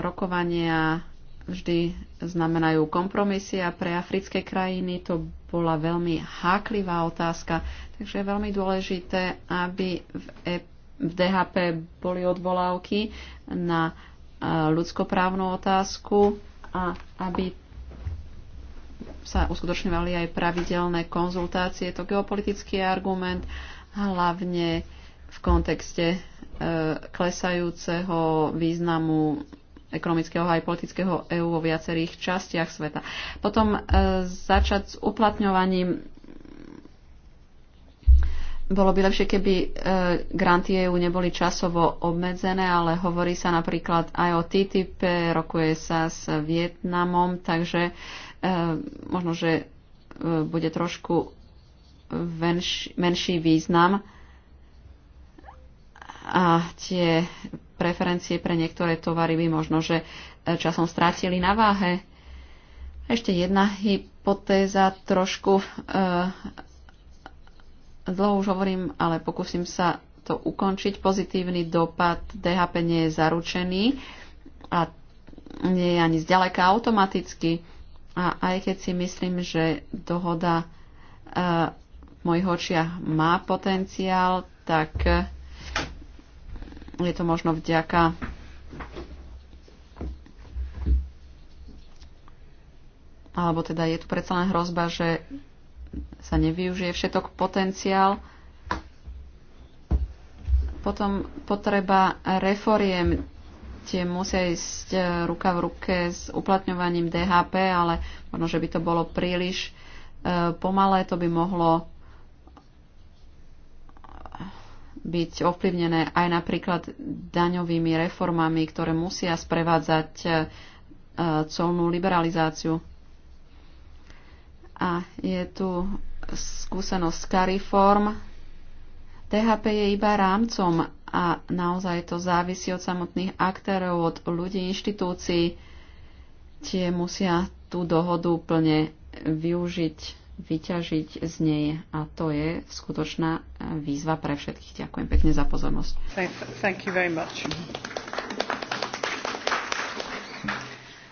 rokovania vždy znamenajú kompromisy a pre africké krajiny to bola veľmi háklivá otázka. Takže je veľmi dôležité, aby v, e, v DHP boli odvolávky na e, ľudskoprávnu otázku a aby sa uskutočňovali aj pravidelné konzultácie. Je to geopolitický argument, hlavne v kontekste e, klesajúceho významu ekonomického aj politického EÚ vo viacerých častiach sveta. Potom e, začať s uplatňovaním bolo by lepšie, keby e, granty EÚ neboli časovo obmedzené, ale hovorí sa napríklad aj o TTIP, rokuje sa s Vietnamom, takže Eh, možno, že eh, bude trošku venš, menší význam a tie preferencie pre niektoré tovary by možno, že eh, časom strátili na váhe. Ešte jedna hypotéza trošku e, dlho už hovorím, ale pokúsim sa to ukončiť. Pozitívny dopad DHP nie je zaručený a nie je ani zďaleka automaticky a aj keď si myslím, že dohoda e, v mojich očiach má potenciál, tak e, je to možno vďaka alebo teda je tu predsa len hrozba, že sa nevyužije všetok potenciál. Potom potreba reforiem tie musia ísť e, ruka v ruke s uplatňovaním DHP, ale možno, že by to bolo príliš e, pomalé, to by mohlo byť ovplyvnené aj napríklad daňovými reformami, ktoré musia sprevádzať e, colnú liberalizáciu. A je tu skúsenosť Cariform. DHP je iba rámcom a naozaj to závisí od samotných aktérov, od ľudí, inštitúcií. Tie musia tú dohodu plne využiť, vyťažiť z nej a to je skutočná e, výzva pre všetkých. Ďakujem pekne za pozornosť. Thank, thank you very much.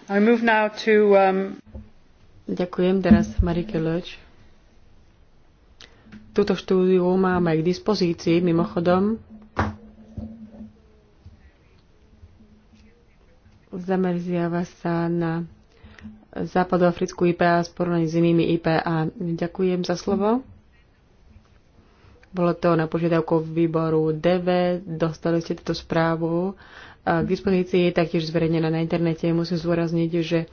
I move now to, um... Ďakujem teraz Marike Loč. Tuto štúdiu máme k dispozícii mimochodom zamerziava sa na západoafrickú IPA v porovnaní s inými IPA. Ďakujem za slovo. Bolo to na požiadavku výboru DV, dostali ste túto správu. K dispozícii je taktiež zverejnená na internete. Musím zdôrazniť, že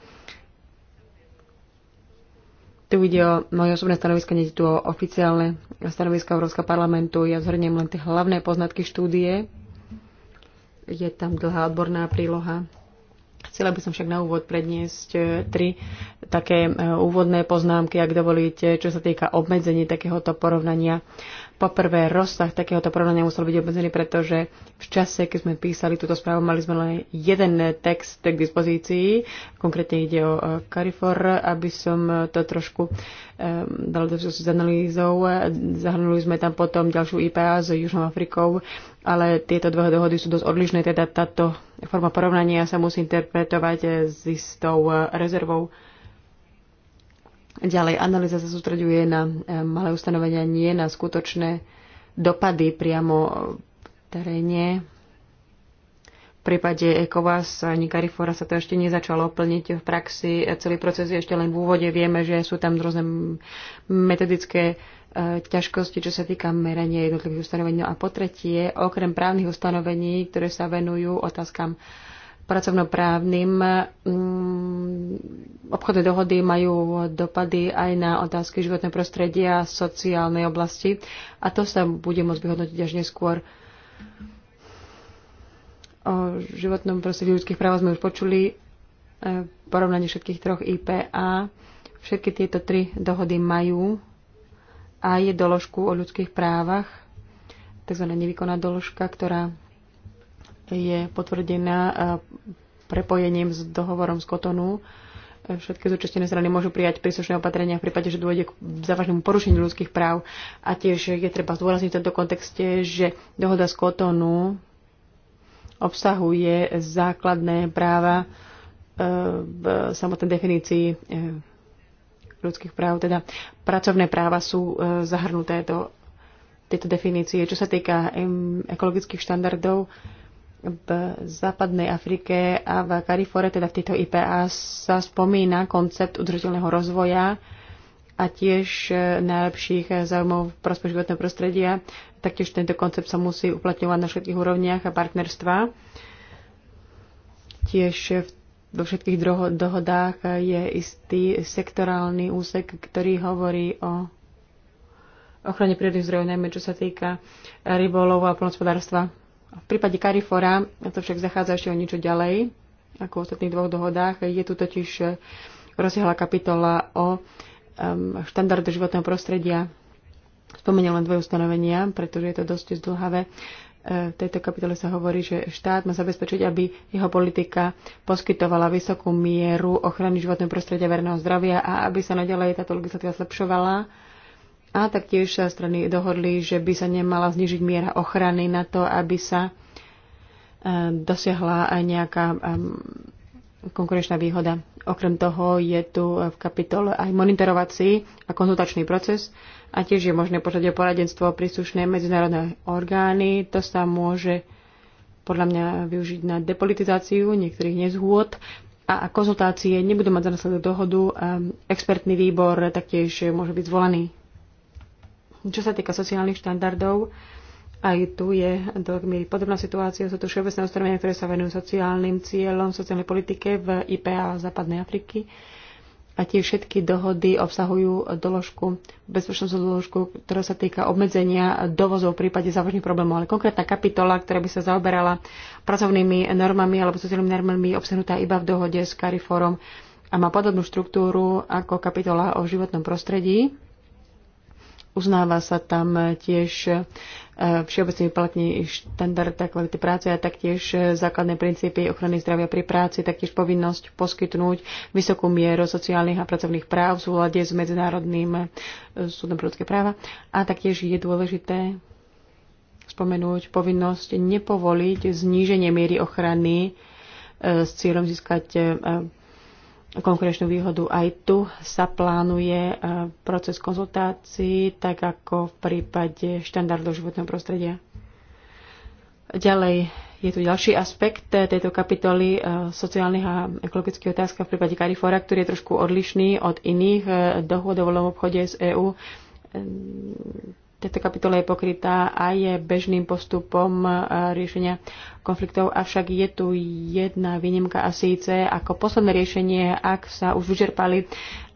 tu ide o moje osobné stanovisko, nie tu o oficiálne stanovisko Európskeho parlamentu. Ja zhrniem len tie hlavné poznatky štúdie. Je tam dlhá odborná príloha Chcela by som však na úvod predniesť e, tri také e, úvodné poznámky, ak dovolíte, čo sa týka obmedzení takéhoto porovnania. Poprvé, rozsah takéhoto porovnania musel byť obmedzený, pretože v čase, keď sme písali túto správu, mali sme len jeden text k dispozícii. Konkrétne ide o e, Carifor, aby som e, to trošku um, e, dal do s analýzou. Zahrnuli sme tam potom ďalšiu IPA s Južnou Afrikou, ale tieto dve dohody sú dosť odlišné, teda táto forma porovnania sa musí interpretovať s istou rezervou. Ďalej, analýza sa sústreďuje na e, malé ustanovenia, nie na skutočné dopady priamo v teréne. V prípade ECOWAS ani Carifora sa to ešte nezačalo plniť v praxi. E, celý proces je ešte len v úvode. Vieme, že sú tam rôzne metodické e, ťažkosti, čo sa týka merania jednotlivých ustanovení. No a po tretie, okrem právnych ustanovení, ktoré sa venujú otázkam pracovnoprávnym. Mm, obchodné dohody majú dopady aj na otázky životného prostredia a sociálnej oblasti a to sa bude môcť vyhodnotiť až neskôr. O životnom prostredí ľudských práv sme už počuli e, porovnaní všetkých troch IPA. Všetky tieto tri dohody majú aj doložku o ľudských právach, tzv. nevykoná doložka, ktorá je potvrdená e, prepojením s dohovorom z Kotonu. E, všetky zúčastnené strany môžu prijať príslušné opatrenia v prípade, že dôjde k závažnému porušeniu ľudských práv. A tiež je treba zdôrazniť v tomto kontexte, že dohoda z Kotonu obsahuje základné práva e, v samotnej definícii ľudských práv. Teda pracovné práva sú zahrnuté do tejto definície. Čo sa týka ekologických štandardov, v západnej Afrike a v Karifore, teda v týchto IPA, sa spomína koncept udržateľného rozvoja a tiež e, najlepších záujmov v prospech životného prostredia. Taktiež tento koncept sa musí uplatňovať na všetkých úrovniach a partnerstva. Tiež e, vo všetkých dohodách je istý sektorálny úsek, ktorý hovorí o ochrane prírodných zdrojov, najmä čo sa týka rybolov a plnospodárstva. V prípade Karifora to však zachádza ešte o niečo ďalej ako v ostatných dvoch dohodách. Je tu totiž eh, rozsiahla kapitola o um, štandarde životného prostredia. Spomeniem len dve ustanovenia, pretože je to dosť zdlhavé. Eh, v tejto kapitole sa hovorí, že štát má zabezpečiť, aby jeho politika poskytovala vysokú mieru ochrany životného prostredia verného zdravia a aby sa nadalej táto legislatíva zlepšovala a taktiež sa strany dohodli, že by sa nemala znižiť miera ochrany na to, aby sa e, dosiahla nejaká e, konkurenčná výhoda. Okrem toho je tu v kapitole aj monitorovací a konzultačný proces a tiež je možné požiadať o poradenstvo príslušné medzinárodné orgány. To sa môže podľa mňa využiť na depolitizáciu niektorých nezhôd a konzultácie nebudú mať za následok dohodu. Expertný výbor taktiež môže byť zvolený. Čo sa týka sociálnych štandardov, aj tu je do miery podobná situácia. Sú tu všeobecné ustanovenia, ktoré sa venujú sociálnym cieľom, sociálnej politike v IPA Západnej Afriky. A tie všetky dohody obsahujú doložku, bezpečnostnú doložku, ktorá sa týka obmedzenia dovozov v prípade závažných problémov. Ale konkrétna kapitola, ktorá by sa zaoberala pracovnými normami alebo sociálnymi normami, obsahnutá iba v dohode s Cariforom a má podobnú štruktúru ako kapitola o životnom prostredí Uznáva sa tam tiež e, všeobecný platný štandard kvality práce a taktiež e, základné princípy ochrany zdravia pri práci, taktiež povinnosť poskytnúť vysokú mieru sociálnych a pracovných práv v súlade s Medzinárodným e, súdom pre ľudské práva. A taktiež je dôležité spomenúť povinnosť nepovoliť zníženie miery ochrany s cieľom získať konkurenčnú výhodu. Aj tu sa plánuje e, proces konzultácií, tak ako v prípade štandardov životného prostredia. Ďalej je tu ďalší aspekt e, tejto kapitoly e, sociálnych a ekologických otázka, v prípade Carifora, ktorý je trošku odlišný od iných dohodov o obchode z EÚ tieto kapitola je pokrytá aj bežným postupom e, riešenia konfliktov, avšak je tu jedna výnimka a síce ako posledné riešenie, ak sa už vyčerpali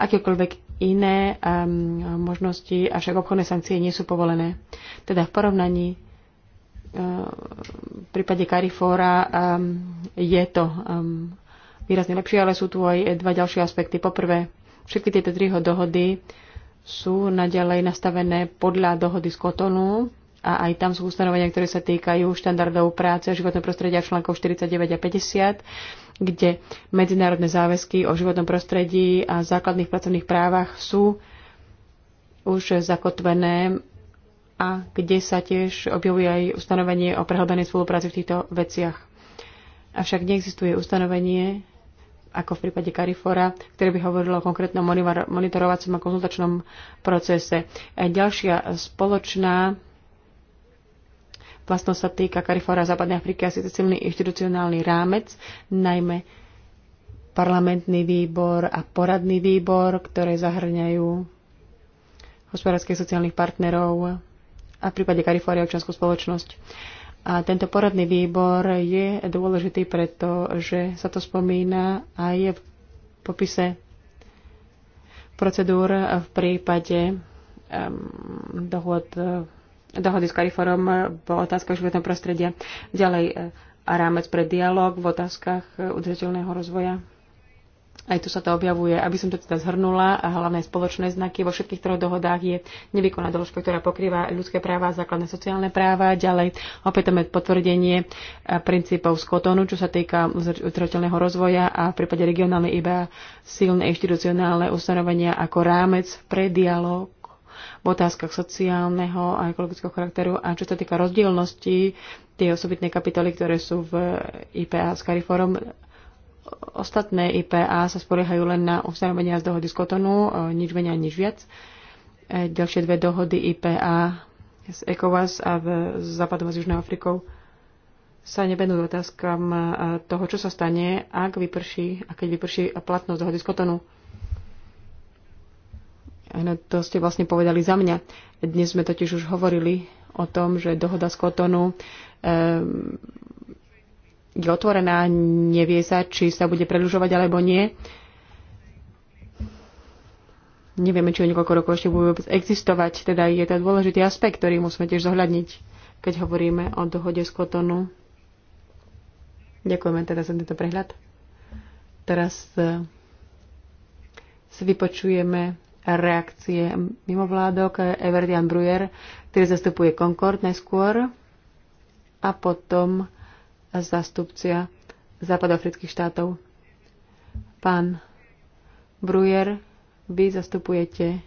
akékoľvek iné um, možnosti, avšak obchodné sankcie nie sú povolené. Teda v porovnaní uh, v prípade Carifora um, je to um, výrazne lepšie, ale sú tu aj dva ďalšie aspekty. Poprvé, všetky tieto tri dohody uh, sú naďalej nastavené podľa dohody z Kotonu a aj tam sú ustanovenia, ktoré sa týkajú štandardov práce a životného prostredia v článkoch 49 a 50, kde medzinárodné záväzky o životnom prostredí a základných pracovných právach sú už zakotvené a kde sa tiež objavuje aj ustanovenie o prehlbenej spolupráci v týchto veciach. Avšak neexistuje ustanovenie ako v prípade Carifora, ktoré by hovorilo o konkrétnom monitorovacom a konzultačnom procese. E, ďalšia spoločná vlastnosť sa týka Carifora Západnej Afriky asi to silný inštitucionálny rámec, najmä parlamentný výbor a poradný výbor, ktoré zahrňajú hospodárskych sociálnych partnerov a v prípade Carifora občanskú spoločnosť. A tento poradný výbor je dôležitý, pretože sa to spomína a je v popise procedúr v prípade um, dohod, dohody s Kariforom v otázkach životného prostredia. Ďalej eh, a rámec pre dialog v otázkach eh, udržateľného rozvoja aj tu sa to objavuje, aby som to teda zhrnula, a hlavné spoločné znaky vo všetkých troch dohodách je nevykoná doložka, ktorá pokrýva ľudské práva, a základné sociálne práva, ďalej je potvrdenie princípov z Kotonu, čo sa týka udržateľného rozvoja a v prípade regionálnej iba silné inštitucionálne ustanovenia ako rámec pre dialog v otázkach sociálneho a ekologického charakteru a čo sa týka rozdielnosti, tie osobitné kapitoly, ktoré sú v IPA s Cariforum, Ostatné IPA sa spoliehajú len na ustanovenia z dohody z Kotonu, e, nič menej, nič viac. E, ďalšie dve dohody IPA z ECOWAS a v západom a z Južnou Afrikou sa nebenú otázkam e, toho, čo sa stane, ak vyprší a keď vyprší platnosť dohody z Kotonu. No, to ste vlastne povedali za mňa. Dnes sme totiž už hovorili o tom, že dohoda z Kotonu um, je otvorená, nevie sa, či sa bude predlžovať alebo nie. Nevieme, či o niekoľko rokov ešte bude vôbec existovať, teda je to dôležitý aspekt, ktorý musíme tiež zohľadniť, keď hovoríme o dohode z Kotonu. Ďakujeme teda za tento prehľad. Teraz e, si vypočujeme reakcie mimovládok Everdian Bruyer, ktorý zastupuje Concord najskôr a potom zastupcia západoafrických štátov. Pán Brujer, vy zastupujete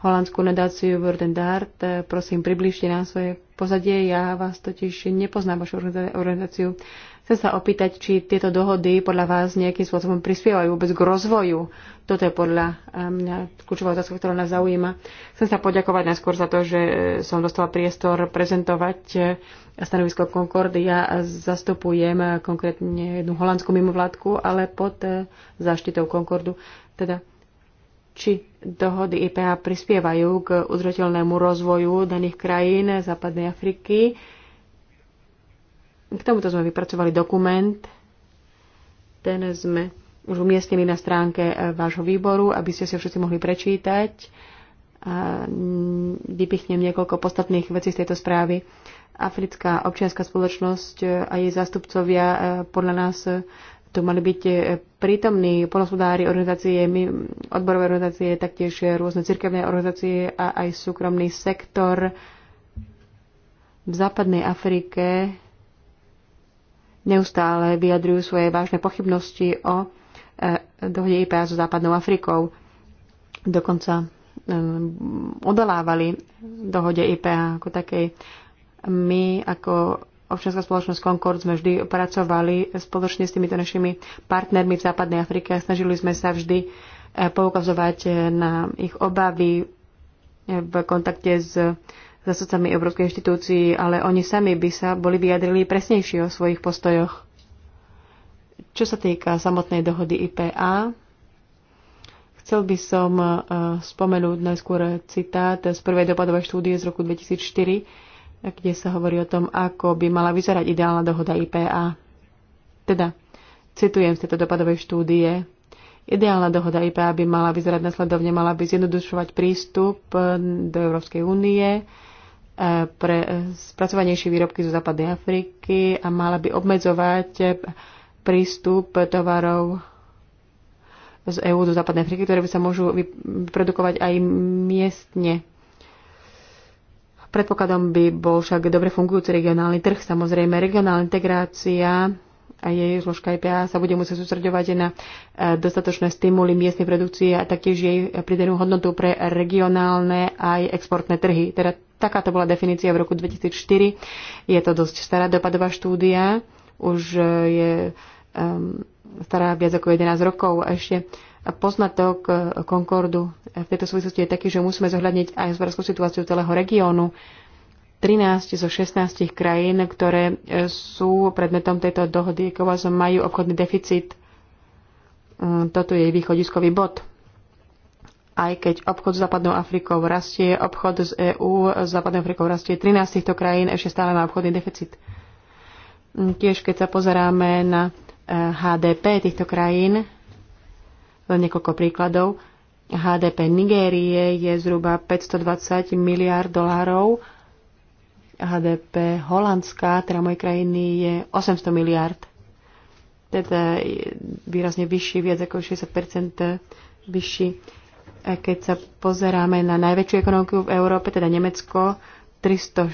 holandskú nadáciu Worden Dart. Prosím, približte nám svoje pozadie. Ja vás totiž nepoznám vašu organizáciu. Chcem sa opýtať, či tieto dohody podľa vás nejakým spôsobom prispievajú vôbec k rozvoju. Toto je podľa eh, mňa kľúčová otázka, ktorá nás zaujíma. Chcem sa poďakovať najskôr za to, že eh, som dostala priestor prezentovať eh, stanovisko Concordia. Ja zastupujem konkrétne jednu holandskú mimovládku, ale pod záštitou Concordu. Teda či dohody IPA prispievajú k udržateľnému rozvoju daných krajín západnej Afriky k tomuto sme vypracovali dokument. Ten sme už umiestnili na stránke eh, vášho výboru, aby ste si ho všetci mohli prečítať. A mm, vypichnem niekoľko podstatných vecí z tejto správy. Africká občianská spoločnosť eh, a jej zástupcovia eh, podľa nás tu mali byť prítomní polnospodári, organizácie, odborové organizácie, taktiež rôzne cirkevné organizácie a aj súkromný sektor v západnej Afrike neustále vyjadrujú svoje vážne pochybnosti o e, dohode IPA so Západnou Afrikou. Dokonca e, odolávali dohode IPA ako takej. My ako občianská spoločnosť Concord sme vždy pracovali spoločne s týmito našimi partnermi v Západnej Afrike a snažili sme sa vždy e, poukazovať na ich obavy v kontakte s zastupcami Európskej inštitúcii, ale oni sami by sa boli vyjadrili presnejšie o svojich postojoch. Čo sa týka samotnej dohody IPA, chcel by som e, spomenúť najskôr citát z prvej dopadovej štúdie z roku 2004, kde sa hovorí o tom, ako by mala vyzerať ideálna dohoda IPA. Teda, citujem z tejto dopadovej štúdie, Ideálna dohoda IPA by mala vyzerať nasledovne, mala by zjednodušovať prístup e, do Európskej únie, E, pre e, spracovanejšie výrobky zo západnej Afriky a mala by obmedzovať e, prístup tovarov z EÚ do západnej Afriky, ktoré by sa môžu vyprodukovať aj miestne. Predpokladom by bol však dobre fungujúci regionálny trh. Samozrejme, regionálna integrácia a jej zložka IPA e sa bude musieť sústredovať na e, dostatočné stimuly miestnej produkcie a taktiež jej pridanú hodnotu pre regionálne aj exportné trhy. Teda takáto bola definícia v roku 2004. Je to dosť stará dopadová štúdia, už e, je um, stará viac ako 11 rokov a ešte poznatok Concordu v tejto súvislosti je taký, že musíme zohľadniť aj hospodárskú situáciu celého regiónu 13 zo 16 krajín, ktoré e, sú predmetom tejto dohody ECOWAS, majú obchodný deficit. E, toto je východiskový bod. Aj keď obchod s Západnou Afrikou rastie, obchod z EÚ s Západnou Afrikou rastie, 13 týchto krajín ešte stále má obchodný deficit. Mm, tiež keď sa pozeráme na e, HDP týchto krajín, len niekoľko príkladov, HDP Nigérie je zhruba 520 miliard dolárov, HDP Holandska, teda mojej krajiny, je 800 miliard. Teda je výrazne vyšší, viac ako 60 vyšší. A keď sa pozeráme na najväčšiu ekonomiku v Európe, teda Nemecko, 300,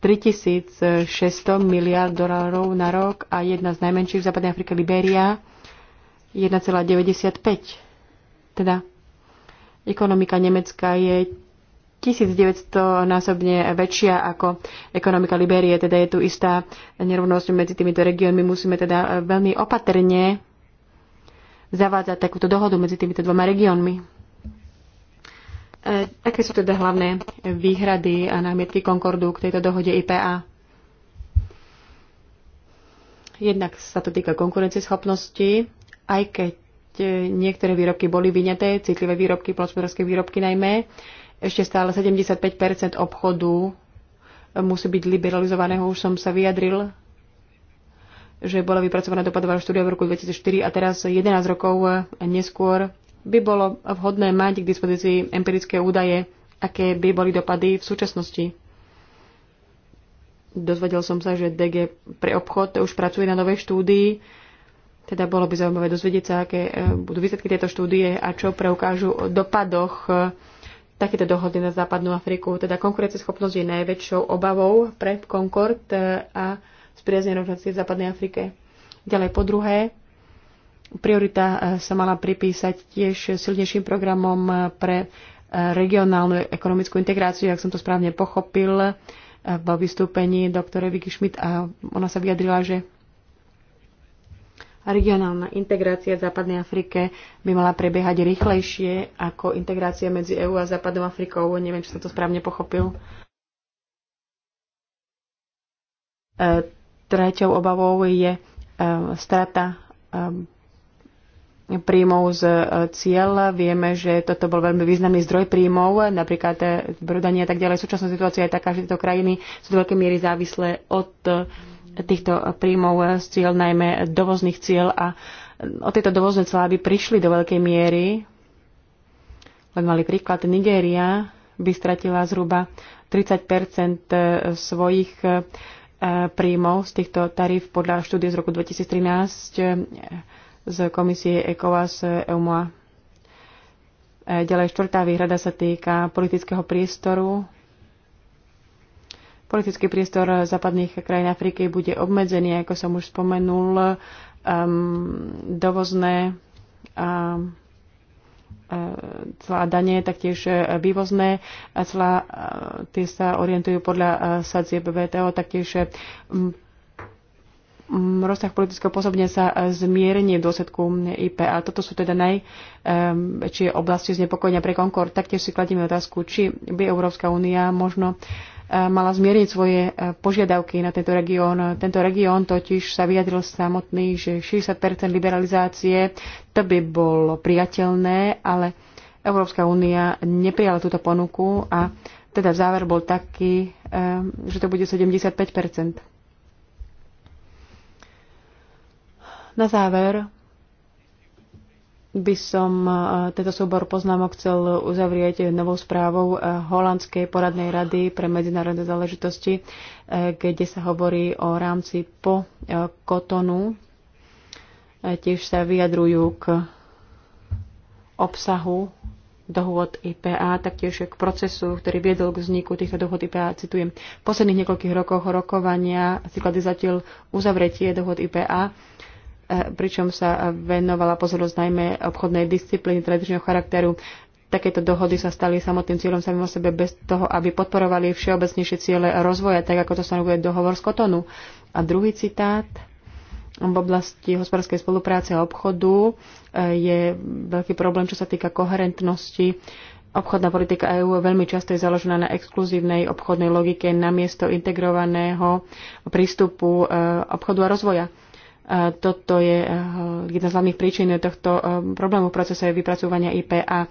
3600 miliard dolárov na rok a jedna z najmenších v západnej Afrike, Liberia, 1,95. Teda ekonomika Nemecka je 1900 násobne väčšia ako ekonomika Liberie, teda je tu istá nerovnosť medzi týmito regiónmi. Musíme teda veľmi opatrne zavádzať takúto dohodu medzi týmito dvoma regiónmi. E, aké sú teda hlavné výhrady a námietky Konkordu k tejto dohode IPA? Jednak sa to týka konkurencieschopnosti, aj keď e, niektoré výrobky boli vyňaté, citlivé výrobky, plospodárske výrobky najmä, ešte stále 75 obchodu musí byť liberalizovaného. Už som sa vyjadril, že bola vypracovaná dopadová štúdia v roku 2004 a teraz 11 rokov neskôr by bolo vhodné mať k dispozícii empirické údaje, aké by boli dopady v súčasnosti. Dozvedel som sa, že DG pre obchod už pracuje na novej štúdii, teda bolo by zaujímavé dozvedieť sa, aké budú výsledky tejto štúdie a čo preukážu o dopadoch takéto dohody na západnú Afriku. Teda konkurencieschopnosť je najväčšou obavou pre Concord e, a spriazne rovnácie v západnej Afrike. Ďalej po druhé, priorita e, sa mala pripísať tiež silnejším programom e, pre regionálnu ekonomickú integráciu, ak som to správne pochopil vo vystúpení doktore Vicky Schmidt a ona sa vyjadrila, že Regionálna integrácia v Západnej Afrike by mala prebiehať rýchlejšie ako integrácia medzi EÚ a Západnou Afrikou. Neviem, či som to správne pochopil. E, treťou obavou je e, strata e, príjmov z cieľ. Vieme, že toto bol veľmi významný zdroj príjmov, napríklad brudanie Brodanie a tak ďalej. Súčasná situácia je taká, že tieto krajiny sú do veľkej miery závislé od týchto príjmov eh, z cieľ, najmä dovozných cieľ a eh, o tieto dovozné clá by prišli do veľkej miery. Len mali príklad, Nigéria by stratila zhruba 30 eh, svojich príjmov z týchto tarif podľa štúdie z roku 2013 z komisie ECOWAS EUMOA. E ďalej štvrtá výhrada sa týka politického priestoru Politický priestor západných krajín Afriky bude obmedzený, ako som už spomenul, um, dovozné um, uh, e, e, a celá danie, taktiež vývozné celá tie sa orientujú podľa e, sadzie BVTO, taktiež rozsah politického pôsobenia sa zmierenie v dôsledku IPA. Toto sú teda najväčšie oblasti znepokojenia pre Concord. Taktiež si kladíme otázku, či by Európska únia možno mala zmierniť svoje e, požiadavky na tento región. Tento región totiž sa vyjadril samotný, že 60 liberalizácie to by bolo priateľné, ale Európska únia neprijala túto ponuku a teda záver bol taký, e, že to bude 75 Na záver by som e, tento súbor poznámok chcel uzavrieť novou správou e, Holandskej poradnej rady pre medzinárodné záležitosti, e, kde sa hovorí o rámci po kotonu. Tiež sa vyjadrujú k obsahu dohôd IPA, taktiež k procesu, ktorý viedol k vzniku týchto dohôd IPA. Citujem, v posledných niekoľkých rokoch rokovania si klady zatiaľ uzavretie dohôd IPA pričom sa venovala pozornosť najmä obchodnej disciplíny tradičného charakteru. Takéto dohody sa stali samotným cieľom samým o sebe bez toho, aby podporovali všeobecnejšie ciele rozvoja, tak ako to stanovuje dohovor z Kotonu. A druhý citát v oblasti hospodárskej spolupráce a obchodu e, je veľký problém, čo sa týka koherentnosti Obchodná politika EÚ veľmi často je založená na exkluzívnej obchodnej logike namiesto integrovaného prístupu e, obchodu a rozvoja. Toto je eh, jedna z hlavných príčin tohto eh, problému v procese vypracovania IPA. Eh,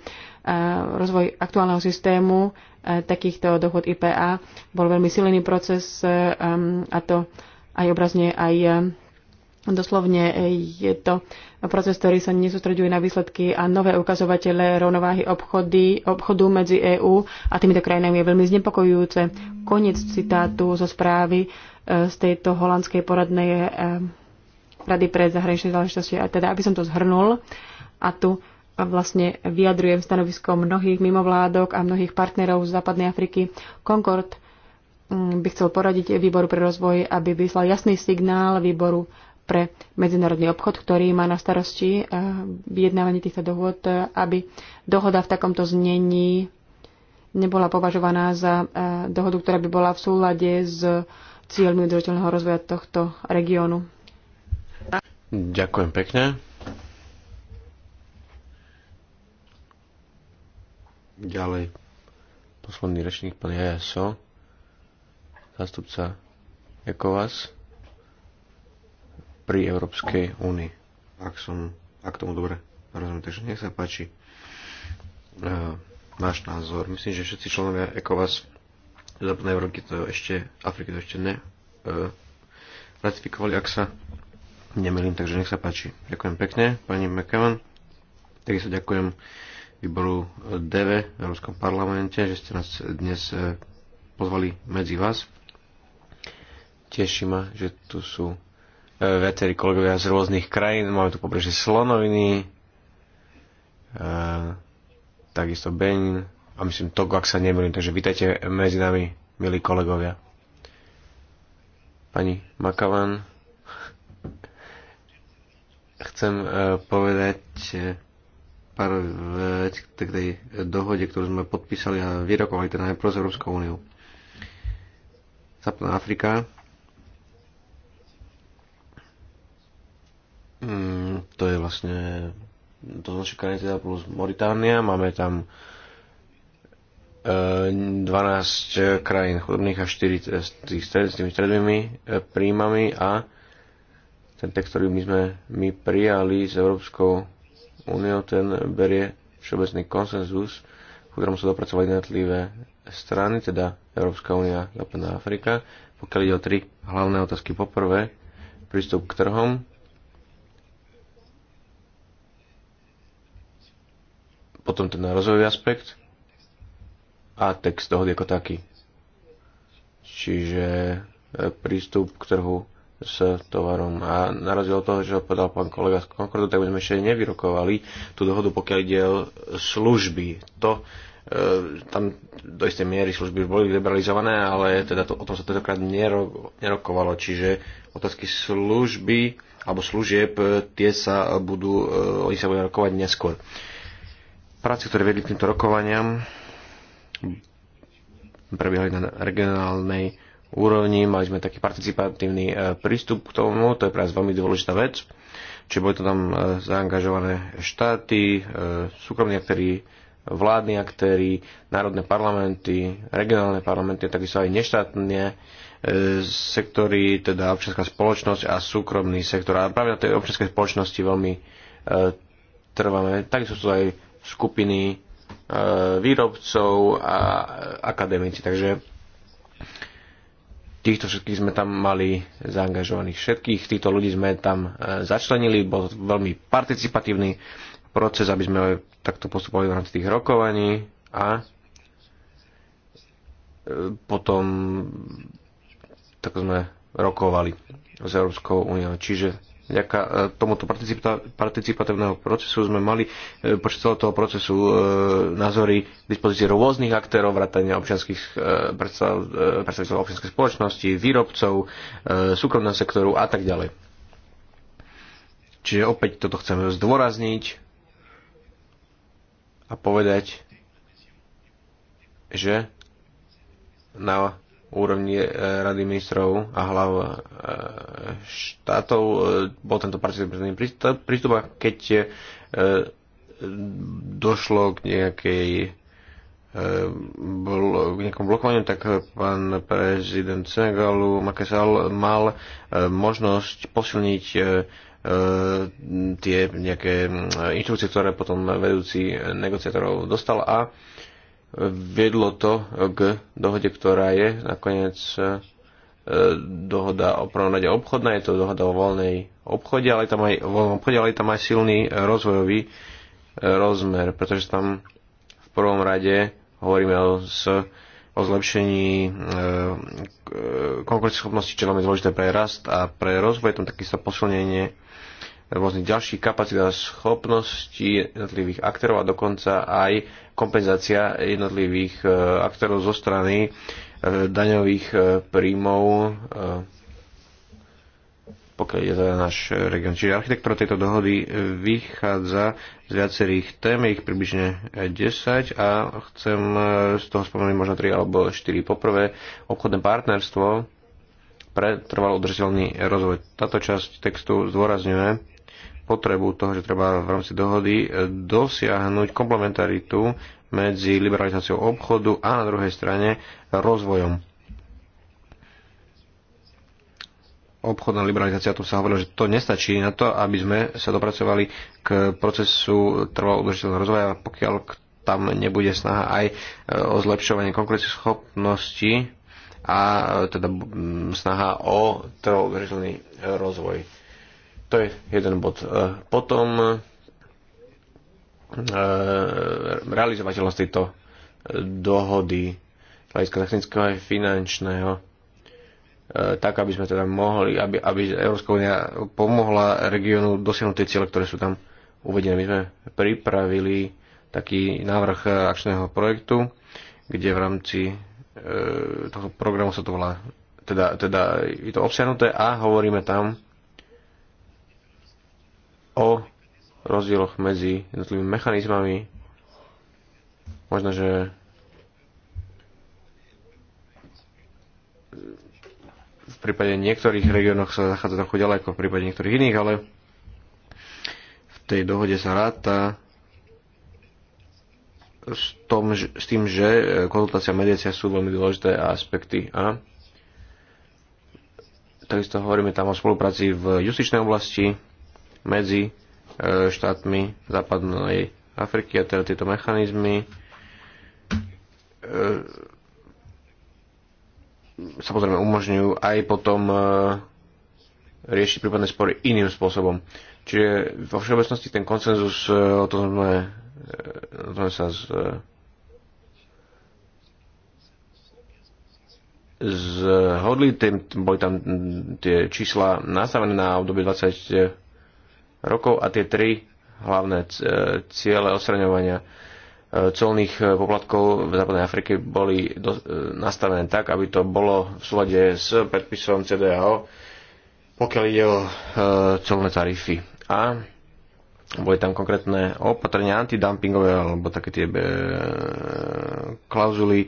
rozvoj aktuálneho systému takýchto dohod IPA bol veľmi silný proces a to aj obrazne, aj doslovne je to proces, ktorý sa nesústreďuje na výsledky a nové ukazovatele rovnováhy obchody, obchodu medzi EÚ a týmito krajinami je veľmi znepokojujúce. Koniec citátu zo správy z tejto holandskej poradnej Rady pre zahraničné záležitosti. A teda, aby som to zhrnul, a tu vlastne vyjadrujem stanovisko mnohých mimovládok a mnohých partnerov z západnej Afriky. Concord mm, by chcel poradiť výboru pre rozvoj, aby vyslal jasný signál výboru pre medzinárodný obchod, ktorý má na starosti eh, vyjednávanie týchto dohod, aby dohoda v takomto znení nebola považovaná za eh, dohodu, ktorá by bola v súlade s cieľmi udržateľného rozvoja tohto regiónu. Ďakujem pekne. Ďalej posledný rečník pán Jajaso, zástupca ECOWAS pri Európskej únii. Ak, som, ak tomu dobre rozumiem, takže nech sa páči uh, náš názor. Myslím, že všetci členovia ECOWAS Západnej Európy to ešte, Afriky to ešte ne uh, ratifikovali, ak sa nemilím, takže nech sa páči. Ďakujem pekne, pani McEwan. Takisto ďakujem výboru DV v Európskom parlamente, že ste nás dnes e, pozvali medzi vás. Teší ma, že tu sú e, viacerí kolegovia z rôznych krajín. Máme tu pobrežie Slonoviny, e, takisto Benin a myslím Togo, ak sa nemýlim. Takže vítajte medzi nami, milí kolegovia. Pani Makavan, Chcem e, povedať e, pár veď k tej dohode, ktorú sme podpísali a vyrokovali teda najprv s Európskou úniou. Západná Afrika. Mm, to je vlastne to naše krajiny teda plus Mauritánia. Máme tam 12 e, krajín chudobných a 4 s tými stredovými príjmami a ten text, ktorý my sme my prijali s Európskou úniou, ten berie všeobecný konsenzus, v ktorom sa dopracovali jednotlivé strany, teda Európska únia, Západná Afrika, pokiaľ ide o tri hlavné otázky. Poprvé, prístup k trhom, potom ten rozvojový aspekt a text dohody ako taký. Čiže e, prístup k trhu s tovarom. A na rozdiel od toho, čo povedal pán kolega z Konkordu, tak by sme ešte nevyrokovali tú dohodu, pokiaľ ide o služby. To, e, tam do istej miery služby už boli liberalizované, ale teda to, o tom sa tentokrát nero, nerokovalo. Čiže otázky služby alebo služieb, e, tie sa budú, e, oni sa budú rokovať neskôr. Práce, ktoré vedli k týmto rokovaniam, prebiehali na regionálnej úrovni, mali sme taký participatívny e, prístup k tomu, to je pre nás veľmi dôležitá vec, čiže boli to tam e, zaangažované štáty, e, súkromní aktéry, vládni aktéry, národné parlamenty, regionálne parlamenty, takisto aj neštátne sektory, teda občianská spoločnosť a súkromný sektor. A práve na tej občianskej spoločnosti veľmi trváme. Takisto sú aj skupiny výrobcov a akademici. Takže týchto všetkých sme tam mali zaangažovaných všetkých, týchto ľudí sme tam e, začlenili, bol to veľmi participatívny proces, aby sme takto postupovali v rámci tých rokovaní a e, potom tak sme rokovali s Európskou úniou. Čiže vďaka e, tomuto participatívneho procesu sme mali e, počas celého toho procesu e, názory k dispozícii rôznych aktérov, vrátania občianských predstaviteľov občianskej spoločnosti, výrobcov, súkromného sektoru a tak ďalej. Čiže opäť toto chceme zdôrazniť a povedať, že na úrovni e, Rady ministrov a hlav e, štátov e, bol tento participatívny prístup a keď došlo k nejakej v nejakom blokovaniu, tak pán prezident Senegalu Makesal mal možnosť posilniť tie nejaké inštrukcie, ktoré potom vedúci negociátorov dostal a viedlo to k dohode, ktorá je nakoniec e, dohoda o prvom rade obchodná, je to dohoda o voľnej obchode, ale tam aj, voľnom obchode, ale tam aj silný rozvojový e, rozmer, pretože tam v prvom rade hovoríme o, s, o zlepšení e, e konkurenceschopnosti, čo je veľmi dôležité pre rast a pre rozvoj, tam takisto posilnenie rôznych ďalších kapacít a schopností jednotlivých aktérov a dokonca aj kompenzácia jednotlivých e, aktérov zo strany e, daňových e, príjmov, pokiaľ je teda náš region. Čiže architektúra tejto dohody vychádza z viacerých tém, ich približne 10 a chcem z toho spomenúť možno 3 alebo 4. Poprvé, obchodné partnerstvo, pre trvalo udržateľný rozvoj. Táto časť textu zdôrazňuje potrebu toho, že treba v rámci dohody e, dosiahnuť komplementaritu medzi liberalizáciou obchodu a na druhej strane rozvojom. Obchodná liberalizácia, tu sa hovorilo, že to nestačí na to, aby sme sa dopracovali k procesu trvalo udržiteľného rozvoja, pokiaľ tam nebude snaha aj e, o zlepšovanie schopnosti a e, teda snaha o trvalo udržiteľný rozvoj to je jeden bod. E, potom e, realizovateľnosť tejto e, dohody hľadiska technického aj finančného tak, aby sme teda mohli, aby, aby Európska únia pomohla regiónu dosiahnuť tie ciele, ktoré sú tam uvedené. My sme pripravili taký návrh akčného projektu, kde v rámci e, tohto programu sa to volá, teda, teda je to obsiahnuté a hovoríme tam o rozdieloch medzi jednotlivými mechanizmami. Možno, že v prípade niektorých regiónoch sa zachádza trochu ďalej, ako v prípade niektorých iných, ale v tej dohode sa ráta s, tom, s tým, že konzultácia a mediácia sú veľmi dôležité aspekty a takisto hovoríme tam o spolupráci v justičnej oblasti, medzi e, štátmi západnej Afriky a teda tieto mechanizmy e, samozrejme umožňujú aj potom e, riešiť prípadné spory iným spôsobom. Čiže vo všeobecnosti ten konsenzus, o tom sme, o tom sa z, zhodli, tým, boli tam tie čísla nastavené na obdobie 20 rokov a tie tri hlavné e, ciele osraňovania e, colných e, poplatkov v Západnej Afrike boli nastavené tak, aby to bolo v súlade s predpisom CDAO, pokiaľ ide o colné tarify. A boli tam konkrétne opatrenia antidumpingové alebo také tie klauzuly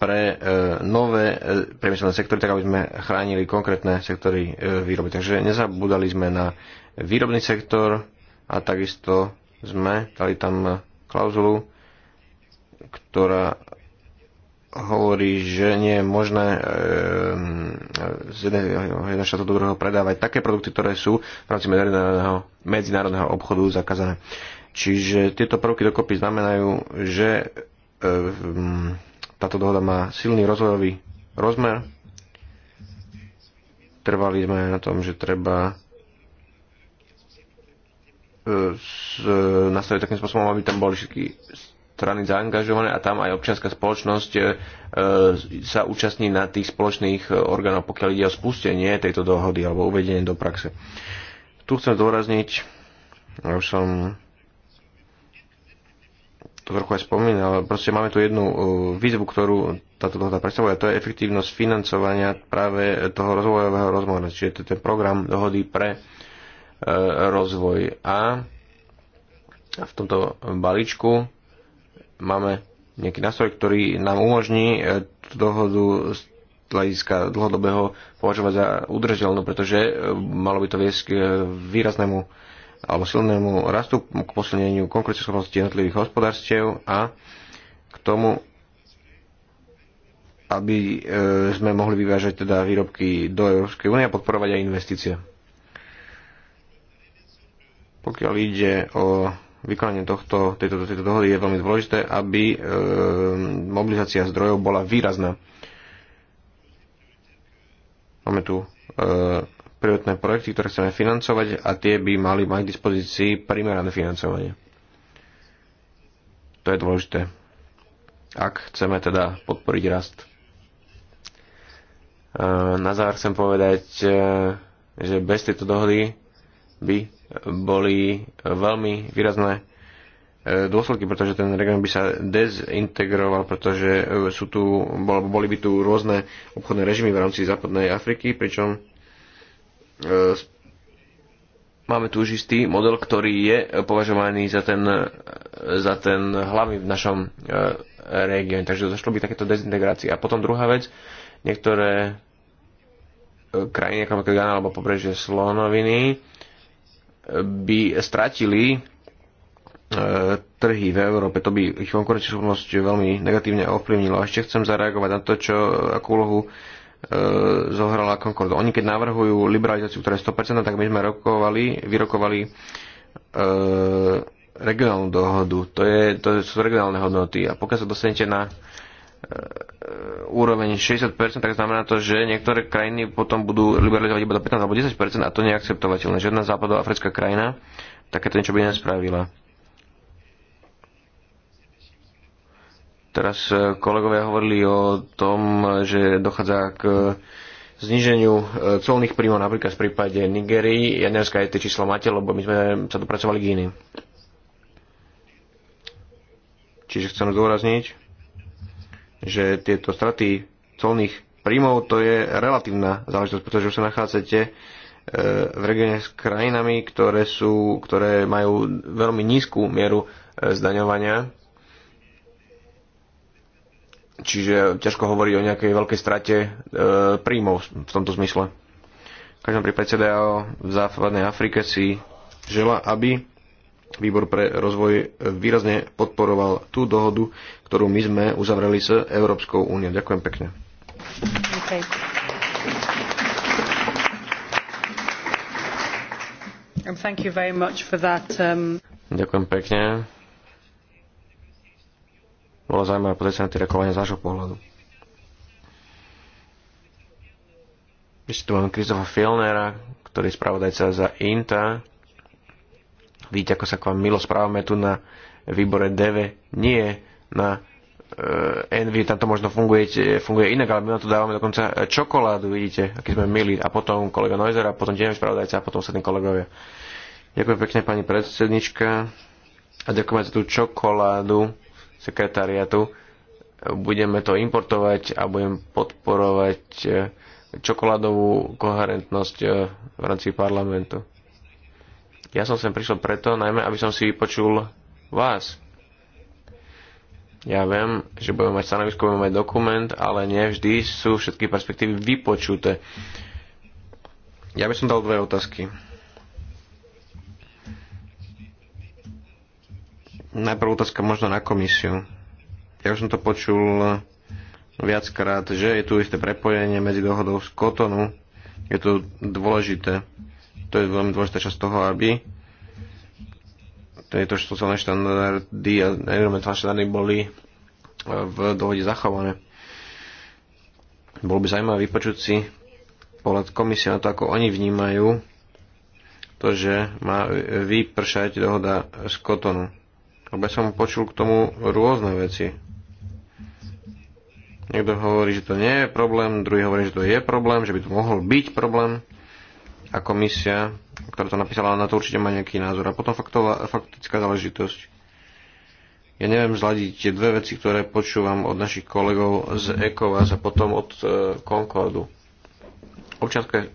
pre nové priemyselné sektory, tak aby sme chránili konkrétne sektory výroby. Takže nezabudali sme na výrobný sektor a takisto sme dali tam klauzulu, ktorá hovorí, že nie je možné ehm, z jedného štátu do druhého predávať také produkty, ktoré sú v rámci medzinárodného, medzinárodného obchodu zakázané. Čiže tieto prvky dokopy znamenajú, že ehm, táto dohoda má silný rozvojový rozmer. Trvali sme na tom, že treba nastaviť takým spôsobom, aby tam boli všetky strany zaangažované a tam aj občianská spoločnosť e, e, sa účastní na tých spoločných orgánoch, pokiaľ ide o spustenie tejto dohody alebo uvedenie do praxe. Tu chcem zdôrazniť, ja už som to trochu aj spomínal, ale proste máme tu jednu e, výzvu, ktorú táto dohoda predstavuje, a to je efektívnosť financovania práve toho rozvojového rozmoru, čiže to je ten program dohody pre rozvoj. A v tomto balíčku máme nejaký nástroj, ktorý nám umožní e, dohodu z hľadiska dlhodobého považovať za udržateľnú, pretože e, malo by to viesť k e, výraznému alebo silnému rastu, k posilneniu konkurencieschopnosti jednotlivých hospodárstiev a k tomu, aby sme mohli vyvážať teda výrobky do Európskej únie a podporovať aj investície. Pokiaľ ide o vykonanie tohto, tejto, tejto dohody, je veľmi dôležité, aby e, mobilizácia zdrojov bola výrazná. Máme tu e, prioritné projekty, ktoré chceme financovať a tie by mali mať k dispozícii primerané financovanie. To je dôležité. Ak chceme teda podporiť rast. E, na záver chcem povedať, e, že bez tejto dohody by boli veľmi výrazné e, dôsledky, pretože ten región by sa dezintegroval, pretože e, sú tu, boli by tu rôzne obchodné režimy v rámci západnej Afriky, pričom e, máme tu už istý model, ktorý je považovaný za ten, za ten hlavný v našom regióne. Takže zašlo by takéto dezintegrácie A potom druhá vec, niektoré krajiny ako Ghana alebo pobrežie Slonoviny, by stratili e, trhy v Európe. To by ich konkurenčnosť veľmi negatívne ovplyvnilo. A ešte chcem zareagovať na to, čo, akú úlohu e, zohrala Concord. Oni keď navrhujú liberalizáciu, ktorá je 100%, tak my sme rokovali, vyrokovali e, regionálnu dohodu. To, je, to sú regionálne hodnoty. A pokiaľ sa dostanete na E, úroveň 60%, tak znamená to, že niektoré krajiny potom budú liberalizovať iba do 15 alebo 10% a to neakceptovateľné. Žiadna západoafrická krajina takéto niečo by nespravila. Teraz e, kolegovia hovorili o tom, že dochádza k e, zniženiu colných príjmov napríklad v prípade Nigerii. Ja dneska aj tie čísla máte, lebo my sme sa dopracovali k iným. Čiže chcem zdôrazniť, že tieto straty colných príjmov to je relatívna záležitosť, pretože už sa nachádzate e, v regióne s krajinami, ktoré, sú, ktoré majú veľmi nízku mieru e, zdaňovania. Čiže ťažko hovorí o nejakej veľkej strate e, príjmov v tomto zmysle. V každom prípade CDAO v západnej Afrike si žela, aby Výbor pre rozvoj výrazne podporoval tú dohodu, ktorú my sme uzavreli s Európskou úniou. Ďakujem pekne. Okay. That, um... Ďakujem pekne. Bolo zaujímavé pozrieť sa na tie rokovania z vášho pohľadu. Ešte tu máme Kristofa Fielnera, ktorý je spravodajca za INTA. Vidíte, ako sa k vám milo správame tu na výbore DV, nie na e, Envy, tam to možno funguje, e, funguje inak, ale my na to dávame dokonca čokoládu, vidíte, aký sme milí. A potom kolega Neuser, a potom tiež spravodajca, a potom ostatní kolegovia. Ďakujem pekne pani predsednička a ďakujem za tú čokoládu sekretariatu. Budeme to importovať a budem podporovať e, čokoládovú koherentnosť e, v rámci parlamentu. Ja som sem prišiel preto, najmä, aby som si vypočul vás. Ja viem, že budeme mať stanovisko, budeme mať dokument, ale nie vždy sú všetky perspektívy vypočuté. Ja by som dal dve otázky. Najprv otázka možno na komisiu. Ja už som to počul viackrát, že je tu isté prepojenie medzi dohodou z Kotonu. Je to dôležité to je veľmi dôležitá časť toho, aby tieto sociálne štandardy a environmentálne štandardy boli e, v dohode zachované. Bolo by zaujímavé vypočuť si pohľad komisie na to, ako oni vnímajú to, že má vypršať dohoda z Kotonu. Lebo ja som počul k tomu rôzne veci. Niekto hovorí, že to nie je problém, druhý hovorí, že to je problém, že by to mohol byť problém a komisia, ktorá to napísala, na to určite má nejaký názor. A potom faktová, faktická záležitosť. Ja neviem zladiť tie dve veci, ktoré počúvam od našich kolegov z ECOVAS a potom od e, Concordu. Občianska,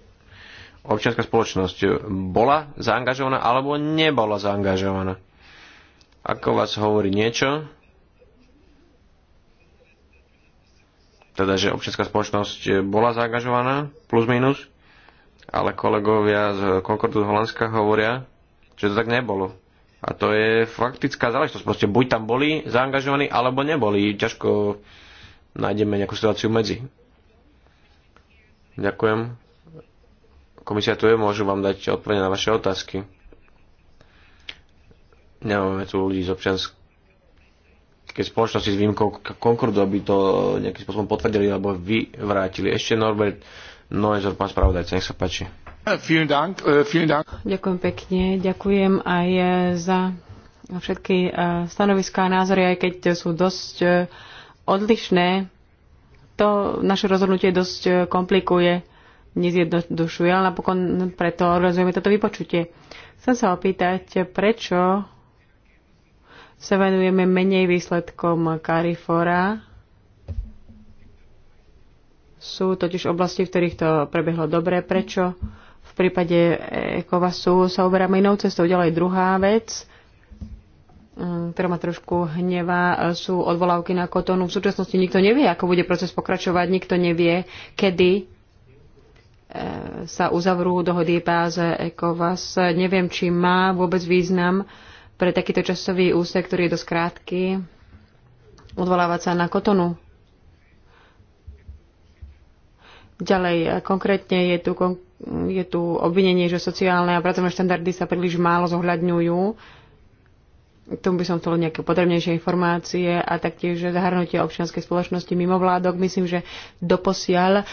občianská spoločnosť bola zaangažovaná alebo nebola zaangažovaná? Ako vás hovorí niečo, teda, že občianská spoločnosť bola zaangažovaná, plus minus, ale kolegovia z Concordu z Holandska hovoria, že to tak nebolo. A to je faktická záležitosť. Proste buď tam boli zaangažovaní, alebo neboli. Ťažko nájdeme nejakú situáciu medzi. Ďakujem. Komisia tu je, môžu vám dať odpovede na vaše otázky. Nemáme tu ľudí z občianskej spoločnosti s výjimkou Concordu, aby to nejakým spôsobom potvrdili alebo vyvrátili. Ešte Norbert, Neuser, pán spravodajca, nech sa páči. Äh, ďakujem pekne, ďakujem aj äh, za všetky äh, stanoviská a názory, aj keď sú dosť odlišné. To naše rozhodnutie dosť komplikuje, nezjednodušuje, ale napokon preto organizujeme toto vypočutie. Chcem sa opýtať, prečo sa venujeme menej výsledkom Carifora sú totiž oblasti, v ktorých to prebehlo dobre. Prečo v prípade Ekovasu sa uberáme inou cestou? Ďalej druhá vec, mm, ktorá ma trošku hnevá, sú odvolávky na kotonu. V súčasnosti nikto nevie, ako bude proces pokračovať, nikto nevie, kedy e, sa uzavrú dohody páze ECOVAS. Neviem, či má vôbec význam pre takýto časový úsek, ktorý je dosť krátky, odvolávať sa na kotonu Ďalej, e, konkrétne je tu, je tu obvinenie, že sociálne a pracovné štandardy sa príliš málo zohľadňujú. K tomu by som chcel nejaké podrobnejšie informácie a taktiež zahrnutie občianskej spoločnosti mimo vládok. Myslím, že doposiaľ e,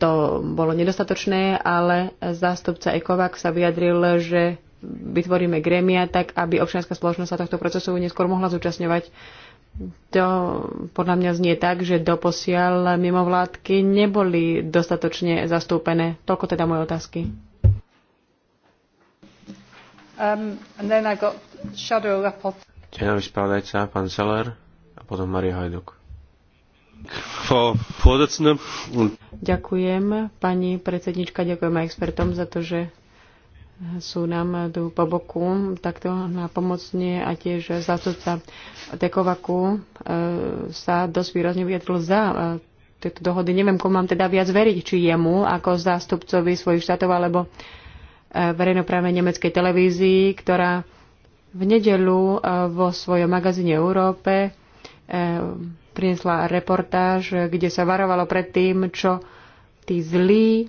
to bolo nedostatočné, ale zástupca Ekovak sa vyjadril, že vytvoríme grémia tak, aby občianská spoločnosť sa tohto procesu neskôr mohla zúčastňovať to podľa mňa znie tak, že doposiaľ mimovládky neboli dostatočne zastúpené. Toľko teda moje otázky. Um, Tenový spravodajca, pán Seller a potom Maria Hajduk. Ďakujem, pani predsednička, ďakujem aj expertom za to, že sú nám tu po boku, takto na pomocne a tiež zástupca Tekovaku e, sa dosť výrazne vyjadril za e, tieto dohody. Neviem, komu mám teda viac veriť, či jemu ako zástupcovi svojich štátov alebo e, verejnoprávnej nemeckej televízii, ktorá v nedelu vo svojom magazíne Európe priniesla reportáž, kde sa varovalo pred tým, čo tí zlí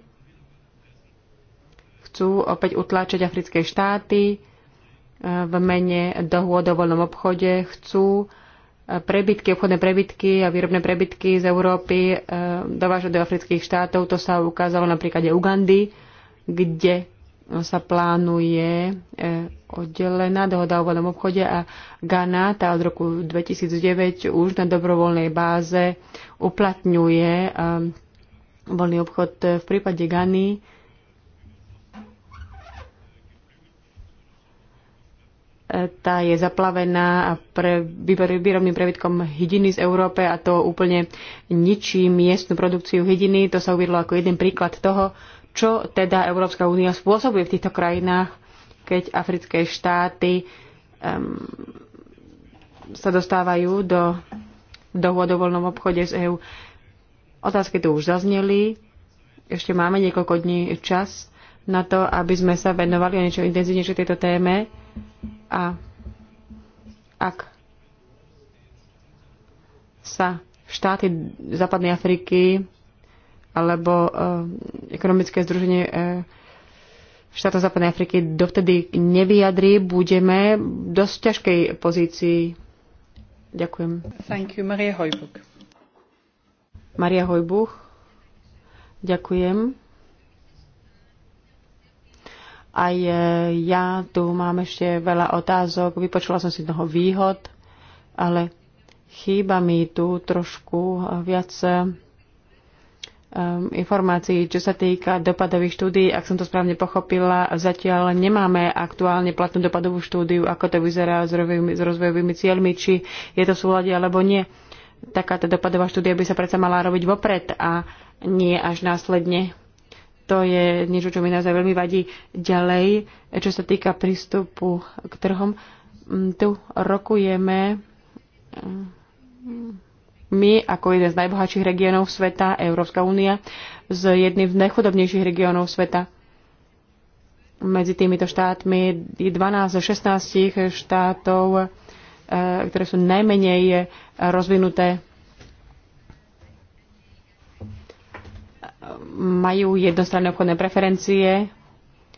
chcú opäť utláčať africké štáty e, v mene dohôd o voľnom obchode, chcú e, prebytky, obchodné prebytky a výrobné prebytky z Európy e, dovážať do afrických štátov. To sa ukázalo na príklade Ugandy, kde sa plánuje oddelená dohoda o voľnom obchode a Ghana, tá od roku 2009 už na dobrovoľnej báze uplatňuje voľný obchod v prípade Gany tá je zaplavená a pre výrobným prebytkom hydiny z Európe a to úplne ničí miestnu produkciu hydiny. To sa uvidlo ako jeden príklad toho, čo teda Európska únia spôsobuje v týchto krajinách, keď africké štáty um, sa dostávajú do dohôd o voľnom obchode z EÚ. Otázky tu už zazneli. Ešte máme niekoľko dní čas na to, aby sme sa venovali o niečo intenzívnejšie tejto téme a ak sa štáty západnej Afriky alebo e, ekonomické združenie e, eh, štátov západnej Afriky dovtedy nevyjadrí, budeme v dosť ťažkej pozícii. Ďakujem. Thank you, Maria Hojbuch. Maria Hojbuch. Ďakujem. Aj ja tu mám ešte veľa otázok. Vypočula som si toho výhod, ale chýba mi tu trošku viac ehm, informácií, čo sa týka dopadových štúdií. Ak som to správne pochopila, zatiaľ nemáme aktuálne platnú dopadovú štúdiu, ako to vyzerá s rozvojovými, s rozvojovými cieľmi, či je to v súlade alebo nie. Takáto dopadová štúdia by sa predsa mala robiť vopred a nie až následne. To je niečo, čo mi naozaj veľmi vadí ďalej, čo sa týka prístupu k trhom. Mm, tu rokujeme mm, my ako jeden z najbohatších regiónov sveta, Európska únia, s jedným z najchudobnejších regiónov sveta. Medzi týmito štátmi je 12 z 16 štátov, e, ktoré sú najmenej rozvinuté majú jednostranné obchodné preferencie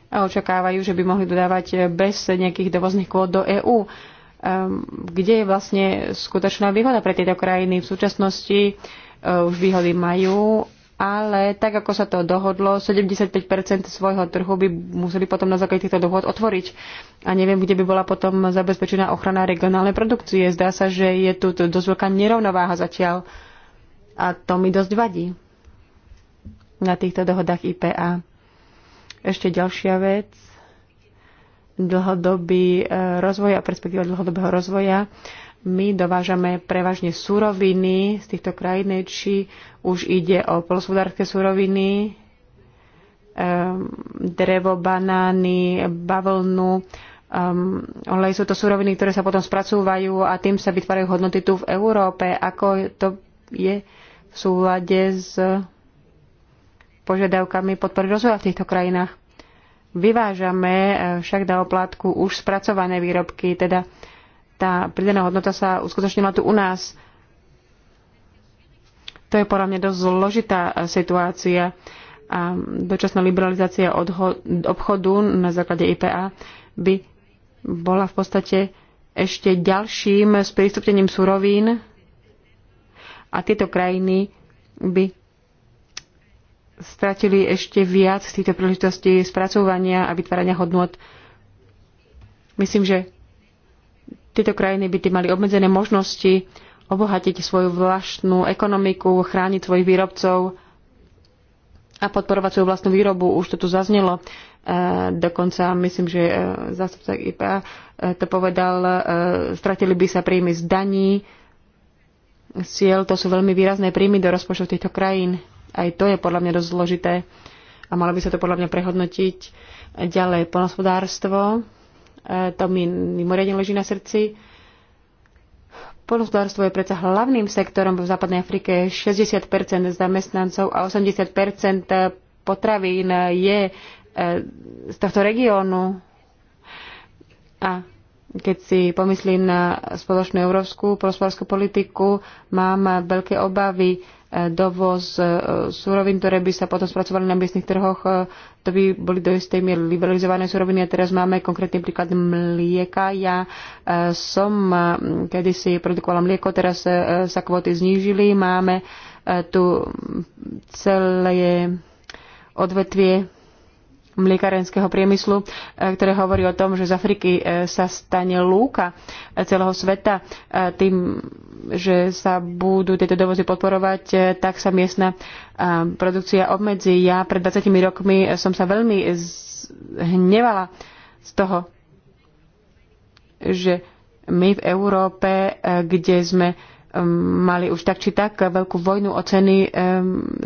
a očakávajú, že by mohli dodávať bez nejakých dovozných kvót do EÚ. Kde je vlastne skutočná výhoda pre tieto krajiny? V súčasnosti e, už výhody majú, ale tak, ako sa to dohodlo, 75% svojho trhu by museli potom na základe týchto dohod otvoriť. A neviem, kde by bola potom zabezpečená ochrana regionálnej produkcie. Zdá sa, že je tu dosť veľká nerovnováha zatiaľ. A to mi dosť vadí na týchto dohodách IPA. Ešte ďalšia vec, dlhodobý e, rozvoj a perspektíva dlhodobého rozvoja. My dovážame prevažne suroviny z týchto krajín, či už ide o polospodárske suroviny, e, drevo, banány, bavlnu, um, olej sú to suroviny, ktoré sa potom spracúvajú a tým sa vytvárajú hodnoty tu v Európe. Ako to je v súlade s požiadavkami podpory rozvoja v týchto krajinách. Vyvážame eh, však na oplátku už spracované výrobky, teda tá pridaná hodnota sa uskutočnila tu u nás. To je podľa mňa dosť zložitá eh, situácia a dočasná liberalizácia obchodu na základe IPA by bola v podstate ešte ďalším sprístupnením surovín a tieto krajiny by stratili ešte viac z týchto príležitostí spracovania a vytvárania hodnot. Myslím, že tieto krajiny by tým mali obmedzené možnosti obohatiť svoju vlastnú ekonomiku, chrániť svojich výrobcov a podporovať svoju vlastnú výrobu. Už to tu zaznelo. E, dokonca myslím, že e, zástupca IPA e, to povedal, stratili by sa príjmy z daní, siel, to sú veľmi výrazné príjmy do rozpočtu týchto krajín. Aj to je podľa mňa dosť zložité a malo by sa to podľa mňa prehodnotiť. Ďalej, polnospodárstvo, e, to mi mimoriadne leží na srdci. Ponospodárstvo je predsa hlavným sektorom v západnej Afrike. 60 zamestnancov a 80 potravín je e, z tohto regiónu. A keď si pomyslím na spoločnú európsku polnospodárskú politiku, mám veľké obavy, dovoz e, súrovín, ktoré by sa potom spracovali na miestnych trhoch. E, to by boli do istej miery liberalizované súroviny a teraz máme konkrétny príklad mlieka. Ja e, som kedysi produkovala mlieko, teraz sa kvóty znížili. Máme tu celé odvetvie mliekarenského priemyslu, e, ktoré hovorí o tom, že z Afriky e, sa stane lúka e, celého sveta tým, že sa budú tieto dovozy podporovať, tak sa miestna produkcia obmedzí. Ja pred 20 rokmi som sa veľmi hnevala z toho, že my v Európe, kde sme mali už tak či tak veľkú vojnu o ceny,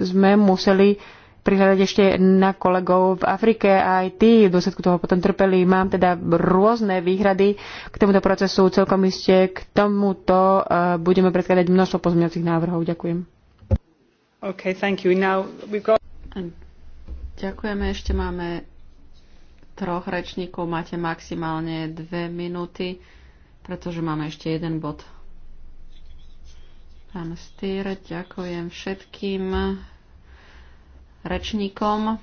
sme museli prihľadať ešte na kolegov v Afrike a aj tí v dôsledku toho potom trpeli. Mám teda rôzne výhrady k tomuto procesu. Celkom iste k tomuto e, budeme predkladať množstvo pozmeňovacích návrhov. Ďakujem. Okay, thank you. Now we've got... Ďakujeme. Ešte máme troch rečníkov. Máte maximálne dve minúty, pretože máme ešte jeden bod. Pán Stýr, ďakujem všetkým rečníkom.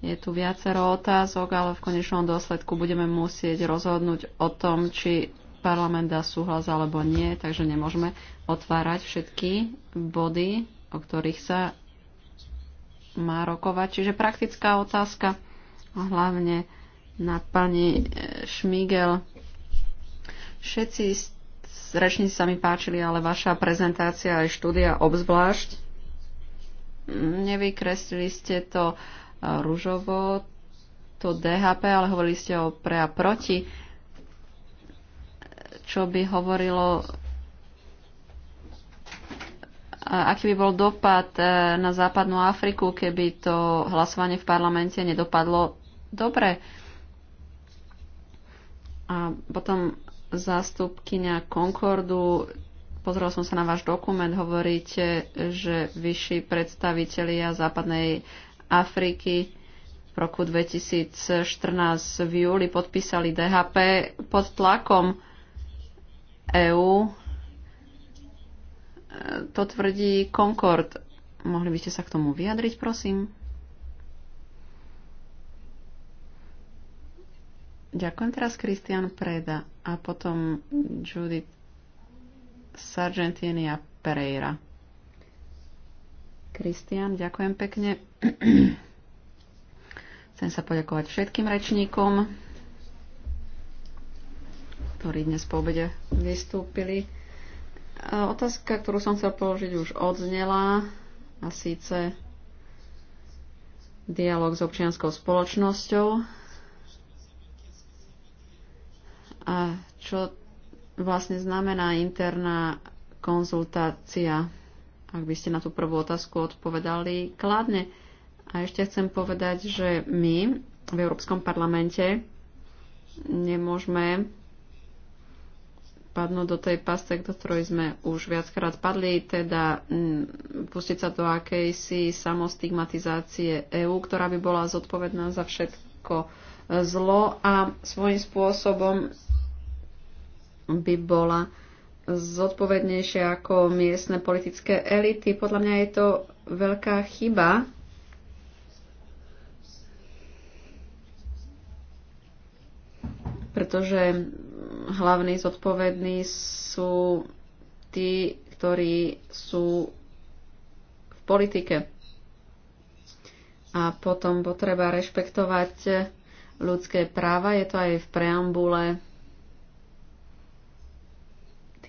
Je tu viacero otázok, ale v konečnom dôsledku budeme musieť rozhodnúť o tom, či parlament dá súhlas alebo nie, takže nemôžeme otvárať všetky body, o ktorých sa má rokovať. Čiže praktická otázka, hlavne na pani e, Šmigel. Všetci rečníci sa mi páčili, ale vaša prezentácia aj štúdia obzvlášť nevykreslili ste to e, ružovo, to DHP, ale hovorili ste o pre a proti, čo by hovorilo, aký by bol dopad e, na západnú Afriku, keby to hlasovanie v parlamente nedopadlo dobre. A potom zástupkynia Concordu Pozrel som sa na váš dokument, hovoríte, že vyšší predstavitelia západnej Afriky v roku 2014 v júli podpísali DHP pod tlakom EÚ. To tvrdí Concord. Mohli by ste sa k tomu vyjadriť, prosím? Ďakujem teraz Kristian Preda a potom Judith Sargentinia Pereira. Kristian, ďakujem pekne. Chcem sa poďakovať všetkým rečníkom, ktorí dnes po obede vystúpili. Otázka, ktorú som chcel položiť, už odznela a síce dialog s občianskou spoločnosťou. A čo vlastne znamená interná konzultácia? Ak by ste na tú prvú otázku odpovedali kladne. A ešte chcem povedať, že my v Európskom parlamente nemôžeme padnúť do tej paste, do ktorej sme už viackrát padli, teda mm, pustiť sa do akejsi samostigmatizácie EÚ, ktorá by bola zodpovedná za všetko e, zlo a svojím spôsobom by bola zodpovednejšia ako miestne politické elity. Podľa mňa je to veľká chyba. Pretože hlavní zodpovední sú tí, ktorí sú v politike. A potom potreba rešpektovať ľudské práva. Je to aj v preambule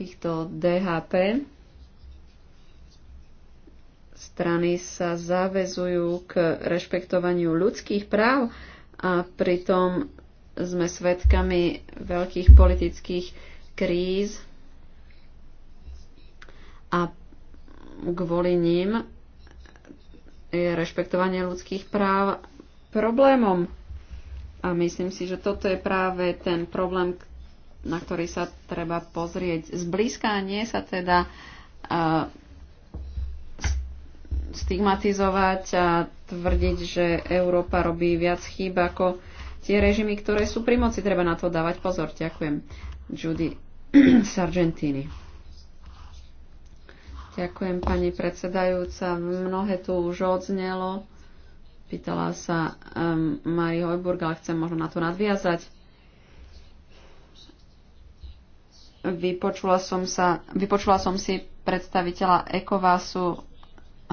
týchto DHP strany sa zavezujú k rešpektovaniu ľudských práv a pritom sme svedkami veľkých politických kríz a kvôli ním je rešpektovanie ľudských práv problémom. A myslím si, že toto je práve ten problém, na ktorý sa treba pozrieť zblízka, nie sa teda e, stigmatizovať a tvrdiť, že Európa robí viac chýb ako tie režimy, ktoré sú pri moci. Treba na to dávať pozor. Ďakujem. Judy Sargentini. Ďakujem, pani predsedajúca. Mnohé tu už odznelo. Pýtala sa um, Mari Hojburg, ale chcem možno na to nadviazať Vypočula som, sa, vypočula som si predstaviteľa ECOVASu,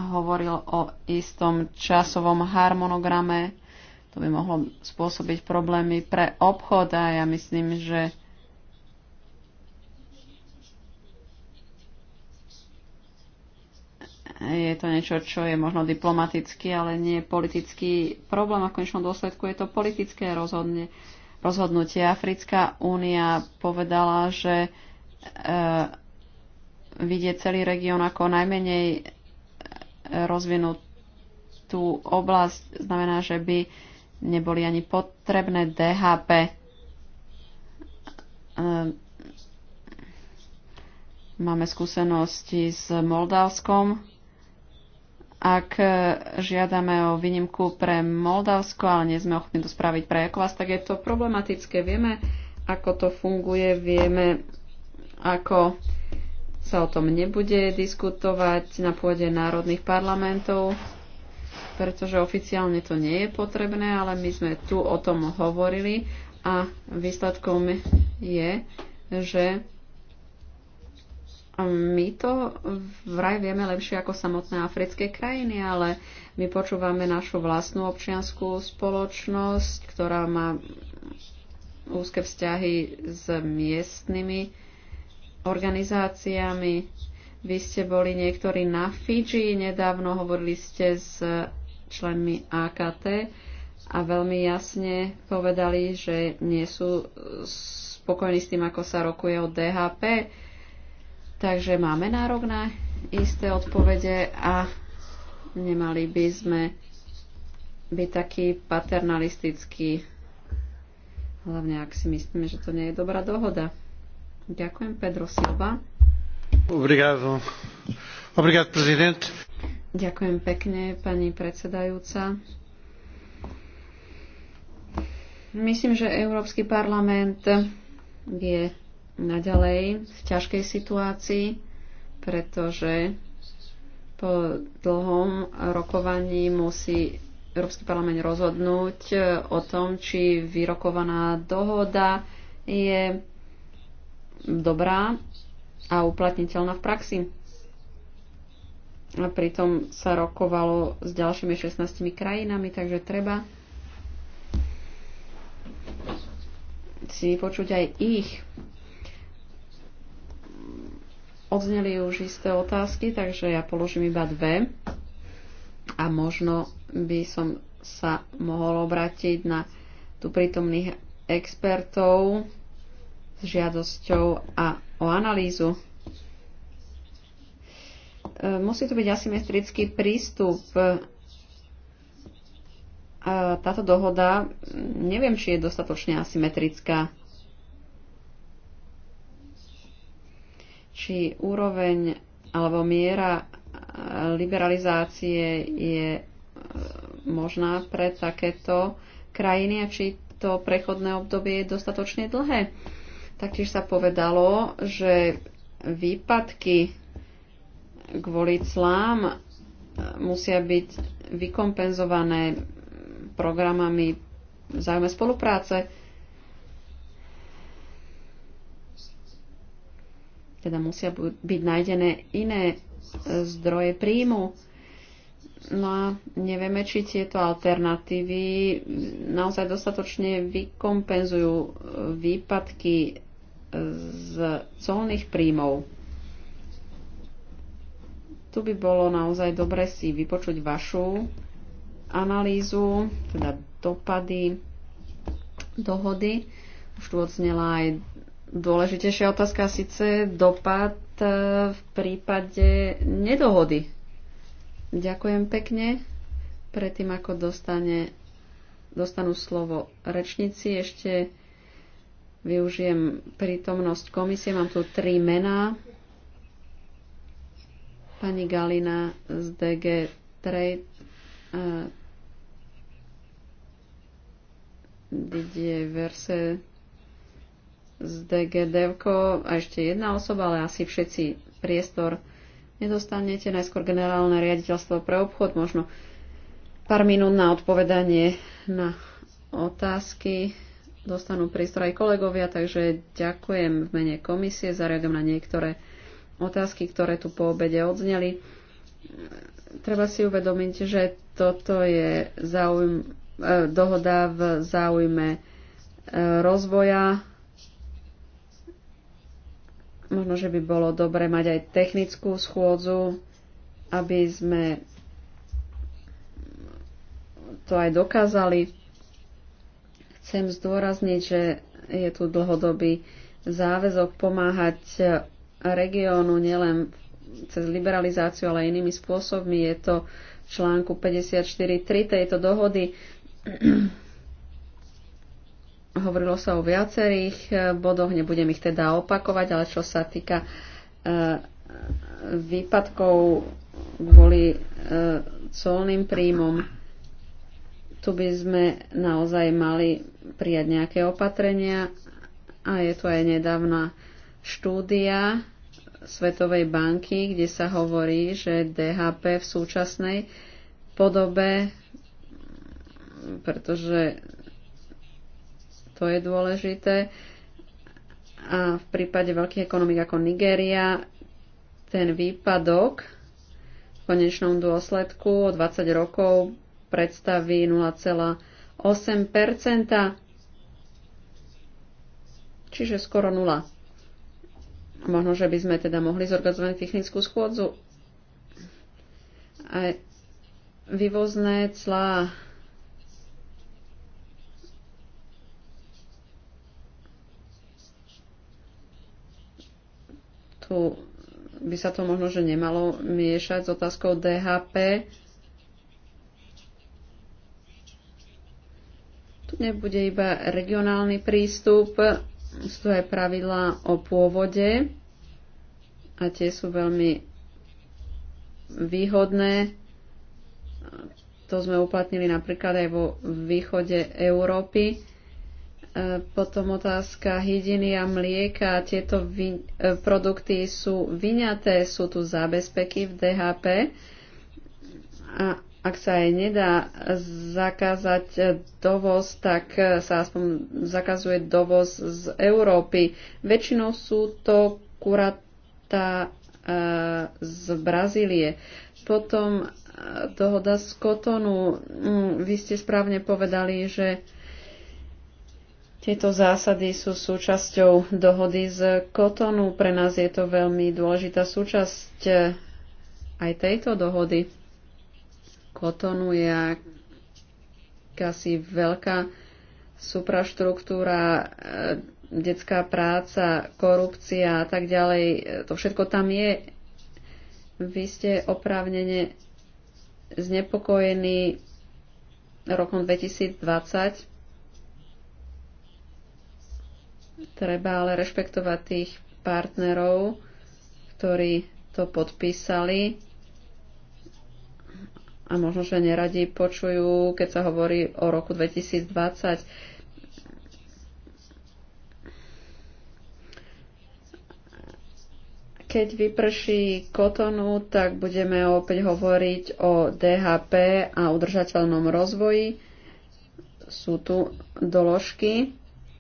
hovoril o istom časovom harmonograme. To by mohlo spôsobiť problémy pre obchod a ja myslím, že je to niečo, čo je možno diplomatický, ale nie politický problém. A v konečnom dôsledku je to politické rozhodne, rozhodnutie. Africká únia povedala, že e, vidie celý región ako najmenej e, rozvinutú oblasť. Znamená, že by neboli ani potrebné DHP. E, máme skúsenosti s Moldavskom, ak e, žiadame o výnimku pre Moldavsko, ale nie sme ochotní to spraviť pre ECOWAS, tak je to problematické. Vieme, ako to funguje, vieme, ako sa o tom nebude diskutovať na pôde národných parlamentov, pretože oficiálne to nie je potrebné, ale my sme tu o tom hovorili a výsledkom je, že my to vraj vieme lepšie ako samotné africké krajiny, ale my počúvame našu vlastnú občianskú spoločnosť, ktorá má úzke vzťahy s miestnymi organizáciami. Vy ste boli niektorí na Fidži, nedávno hovorili ste s členmi AKT a veľmi jasne povedali, že nie sú spokojní s tým, ako sa rokuje o DHP Takže máme nárok na isté odpovede a nemali by sme byť taký paternalistický, hlavne ak si myslíme, že to nie je dobrá dohoda. Ďakujem, Pedro Silva. Obrigado. Obrigado, prezident. Ďakujem pekne, pani predsedajúca. Myslím, že Európsky parlament je naďalej v ťažkej situácii, pretože po dlhom rokovaní musí Európsky parlament rozhodnúť e, o tom, či vyrokovaná dohoda je dobrá a uplatniteľná v praxi. A pritom sa rokovalo s ďalšími 16 krajinami, takže treba si vypočuť aj ich Odzneli už isté otázky, takže ja položím iba dve a možno by som sa mohol obrátiť na tu prítomných expertov s žiadosťou a o analýzu. E, musí to byť asymetrický prístup. E, táto dohoda, neviem, či je dostatočne asymetrická. či úroveň alebo miera eh, liberalizácie je eh, možná pre takéto krajiny a či to prechodné obdobie je dostatočne dlhé. Taktiež sa povedalo, že výpadky kvôli clám eh, musia byť vykompenzované programami v záujme spolupráce. Teda musia byť nájdené iné e, zdroje príjmu. No a nevieme, či tieto alternatívy naozaj dostatočne vykompenzujú e, výpadky e, z colných príjmov. Tu by bolo naozaj dobre si vypočuť vašu analýzu, teda dopady dohody. Už tu odznela aj dôležitejšia otázka síce dopad e, v prípade nedohody. Ďakujem pekne. Predtým, ako dostane, dostanú slovo rečníci, ešte využijem prítomnosť komisie. Mám tu tri mená. Pani Galina z DG Trade, e, Didier Verse z DGD a ešte jedna osoba, ale asi všetci priestor nedostanete. Najskôr generálne riaditeľstvo pre obchod, možno pár minút na odpovedanie na otázky. Dostanú priestor aj kolegovia, takže ďakujem v mene komisie, zariadom na niektoré otázky, ktoré tu po obede odzneli. Treba si uvedomiť, že toto je záujm, eh, dohoda v záujme eh, rozvoja Možno, že by bolo dobre mať aj technickú schôdzu, aby sme to aj dokázali. Chcem zdôrazniť, že je tu dlhodobý záväzok pomáhať regiónu nielen cez liberalizáciu, ale inými spôsobmi. Je to v článku 54.3 tejto dohody Hovorilo sa o viacerých e, bodoch, nebudem ich teda opakovať, ale čo sa týka e, výpadkov kvôli e, colným príjmom, tu by sme naozaj mali prijať nejaké opatrenia a je tu aj nedávna štúdia Svetovej banky, kde sa hovorí, že DHP v súčasnej podobe, pretože to je dôležité. A v prípade veľkých ekonomik ako Nigéria, ten výpadok v konečnom dôsledku o 20 rokov predstaví 0,8 čiže skoro nula. Možno, že by sme teda mohli zorganizovať technickú schôdzu. Aj vývozné clá tu by sa to možno, že nemalo miešať s otázkou DHP. Tu nebude iba regionálny prístup, sú tu aj pravidlá o pôvode a tie sú veľmi výhodné. To sme uplatnili napríklad aj vo východe Európy E, potom otázka hydiny a mlieka. Tieto vy, e, produkty sú vyňaté, sú tu zábezpeky v DHP. A ak sa aj nedá zakázať dovoz, tak sa aspoň zakazuje dovoz z Európy. Väčšinou sú to kurata e, z Brazílie. Potom dohoda z Kotonu. Mm, vy ste správne povedali, že tieto zásady sú súčasťou dohody z Kotonu. Pre nás je to veľmi dôležitá súčasť eh, aj tejto dohody. Kotonu je akási veľká supraštruktúra, eh, detská práca, korupcia a tak ďalej. Eh, to všetko tam je. Vy ste oprávnene znepokojení rokom 2020 Treba ale rešpektovať tých partnerov, ktorí to podpísali a možno, že neradi počujú, keď sa hovorí o roku 2020. Keď vyprší kotonu, tak budeme opäť hovoriť o DHP a udržateľnom rozvoji. Sú tu doložky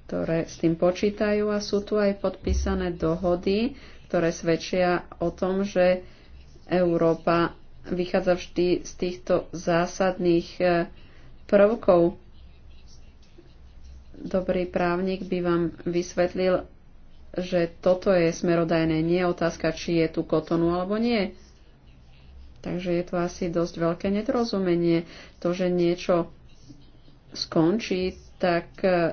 ktoré s tým počítajú a sú tu aj podpísané dohody, ktoré svedčia o tom, že Európa vychádza vždy z týchto zásadných e, prvkov. Dobrý právnik by vám vysvetlil, že toto je smerodajné, nie je otázka, či je tu kotonu alebo nie. Takže je to asi dosť veľké nedorozumenie. To, že niečo skončí, tak e,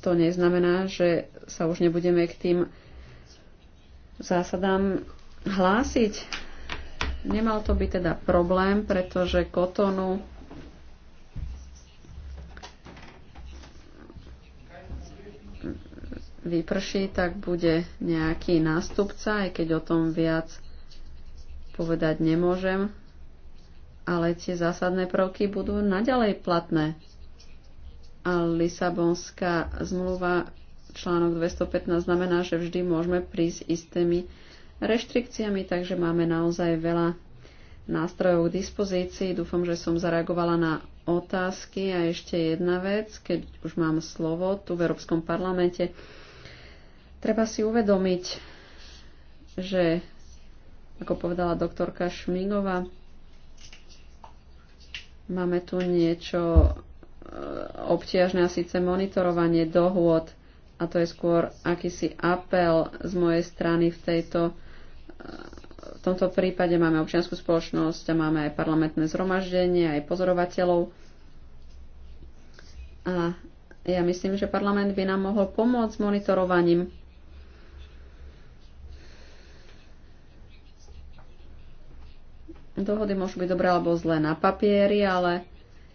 to neznamená, že sa už nebudeme k tým zásadám hlásiť. Nemal to byť teda problém, pretože kotonu vyprší, tak bude nejaký nástupca, aj keď o tom viac povedať nemôžem, ale tie zásadné prvky budú naďalej platné. Lisabonská zmluva článok 215 znamená, že vždy môžeme prísť istými reštrikciami, takže máme naozaj veľa nástrojov k dispozícii. Dúfam, že som zareagovala na otázky a ešte jedna vec, keď už mám slovo tu v Európskom parlamente. Treba si uvedomiť, že, ako povedala doktorka Šmingová, máme tu niečo E, obťažné a síce monitorovanie dohôd a to je skôr akýsi apel z mojej strany v tejto e, v tomto prípade máme občianskú spoločnosť a máme aj parlamentné zhromaždenie, aj pozorovateľov. A ja myslím, že parlament by nám mohol pomôcť s monitorovaním. Dohody môžu byť dobré alebo zlé na papieri, ale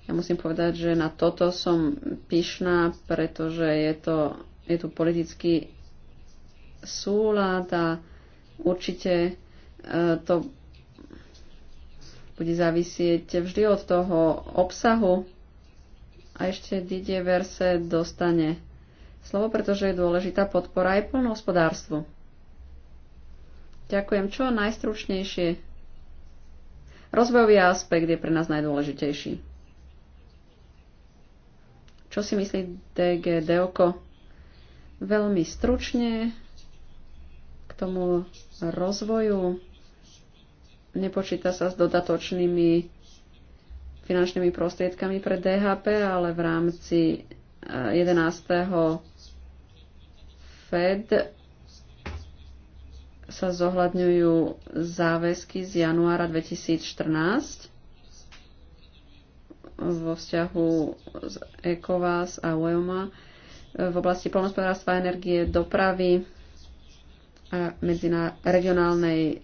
ja musím povedať, že na toto som pyšná, pretože je, to, je tu politický súlad a určite e, to bude závisieť vždy od toho obsahu a ešte Didier Verse dostane slovo, pretože je dôležitá podpora aj plnohospodárstvu. Ďakujem. Čo najstručnejšie? Rozvojový aspekt je pre nás najdôležitejší. Čo si myslí DG Deoko? Veľmi stručne k tomu rozvoju nepočíta sa s dodatočnými finančnými prostriedkami pre DHP, ale v rámci 11. Eh, Fed sa zohľadňujú záväzky z januára 2014 vo vzťahu z ECOVAS a UEMA e, v oblasti plnospodárstva energie, dopravy a medziná- regionálnej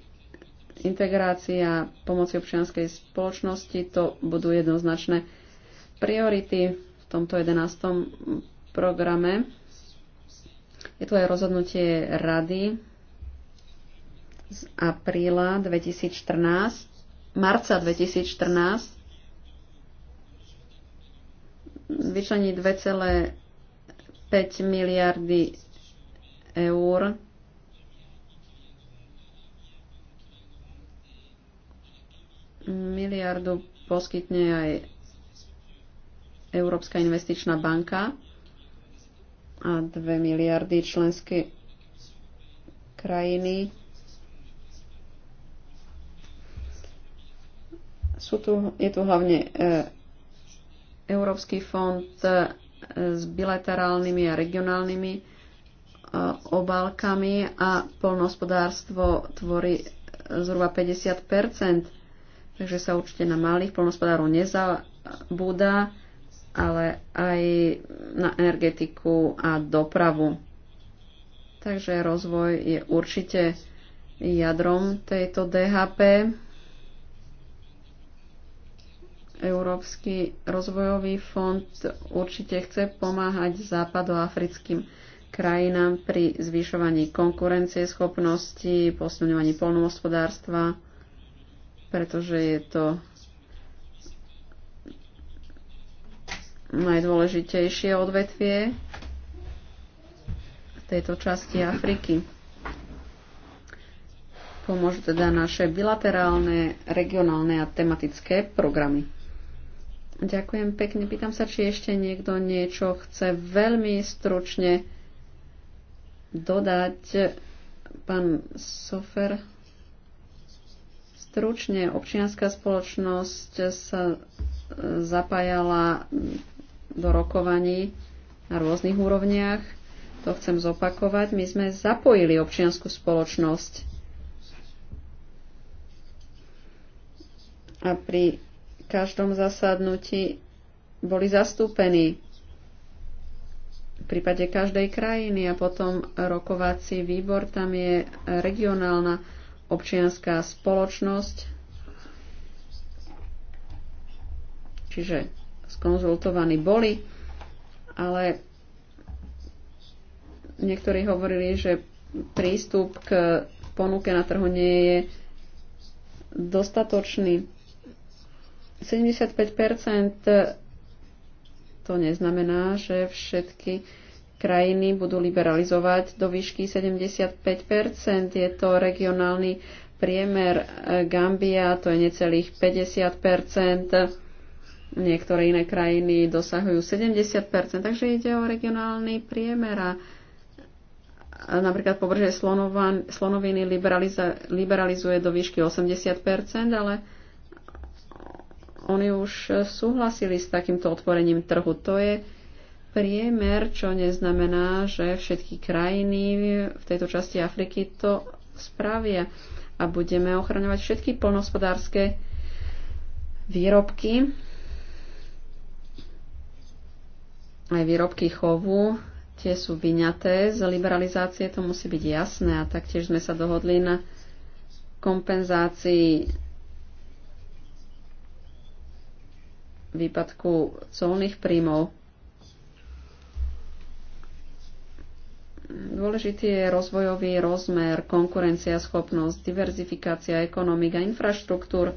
integrácie a pomoci občianskej spoločnosti. To budú jednoznačné priority v tomto 11. programe. Je tu aj rozhodnutie rady z apríla 2014, marca 2014 vyčleniť 2,5 miliardy eur miliardu poskytne aj Európska investičná banka a 2 miliardy členské krajiny. Sú tu, je tu hlavne eh, Európsky fond e, s bilaterálnymi a regionálnymi e, obálkami a polnohospodárstvo tvorí e, zhruba 50 takže sa určite na malých polnohospodárov nezabúda, ale aj na energetiku a dopravu. Takže rozvoj je určite jadrom tejto DHP. Európsky rozvojový fond určite chce pomáhať západoafrickým krajinám pri zvyšovaní konkurencie schopnosti, posilňovaní polnohospodárstva, pretože je to najdôležitejšie odvetvie v tejto časti Afriky. Pomôžu teda naše bilaterálne, regionálne a tematické programy. Ďakujem pekne. Pýtam sa, či ešte niekto niečo chce veľmi stručne dodať. Pán Sofer, stručne občianská spoločnosť sa e, zapájala do rokovaní na rôznych úrovniach. To chcem zopakovať. My sme zapojili občianskú spoločnosť a pri každom zasadnutí boli zastúpení v prípade každej krajiny a potom rokovací výbor, tam je regionálna občianská spoločnosť, čiže skonzultovaní boli, ale niektorí hovorili, že prístup k ponuke na trhu nie je dostatočný 75 eh, to neznamená, že všetky krajiny budú liberalizovať do výšky 75 Je to regionálny priemer eh, Gambia, to je necelých 50 Niektoré iné krajiny dosahujú 70 takže ide o regionálny priemer a napríklad pobrže slonoviny liberalizuje do výšky 80 ale oni už e, súhlasili s takýmto otvorením trhu. To je priemer, čo neznamená, že všetky krajiny v tejto časti Afriky to spravia. A budeme ochraňovať všetky polnohospodárske výrobky, aj výrobky chovu, tie sú vyňaté z liberalizácie, to musí byť jasné. A taktiež sme sa dohodli na kompenzácii výpadku colných príjmov. Dôležitý je rozvojový rozmer, konkurencia, schopnosť, diverzifikácia ekonomik a infraštruktúr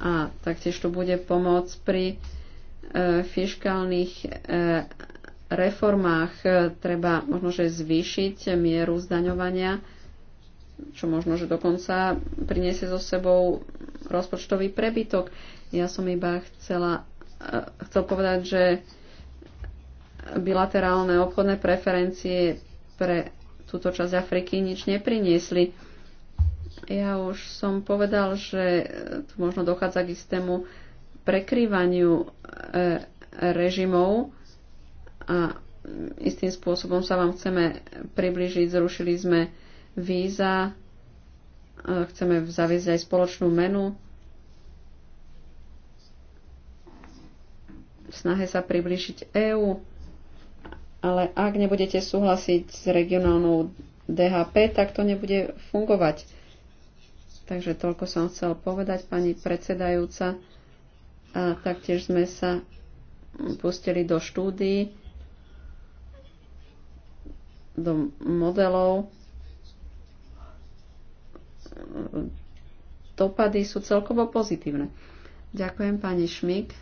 a taktiež tu bude pomoc pri e, fiškálnych e, reformách. Treba možno, že zvýšiť mieru zdaňovania, čo možno, že dokonca priniesie so sebou rozpočtový prebytok. Ja som iba chcela, eh, chcel povedať, že bilaterálne obchodné preferencie pre túto časť Afriky nič nepriniesli. Ja už som povedal, že tu možno dochádza k istému prekrývaniu eh, režimov a istým spôsobom sa vám chceme približiť. Zrušili sme víza, eh, chceme zaviesť aj spoločnú menu. snahe sa priblížiť EÚ. Ale ak nebudete súhlasiť s regionálnou DHP, tak to nebude fungovať. Takže toľko som chcel povedať, pani predsedajúca. A taktiež sme sa pustili do štúdií, do modelov. Dopady sú celkovo pozitívne. Ďakujem, pani Šmik.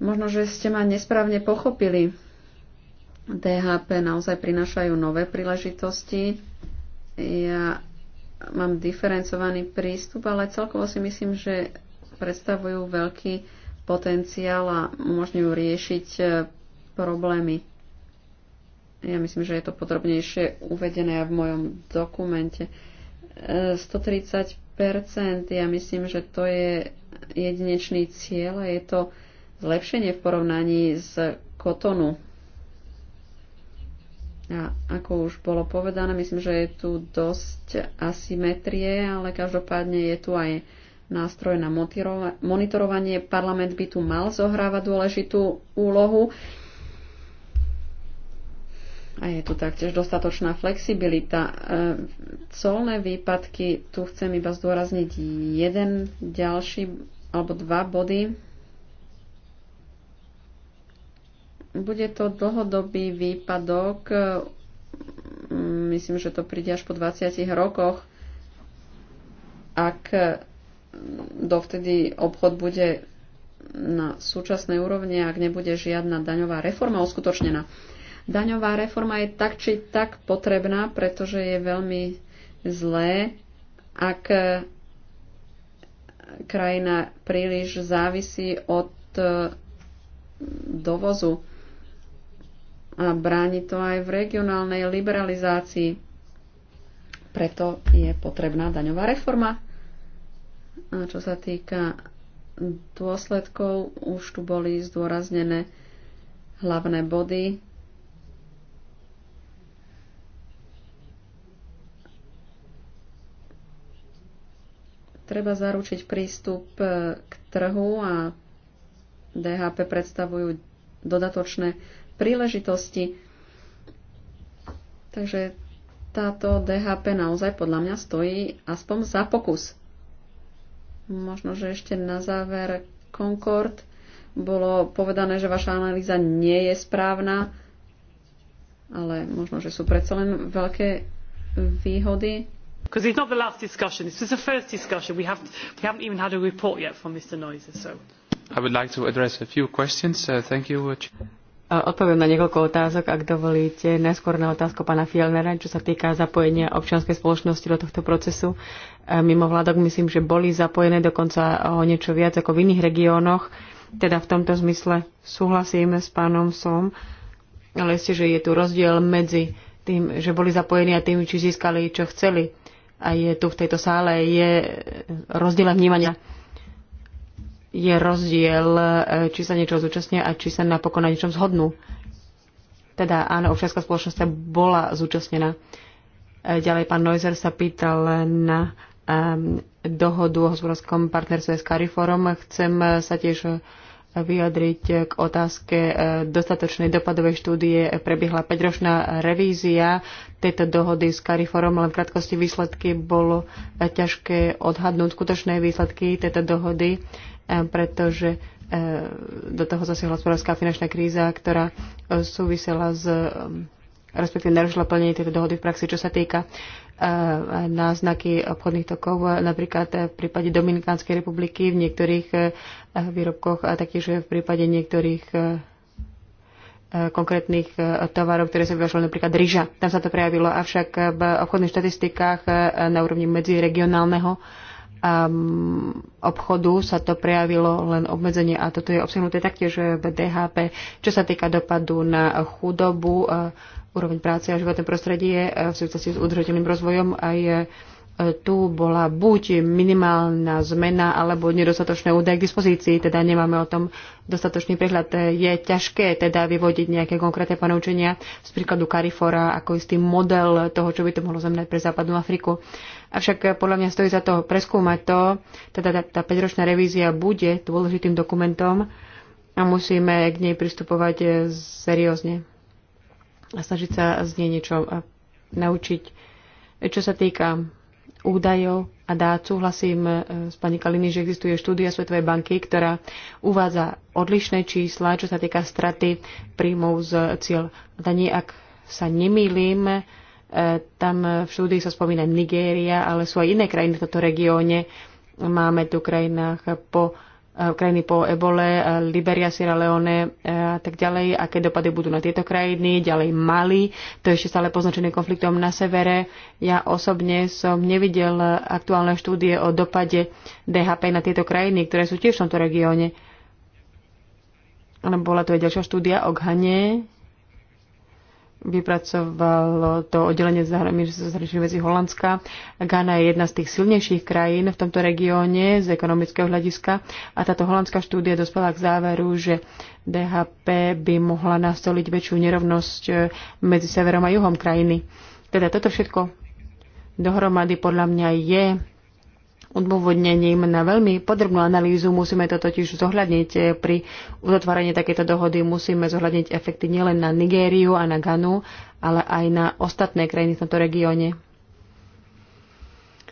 Možno, že ste ma nesprávne pochopili. DHP naozaj prinášajú nové príležitosti. Ja mám diferencovaný prístup, ale celkovo si myslím, že predstavujú veľký potenciál a umožňujú riešiť e, problémy. Ja myslím, že je to podrobnejšie uvedené v mojom dokumente. 130 e, ja myslím, že to je jedinečný cieľ a je to zlepšenie v porovnaní s kotonu. A ako už bolo povedané, myslím, že je tu dosť asymetrie, ale každopádne je tu aj nástroj na monitorovanie. Parlament by tu mal zohrávať dôležitú úlohu. A je tu taktiež dostatočná flexibilita. E, colné výpadky, tu chcem iba zdôrazniť jeden ďalší alebo dva body Bude to dlhodobý výpadok, myslím, že to príde až po 20 rokoch, ak dovtedy obchod bude na súčasnej úrovni, ak nebude žiadna daňová reforma uskutočnená. Daňová reforma je tak či tak potrebná, pretože je veľmi zlé, ak krajina príliš závisí od dovozu a bráni to aj v regionálnej liberalizácii. Preto je potrebná daňová reforma. A čo sa týka dôsledkov, už tu boli zdôraznené hlavné body. Treba zaručiť prístup e, k trhu a DHP predstavujú dodatočné príležitosti. Takže táto DHP naozaj podľa mňa stojí aspoň za pokus. Možno, že ešte na záver Concord bolo povedané, že vaša analýza nie je správna, ale možno, že sú predsa len veľké výhody. Because it's not the last discussion, this is the first discussion. We, have, we haven't even had a report yet from Mr. Noiser, so. I would like to address a few questions. Uh, thank you. Odpoviem na niekoľko otázok, ak dovolíte. Najskôr na otázku pána Fielnera, čo sa týka zapojenia občianskej spoločnosti do tohto procesu. E, mimo vládok myslím, že boli zapojené dokonca o niečo viac ako v iných regiónoch. Teda v tomto zmysle súhlasím s pánom Som, ale ste, že je tu rozdiel medzi tým, že boli zapojení a tým, či získali, čo chceli. A je tu v tejto sále je rozdiel vnímania je rozdiel, e, či sa niečo zúčastnia a či sa napokon na niečom zhodnú. Teda áno, občianská spoločnosť sa bola zúčastnená. E, ďalej pán Neuser sa pýtal na um, dohodu o hospodárskom partnerstve s Cariforom. Chcem sa tiež vyjadriť k otázke e, dostatočnej dopadovej štúdie. Prebiehla 5-ročná revízia tejto dohody s Cariforom, len v krátkosti výsledky bolo ťažké odhadnúť skutočné výsledky tejto dohody pretože do toho zasiahla hospodárska finančná kríza, ktorá súvisela s respektíve narušila plnenie tejto dohody v praxi, čo sa týka náznaky obchodných tokov, napríklad v prípade Dominikánskej republiky, v niektorých výrobkoch a taktiež v prípade niektorých konkrétnych tovarov, ktoré sa vyvažovali napríklad ryža. Tam sa to prejavilo, avšak v obchodných štatistikách na úrovni medziregionálneho regionálneho um, obchodu sa to prejavilo len obmedzenie a toto je obsiahnuté taktiež v DHP. Čo sa týka dopadu na chudobu, uh, úroveň práce a životné prostredie uh, v súvislosti s udržateľným rozvojom aj e, tu bola buď minimálna zmena alebo nedostatočné údaje k dispozícii, teda nemáme o tom dostatočný prehľad. E, je ťažké teda vyvodiť nejaké konkrétne ponaučenia z príkladu Carifora ako istý model toho, čo by to mohlo znamenať pre západnú Afriku. Uh, Avšak eh, podľa mňa stojí za to preskúmať to. Teda tá, tá 5-ročná revízia bude dôležitým dokumentom a musíme k nej pristupovať eh, seriózne a snažiť sa z nej niečo eh, naučiť. Čo sa týka údajov a dát, súhlasím s pani Kaliny, že existuje štúdia Svetovej banky, ktorá uvádza odlišné čísla, čo sa týka straty príjmov z cieľ daní. Ak sa nemýlim, E, tam v štúdii sa spomína Nigéria, ale sú aj iné krajiny v tomto regióne. Máme tu krajinách po, e, krajiny po Ebole, e, Liberia, Sierra Leone a tak ďalej. Aké dopady budú na tieto krajiny? Ďalej Mali, to je ešte stále poznačené konfliktom na severe. Ja osobne som nevidel aktuálne štúdie o dopade DHP na tieto krajiny, ktoré sú tiež v tomto regióne. Bola tu aj ďalšia štúdia o Ghane, vypracovalo to oddelenie zahraničných vecí Holandska. Ghana je jedna z tých silnejších krajín v tomto regióne z ekonomického hľadiska a táto holandská štúdia dospela k záveru, že DHP by mohla nastoliť väčšiu nerovnosť eh, medzi severom a juhom krajiny. Teda toto všetko dohromady podľa mňa je odôvodnením na veľmi podrobnú analýzu. Musíme to totiž zohľadniť pri uzatváraní takéto dohody. Musíme zohľadniť efekty nielen na Nigériu a na Ganu, ale aj na ostatné krajiny v tomto regióne.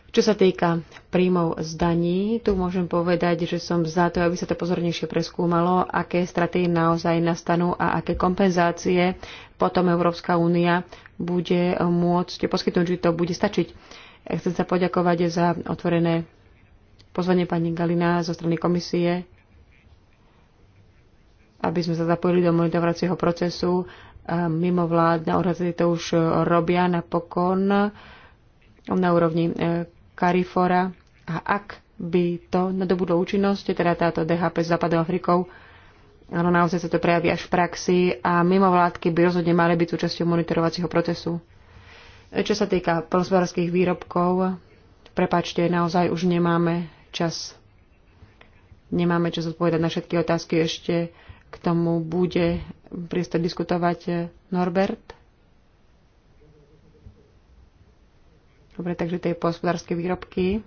Čo sa týka príjmov z daní, tu môžem povedať, že som za to, aby sa to pozornejšie preskúmalo, aké straty naozaj nastanú a aké kompenzácie potom Európska únia bude môcť poskytnúť, či to bude stačiť Chcem sa poďakovať za otvorené pozvanie pani Galina zo strany komisie, aby sme sa zapojili do monitorovacieho procesu. Mimo vládne organizácie to už robia napokon um, na úrovni Karifora e, A ak by to nadobudlo účinnosť, teda táto DHP s Západnou Afrikou, áno, naozaj sa to prejaví až v praxi a mimovládky by rozhodne mali byť súčasťou monitorovacieho procesu. Čo sa týka polnospodárských výrobkov, prepačte, naozaj už nemáme čas. Nemáme čas odpovedať na všetky otázky. Ešte k tomu bude priestor diskutovať Norbert. Dobre, takže tie polnospodárske výrobky,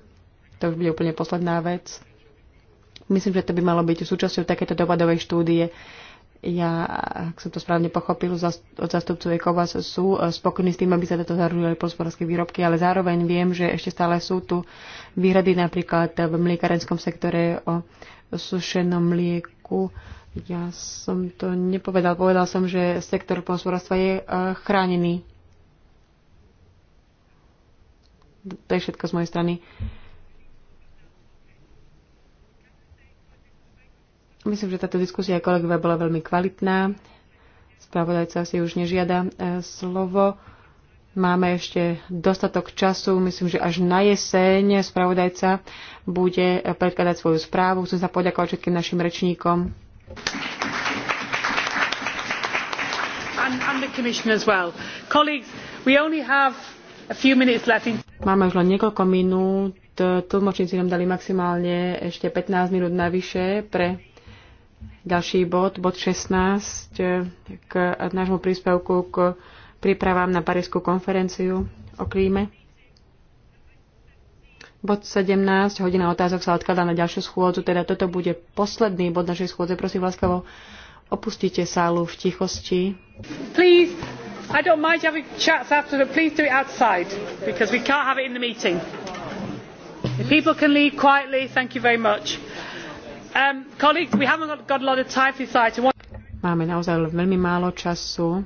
to už bude úplne posledná vec. Myslím, že to by malo byť súčasťou takéto dopadovej štúdie ja, ak som to správne pochopil, od zastupcu Ekovas sú eh, spokojní s tým, aby sa toto zahrnuli polsporovské výrobky, ale zároveň viem, že ešte stále sú tu výhrady napríklad v mliekarenskom sektore o sušenom mlieku. Ja som to nepovedal. Povedal som, že sektor polsporovstva je eh, chránený. To je všetko z mojej strany. Myslím, že táto diskusia, kolegovia, bola veľmi kvalitná. Spravodajca si už nežiada e, slovo. Máme ešte dostatok času, myslím, že až na jeseň spravodajca bude e, predkladať svoju správu. Chcem sa poďakovať všetkým našim rečníkom. Máme už len niekoľko minút. Tlmočníci nám dali maximálne ešte 15 minút navyše pre ďalší bod, bod 16, eh, k nášmu príspevku k prípravám na Parísku konferenciu o klíme. Bod 17, hodina otázok sa odkladá na ďalšiu schôdzu, teda toto bude posledný bod našej schôdze. Prosím láskavo, opustite sálu v tichosti. Please, I don't mind having chats after, but please do it outside, because we can't have it in the meeting. If people can leave quietly, thank you very much. Um, Máme naozaj veľmi málo času.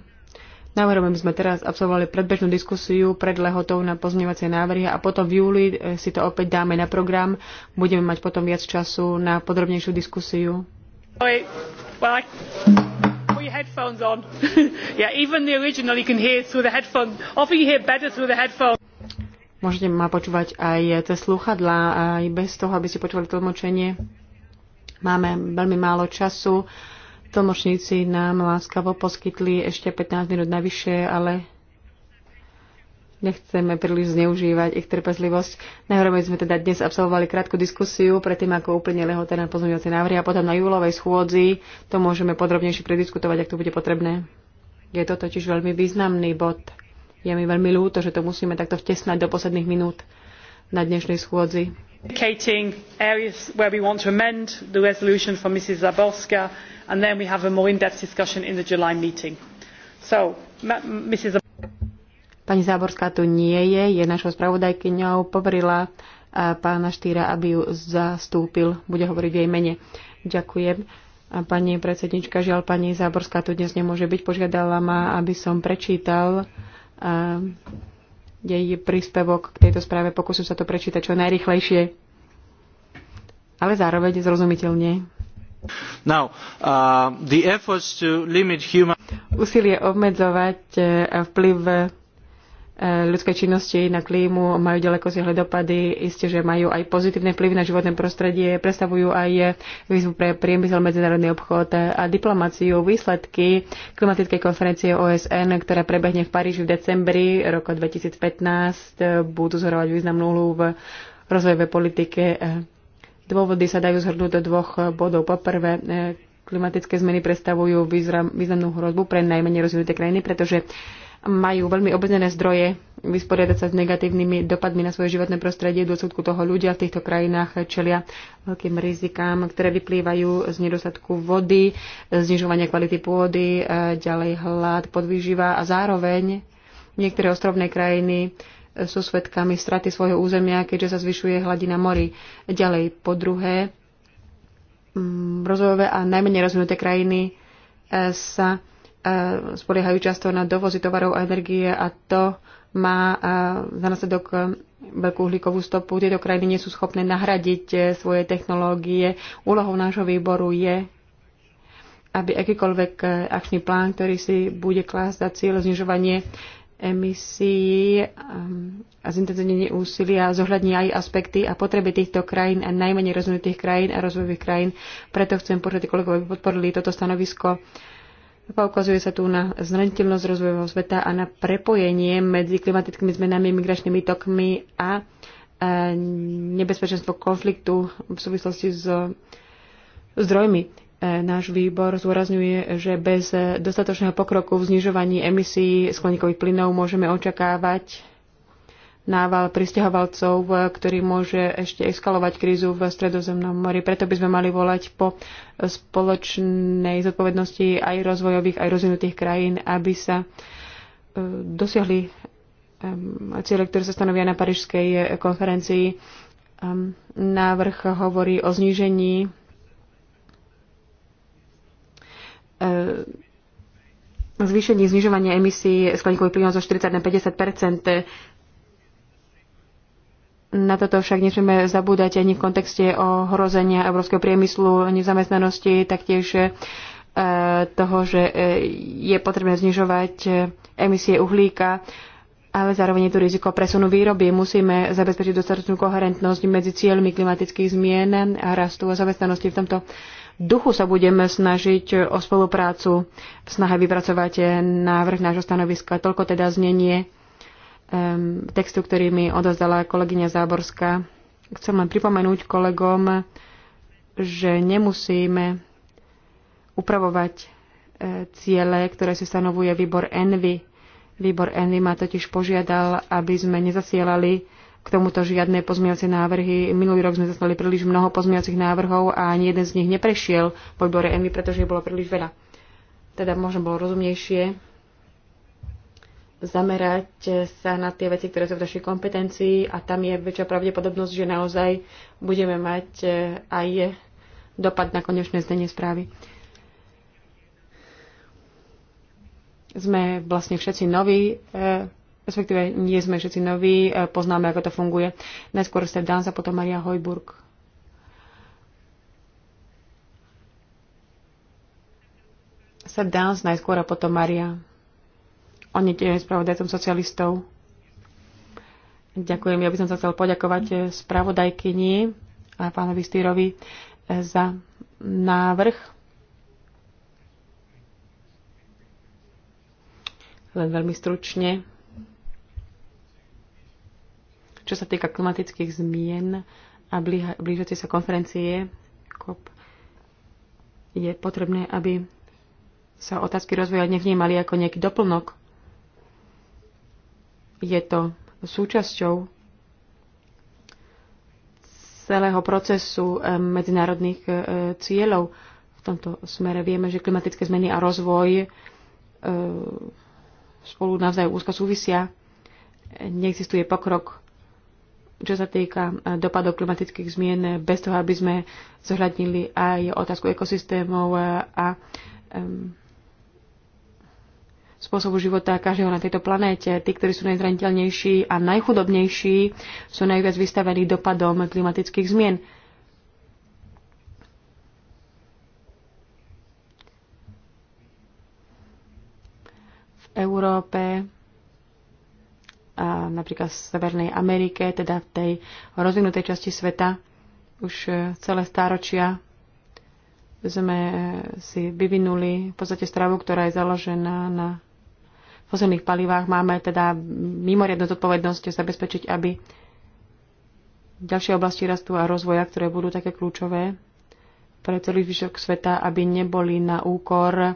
Navrhujem, aby sme teraz absolvovali predbežnú diskusiu pred lehotou na pozmeňovacie návrhy a potom v júli e, si to opäť dáme na program. Budeme mať potom viac času na podrobnejšiu diskusiu. Môžete ma počúvať aj cez sluchadlá, aj bez toho, aby ste počúvali tlmočenie. Máme veľmi málo času. Tlmočníci nám láskavo poskytli ešte 15 minút navyše, ale nechceme príliš zneužívať ich trpezlivosť. Najhormej sme teda dnes absolvovali krátku diskusiu predtým, ako úplne lehoté na pozmeňovacie návrhy a potom na júlovej schôdzi to môžeme podrobnejšie prediskutovať, ak to bude potrebné. Je to totiž veľmi významný bod. Je mi veľmi ľúto, že to musíme takto vtesnať do posledných minút na dnešnej schôdzi indicating areas where we want to amend the resolution from ms Zaborska, and then we have a more in-depth discussion in the July meeting. So, Pani Záborská tu nie je, je našou spravodajkyňou, poverila eh, pána Štýra, aby ju zastúpil, bude hovoriť v jej mene. Ďakujem. A pani predsednička, žiaľ, pani Záborská tu dnes nemôže byť, požiadala ma, aby som prečítal eh, jej príspevok k tejto správe. Pokúsim sa to prečítať čo najrychlejšie, ale zároveň zrozumiteľne. Now, uh, the efforts to limit human... Usilie obmedzovať uh, vplyv E, ľudskej činnosti na klímu majú ďaleko siahle dopady, isté, že majú aj pozitívne vplyvy na životné prostredie, predstavujú aj výzvu pre priemysel, medzinárodný obchod a diplomáciu. Výsledky klimatickej konferencie OSN, ktorá prebehne v Paríži v decembri roku 2015, budú zhorovať významnú úlohu v rozvojovej politike. E, dôvody sa dajú zhrnúť do dvoch bodov. Poprvé, e, klimatické zmeny predstavujú významnú hrozbu pre najmenej rozvinuté krajiny, pretože majú veľmi obmedzené zdroje vysporiadať sa s negatívnymi dopadmi na svoje životné prostredie. V dôsledku toho ľudia v týchto krajinách čelia veľkým rizikám, ktoré vyplývajú z nedostatku vody, znižovania kvality pôdy, e, ďalej hlad, podvýživa a zároveň niektoré ostrovné krajiny e, sú svetkami straty svojho územia, keďže sa zvyšuje hladina mori. Ďalej, po druhé, mm, rozvojové a najmenej rozvinuté krajiny e, sa E, spoliehajú často na dovozy tovarov a energie a to má e, za následok e, veľkú uhlíkovú stopu. Tieto krajiny nie sú schopné nahradiť svoje technológie. Úlohou nášho výboru je, aby akýkoľvek akčný plán, ktorý si bude klásť za cieľ znižovanie emisí a zintenzívnenie úsilia zohľadní aj aspekty a potreby týchto krajín a najmenej rozvinutých krajín a rozvojových krajín. Preto chcem požiadať kolegov, aby podporili toto stanovisko. Poukazuje sa tu na zraniteľnosť rozvojového sveta a na prepojenie medzi klimatickými zmenami, migračnými tokmi a e, nebezpečenstvo konfliktu v súvislosti s zdrojmi. E, náš výbor zúrazňuje, že bez dostatočného pokroku v znižovaní emisí skleníkových plynov môžeme očakávať nával pristahovalcov, e, ktorý môže ešte eskalovať krízu v Stredozemnom mori. Preto by sme mali volať po spoločnej zodpovednosti aj rozvojových, aj rozvinutých krajín, aby sa e, dosiahli ciele, ktoré sa stanovia na parížskej e, konferencii. Návrh hovorí o znížení zvýšení znižovania emisí skleníkových plynov zo 40 na 50 na toto však nesmieme zabúdať ani v kontexte ohrozenia európskeho priemyslu, nezamestnanosti, taktiež e, toho, že e, je potrebné znižovať e, emisie uhlíka, ale zároveň je tu riziko presunu výroby. Musíme zabezpečiť dostatočnú koherentnosť medzi cieľmi klimatických zmien a rastu a zamestnanosti. V tomto duchu sa budeme snažiť o spoluprácu v snahe vypracovať návrh nášho stanoviska. Toľko teda znenie um, textu, ktorý mi odozdala kolegyňa Záborská. Chcem len pripomenúť kolegom, že nemusíme upravovať e, ciele, ktoré si stanovuje výbor Envy. Výbor Envy ma totiž požiadal, aby sme nezasielali k tomuto žiadne pozmiace návrhy. Minulý rok sme zaslali príliš mnoho pozmiacich návrhov a ani jeden z nich neprešiel v výbore Envy, pretože ich bolo príliš veľa. Teda možno bolo rozumnejšie zamerať sa na tie veci, ktoré sú v našej kompetencii a tam je väčšia pravdepodobnosť, že naozaj budeme mať eh, aj dopad na konečné zdenie správy. Sme vlastne všetci noví, eh, respektíve nie sme všetci noví, eh, poznáme, ako to funguje. Najskôr ste Dans a potom Maria Hojburg. Sa dance najskôr a potom Maria. On je tiež spravodajcom socialistov. Ďakujem. Ja by som sa chcel poďakovať eh, spravodajkyni a pánovi Styrovi eh, za návrh. Len veľmi stručne. Čo sa týka klimatických zmien a blížiacej sa konferencie COP, je potrebné, aby sa otázky rozvoja nevnímali ako nejaký doplnok je to súčasťou celého procesu eh, medzinárodných eh, cieľov. V tomto smere vieme, že klimatické zmeny a rozvoj eh, spolu navzájom úzko súvisia. Neexistuje pokrok, čo sa týka dopadov klimatických zmien, bez toho, aby sme zohľadnili aj otázku ekosystémov a um, spôsobu života každého na tejto planéte. Tí, ktorí sú najzraniteľnejší a najchudobnejší, sú najviac vystavení dopadom klimatických zmien. V Európe a napríklad v Severnej Amerike, teda v tej rozvinutej časti sveta, už celé stáročia sme si vyvinuli v podstate stravu, ktorá je založená na fosilných palivách máme teda mimoriadnu zodpovednosť zabezpečiť, aby ďalšie oblasti rastu a rozvoja, ktoré budú také kľúčové pre celý zvyšok sveta, aby neboli na úkor e,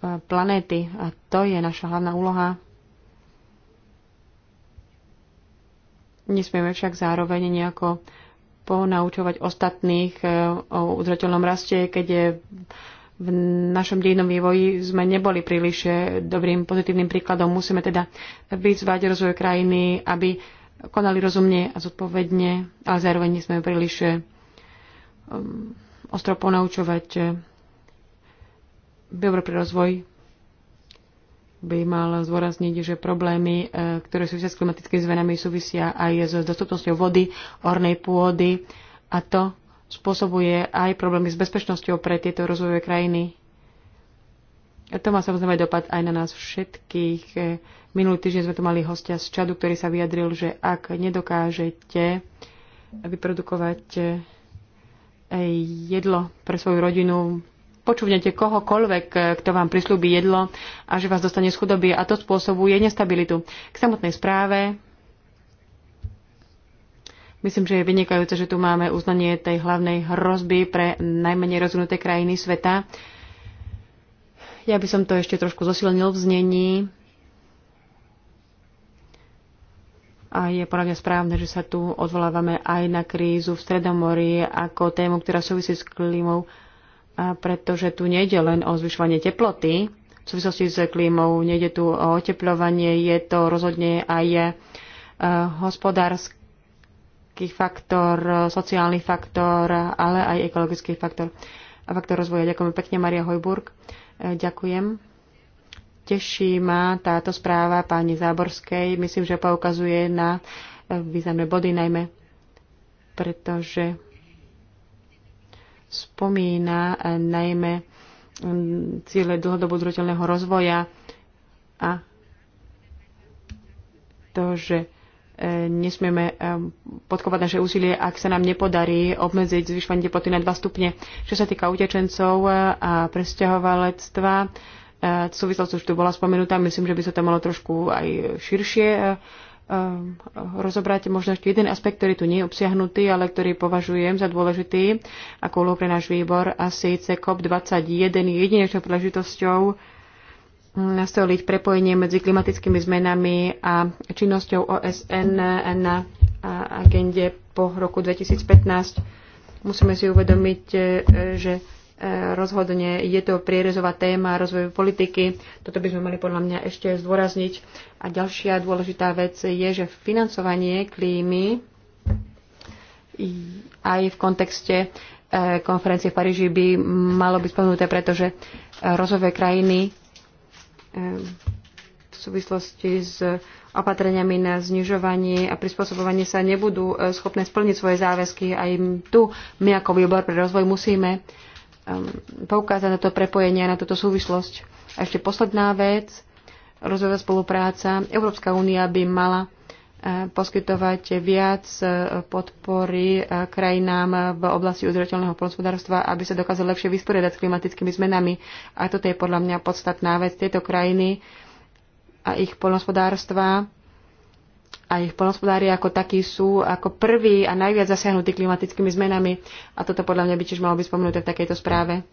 planéty. A to je naša hlavná úloha. Nesmieme však zároveň nejako ponaučovať ostatných e, o udržateľnom raste, keď je v našom dejnom vývoji sme neboli príliš eh, dobrým pozitívnym príkladom. Musíme teda vyzvať rozvoj krajiny, aby konali rozumne a zodpovedne, ale zároveň sme príliš eh, um, ostro ponaučovať. Eh, Biobre pre rozvoj by mal zdôrazniť, že problémy, ktoré súvisia s klimatickými zmenami, súvisia aj s dostupnosťou vody, ornej pôdy a to spôsobuje aj problémy s bezpečnosťou pre tieto rozvojové krajiny. A to má samozrejme dopad aj na nás všetkých. Minulý týždeň sme tu mali hostia z Čadu, ktorý sa vyjadril, že ak nedokážete vyprodukovať eh, jedlo pre svoju rodinu, počúvnete kohokoľvek, eh, kto vám prislúbi jedlo a že vás dostane z chudoby a to spôsobuje nestabilitu. K samotnej správe Myslím, že je vynikajúce, že tu máme uznanie tej hlavnej hrozby pre najmenej rozvinuté krajiny sveta. Ja by som to ešte trošku zosilnil v znení. A je podľa mňa správne, že sa tu odvolávame aj na krízu v Stredomorí ako tému, ktorá súvisí s klímou, a pretože tu nejde len o zvyšovanie teploty v súvislosti s klímou, nejde tu o oteplovanie, je to rozhodne aj eh, hospodárske ekonomický faktor, sociálny faktor, ale aj ekologický faktor a faktor rozvoja. Ďakujem pekne, Maria Hojburg. E, ďakujem. Teší ma táto správa pani Záborskej. Myslím, že poukazuje na e, významné body najmä, pretože spomína e, najmä ciele dlhodobo udržateľného rozvoja a to, že nesmieme podkovať naše úsilie, ak sa nám nepodarí obmedziť zvyšovanie teploty na 2 stupne. Čo sa týka utečencov eh, a presťahovalectva, eh, súvislosť už tu bola spomenutá, myslím, že by sa to malo trošku aj širšie eh, rozobrať. Možno ešte jeden aspekt, ktorý tu nie je obsiahnutý, ale ktorý považujem za dôležitý ako úlohu pre náš výbor a síce COP21 jedinečnou príležitosťou nastoliť prepojenie medzi klimatickými zmenami a činnosťou OSN na agende po roku 2015. Musíme si uvedomiť, e, že e, rozhodne je to prierezová téma rozvoju politiky. Toto by sme mali podľa mňa ešte zdôrazniť. A ďalšia dôležitá vec je, že financovanie klímy aj v kontekste e, konferencie v Paríži by malo byť spomenuté, pretože rozvojové krajiny v súvislosti s opatreniami na znižovanie a prispôsobovanie sa nebudú e, schopné splniť svoje záväzky a im tu my ako výbor pre rozvoj musíme poukázať na to prepojenie, na túto súvislosť. A ešte posledná vec, rozvojová spolupráca. Európska únia by mala poskytovať viac e, podpory e, krajinám v oblasti udržateľného hospodárstva, aby sa dokázali lepšie vysporiadať s klimatickými zmenami. A toto je podľa mňa podstatná vec. Tieto krajiny a ich polnospodárstva a ich polnospodári ako takí sú ako prví a najviac zasiahnutí klimatickými zmenami. A toto podľa mňa by tiež malo byť spomenuté v takejto správe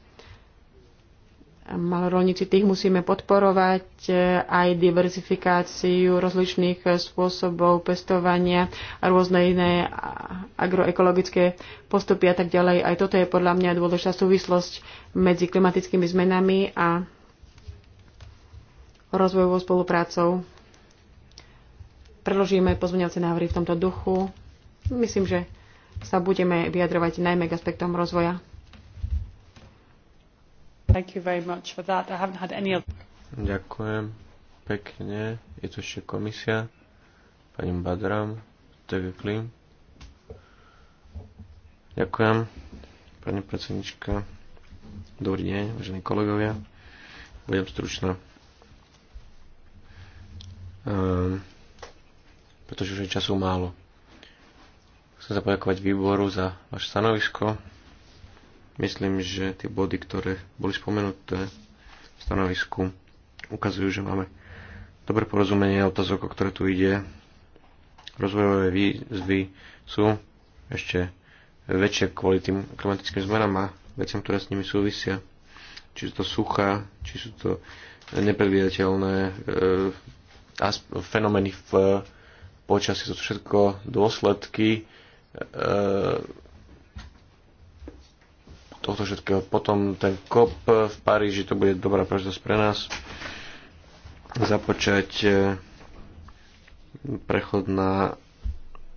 malorolníci, tých musíme podporovať e, aj diverzifikáciu rozličných e, spôsobov pestovania a rôzne iné agroekologické postupy a tak ďalej. Aj toto je podľa mňa dôležitá súvislosť medzi klimatickými zmenami a rozvojovou spoluprácou. Predložíme pozmeňovacie návrhy v tomto duchu. Myslím, že sa budeme vyjadrovať najmä k aspektom rozvoja. Thank you very much for that. I haven't had any other... Ďakujem pekne. Je tu ešte komisia. Pani Badram, TV Klim. Ďakujem, pani predsednička. Dobrý deň, vážení kolegovia. Budem stručná. Um, pretože už je času málo. Chcem sa poďakovať výboru za vaše stanovisko. Myslím, že tie body, ktoré boli spomenuté v stanovisku, ukazujú, že máme dobré porozumenie otázok, o ktoré tu ide. Rozvojové výzvy sú ešte väčšie kvôli tým klimatickým zmenám a veciam, ktoré s nimi súvisia. Či sú to suchá, či sú to nepredvídateľné e, fenomény v e, počasí. To všetko dôsledky e, tohto všetkého. Potom ten KOP v Paríži, to bude dobrá príležitosť pre nás započať e, prechod na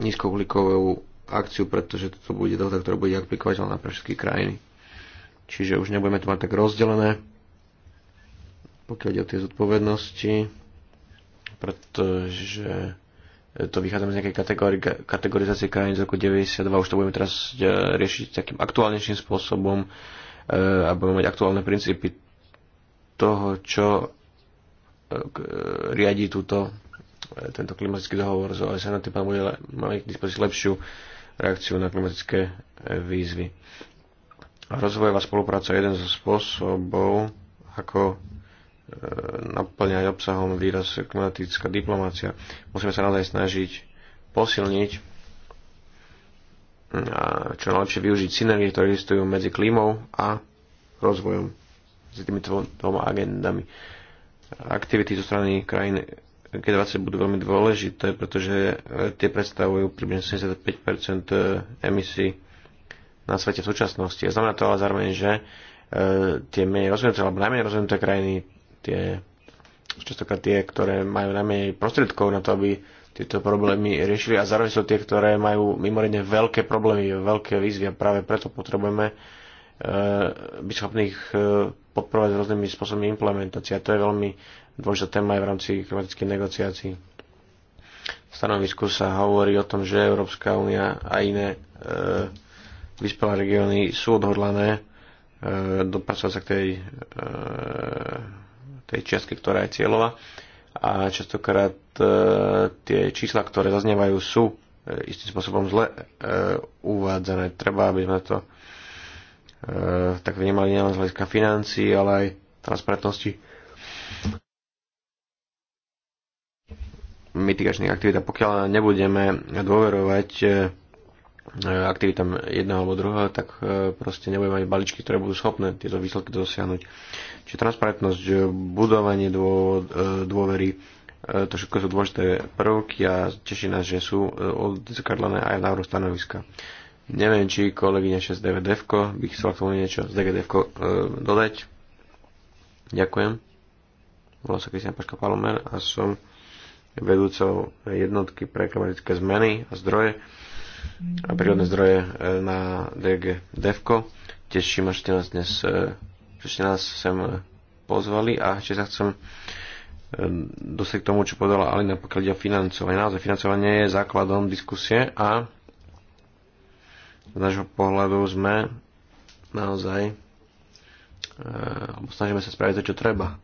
nízkouhlíkovú akciu, pretože toto bude dohoda, ktorá bude aplikovateľná pre všetky krajiny. Čiže už nebudeme to mať tak rozdelené, pokiaľ ide o tie zodpovednosti, pretože to vychádzame z nejakej kategori- kategorizácie krajín z roku 92, už to budeme teraz e, riešiť takým aktuálnejším spôsobom e, a budeme mať aktuálne princípy toho, čo e, riadi túto, tento klimatický dohovor z OSN a tým bude mať k dispozícii lepšiu reakciu na klimatické výzvy. Rozvojová spolupráca je jeden zo spôsobov, ako E, naplňať obsahom výraz klimatická diplomácia. Musíme sa naozaj snažiť posilniť mm, a čo najlepšie využiť synergie, ktoré existujú medzi klímou a rozvojom s tými dvoma agendami. Aktivity zo strany krajín G20 budú veľmi dôležité, pretože e, tie predstavujú približne 75% e, emisí na svete v súčasnosti. A znamená to ale zároveň, že tie menej rozvinuté alebo najmenej rozvinuté krajiny tie, častokrát tie, ktoré majú najmenej prostriedkov na to, aby tieto problémy riešili a zároveň sú tie, ktoré majú mimoriadne veľké problémy, veľké výzvy a práve preto potrebujeme e, byť schopných e, podporovať rôznymi spôsobmi A To je veľmi dôležitá téma aj v rámci klimatických negociácií. V stanovisku sa hovorí o tom, že Európska únia a iné e, vyspelé regióny sú odhodlané e, dopracovať sa k tej e, tej čiastke, ktorá je cieľová. A častokrát e, tie čísla, ktoré zaznievajú, sú e, istým spôsobom zle e, uvádzané. Treba, aby sme to e, tak vnímali nielen z hľadiska financií, ale aj transparentnosti mitigačných aktivít. A pokiaľ nebudeme dôverovať e, Eh, aktivitám jedného alebo druhého, tak eh, proste nebudeme mať balíčky, ktoré budú schopné tieto výsledky dosiahnuť. Čiže transparentnosť, eh, budovanie dôvery, to všetko sú dôležité prvky a teší nás, že sú odzrkadlené aj v návrhu stanoviska. Neviem, či kolegyňa 6 DVDF by chcela k tomu niečo z e, dodať. Ďakujem. Volám sa Kristian Paška Palomer a som vedúcou jednotky pre klimatické zmeny a zdroje a prírodné zdroje e, na DG DEVKO. E, že ste nás dnes ste nás sem e, pozvali a ešte sa chcem dostať k tomu, čo povedala Alina, pokiaľ ide o financovanie. Naozaj financovanie je základom diskusie a z nášho pohľadu sme naozaj e, snažíme sa spraviť to, čo treba.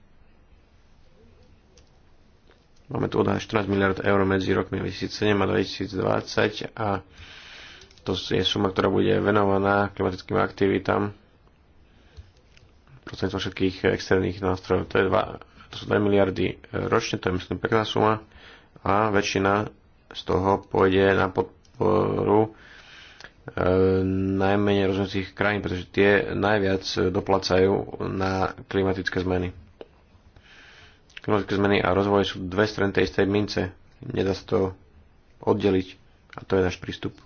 Máme tu odhad 14 miliard eur medzi rokmi 2007 a 2020 a to je suma, ktorá bude venovaná klimatickým aktivitám prostredníctvom všetkých externých nástrojov. To, je dva, to sú 2 miliardy ročne, to je myslím pekná suma a väčšina z toho pôjde na podporu e, najmenej rozvinutých krajín, pretože tie najviac doplacajú na klimatické zmeny. Klimatické zmeny a rozvoj sú dve strany tej istej mince. Nedá sa to oddeliť a to je náš prístup.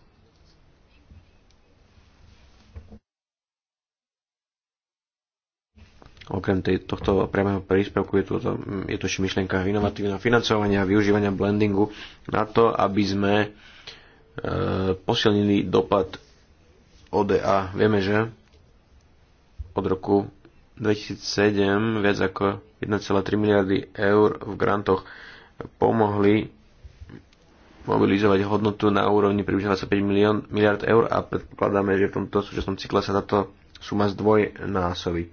Okrem tej, tohto priamého príspevku je tu, je tu ešte myšlienka inovatívneho financovania a využívania blendingu na to, aby sme e, posilnili dopad ODA. Vieme, že od roku 2007 viac ako 1,3 miliardy eur v grantoch pomohli mobilizovať hodnotu na úrovni približne 25 milión, miliard eur a predpokladáme, že v tomto súčasnom cykle sa táto suma zdvojnásobí.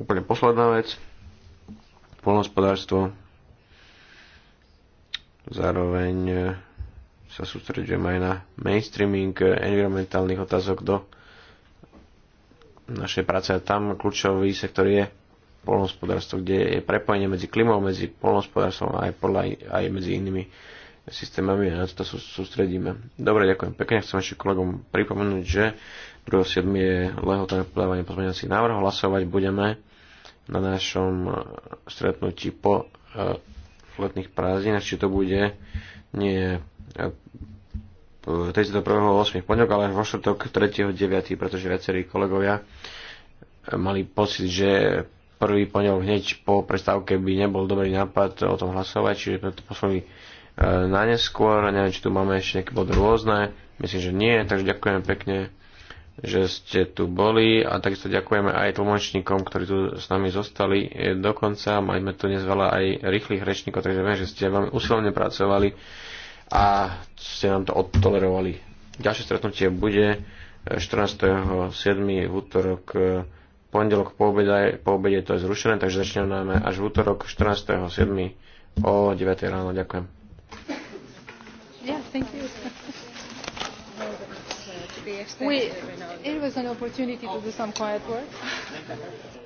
Úplne posledná vec. Polnohospodárstvo. Zároveň sa sústredujeme aj na mainstreaming environmentálnych otázok do našej práce a tam kľúčový sektor je poľnohospodárstvo, kde je prepojenie medzi klimou, medzi polnohospodárstvom a aj, podľa, aj medzi inými systémami a na to sa sústredíme. Dobre, ďakujem pekne. Chcem ešte kolegom pripomenúť, že 2.7. je lehota na podávanie pozmeňovacích návrhov. Hlasovať budeme na našom eh, stretnutí po eh, letných prázdninách, či to bude nie eh, 31.8. pondelok, ale vo štvrtok 3.9., pretože viacerí kolegovia mali pocit, že prvý pondelok hneď po prestávke by nebol dobrý nápad o tom hlasovať, čiže sme to posunuli e, na neskôr. Neviem, či tu máme ešte nejaké bod rôzne. Myslím, že nie, takže ďakujem pekne, že ste tu boli a takisto ďakujeme aj tlmočníkom, ktorí tu s nami zostali e, dokonca. Majme tu dnes veľa aj rýchlych rečníkov, takže viem, že ste veľmi usilovne pracovali a ste nám to odtolerovali. Ďalšie stretnutie bude 14.7. Eh, v útorok eh, pondelok po obede, po obede to je zrušené, takže začneme až v útorok 14.7. o 9. ráno. Ďakujem. Yeah, thank you. We, it was an opportunity to do some quiet work.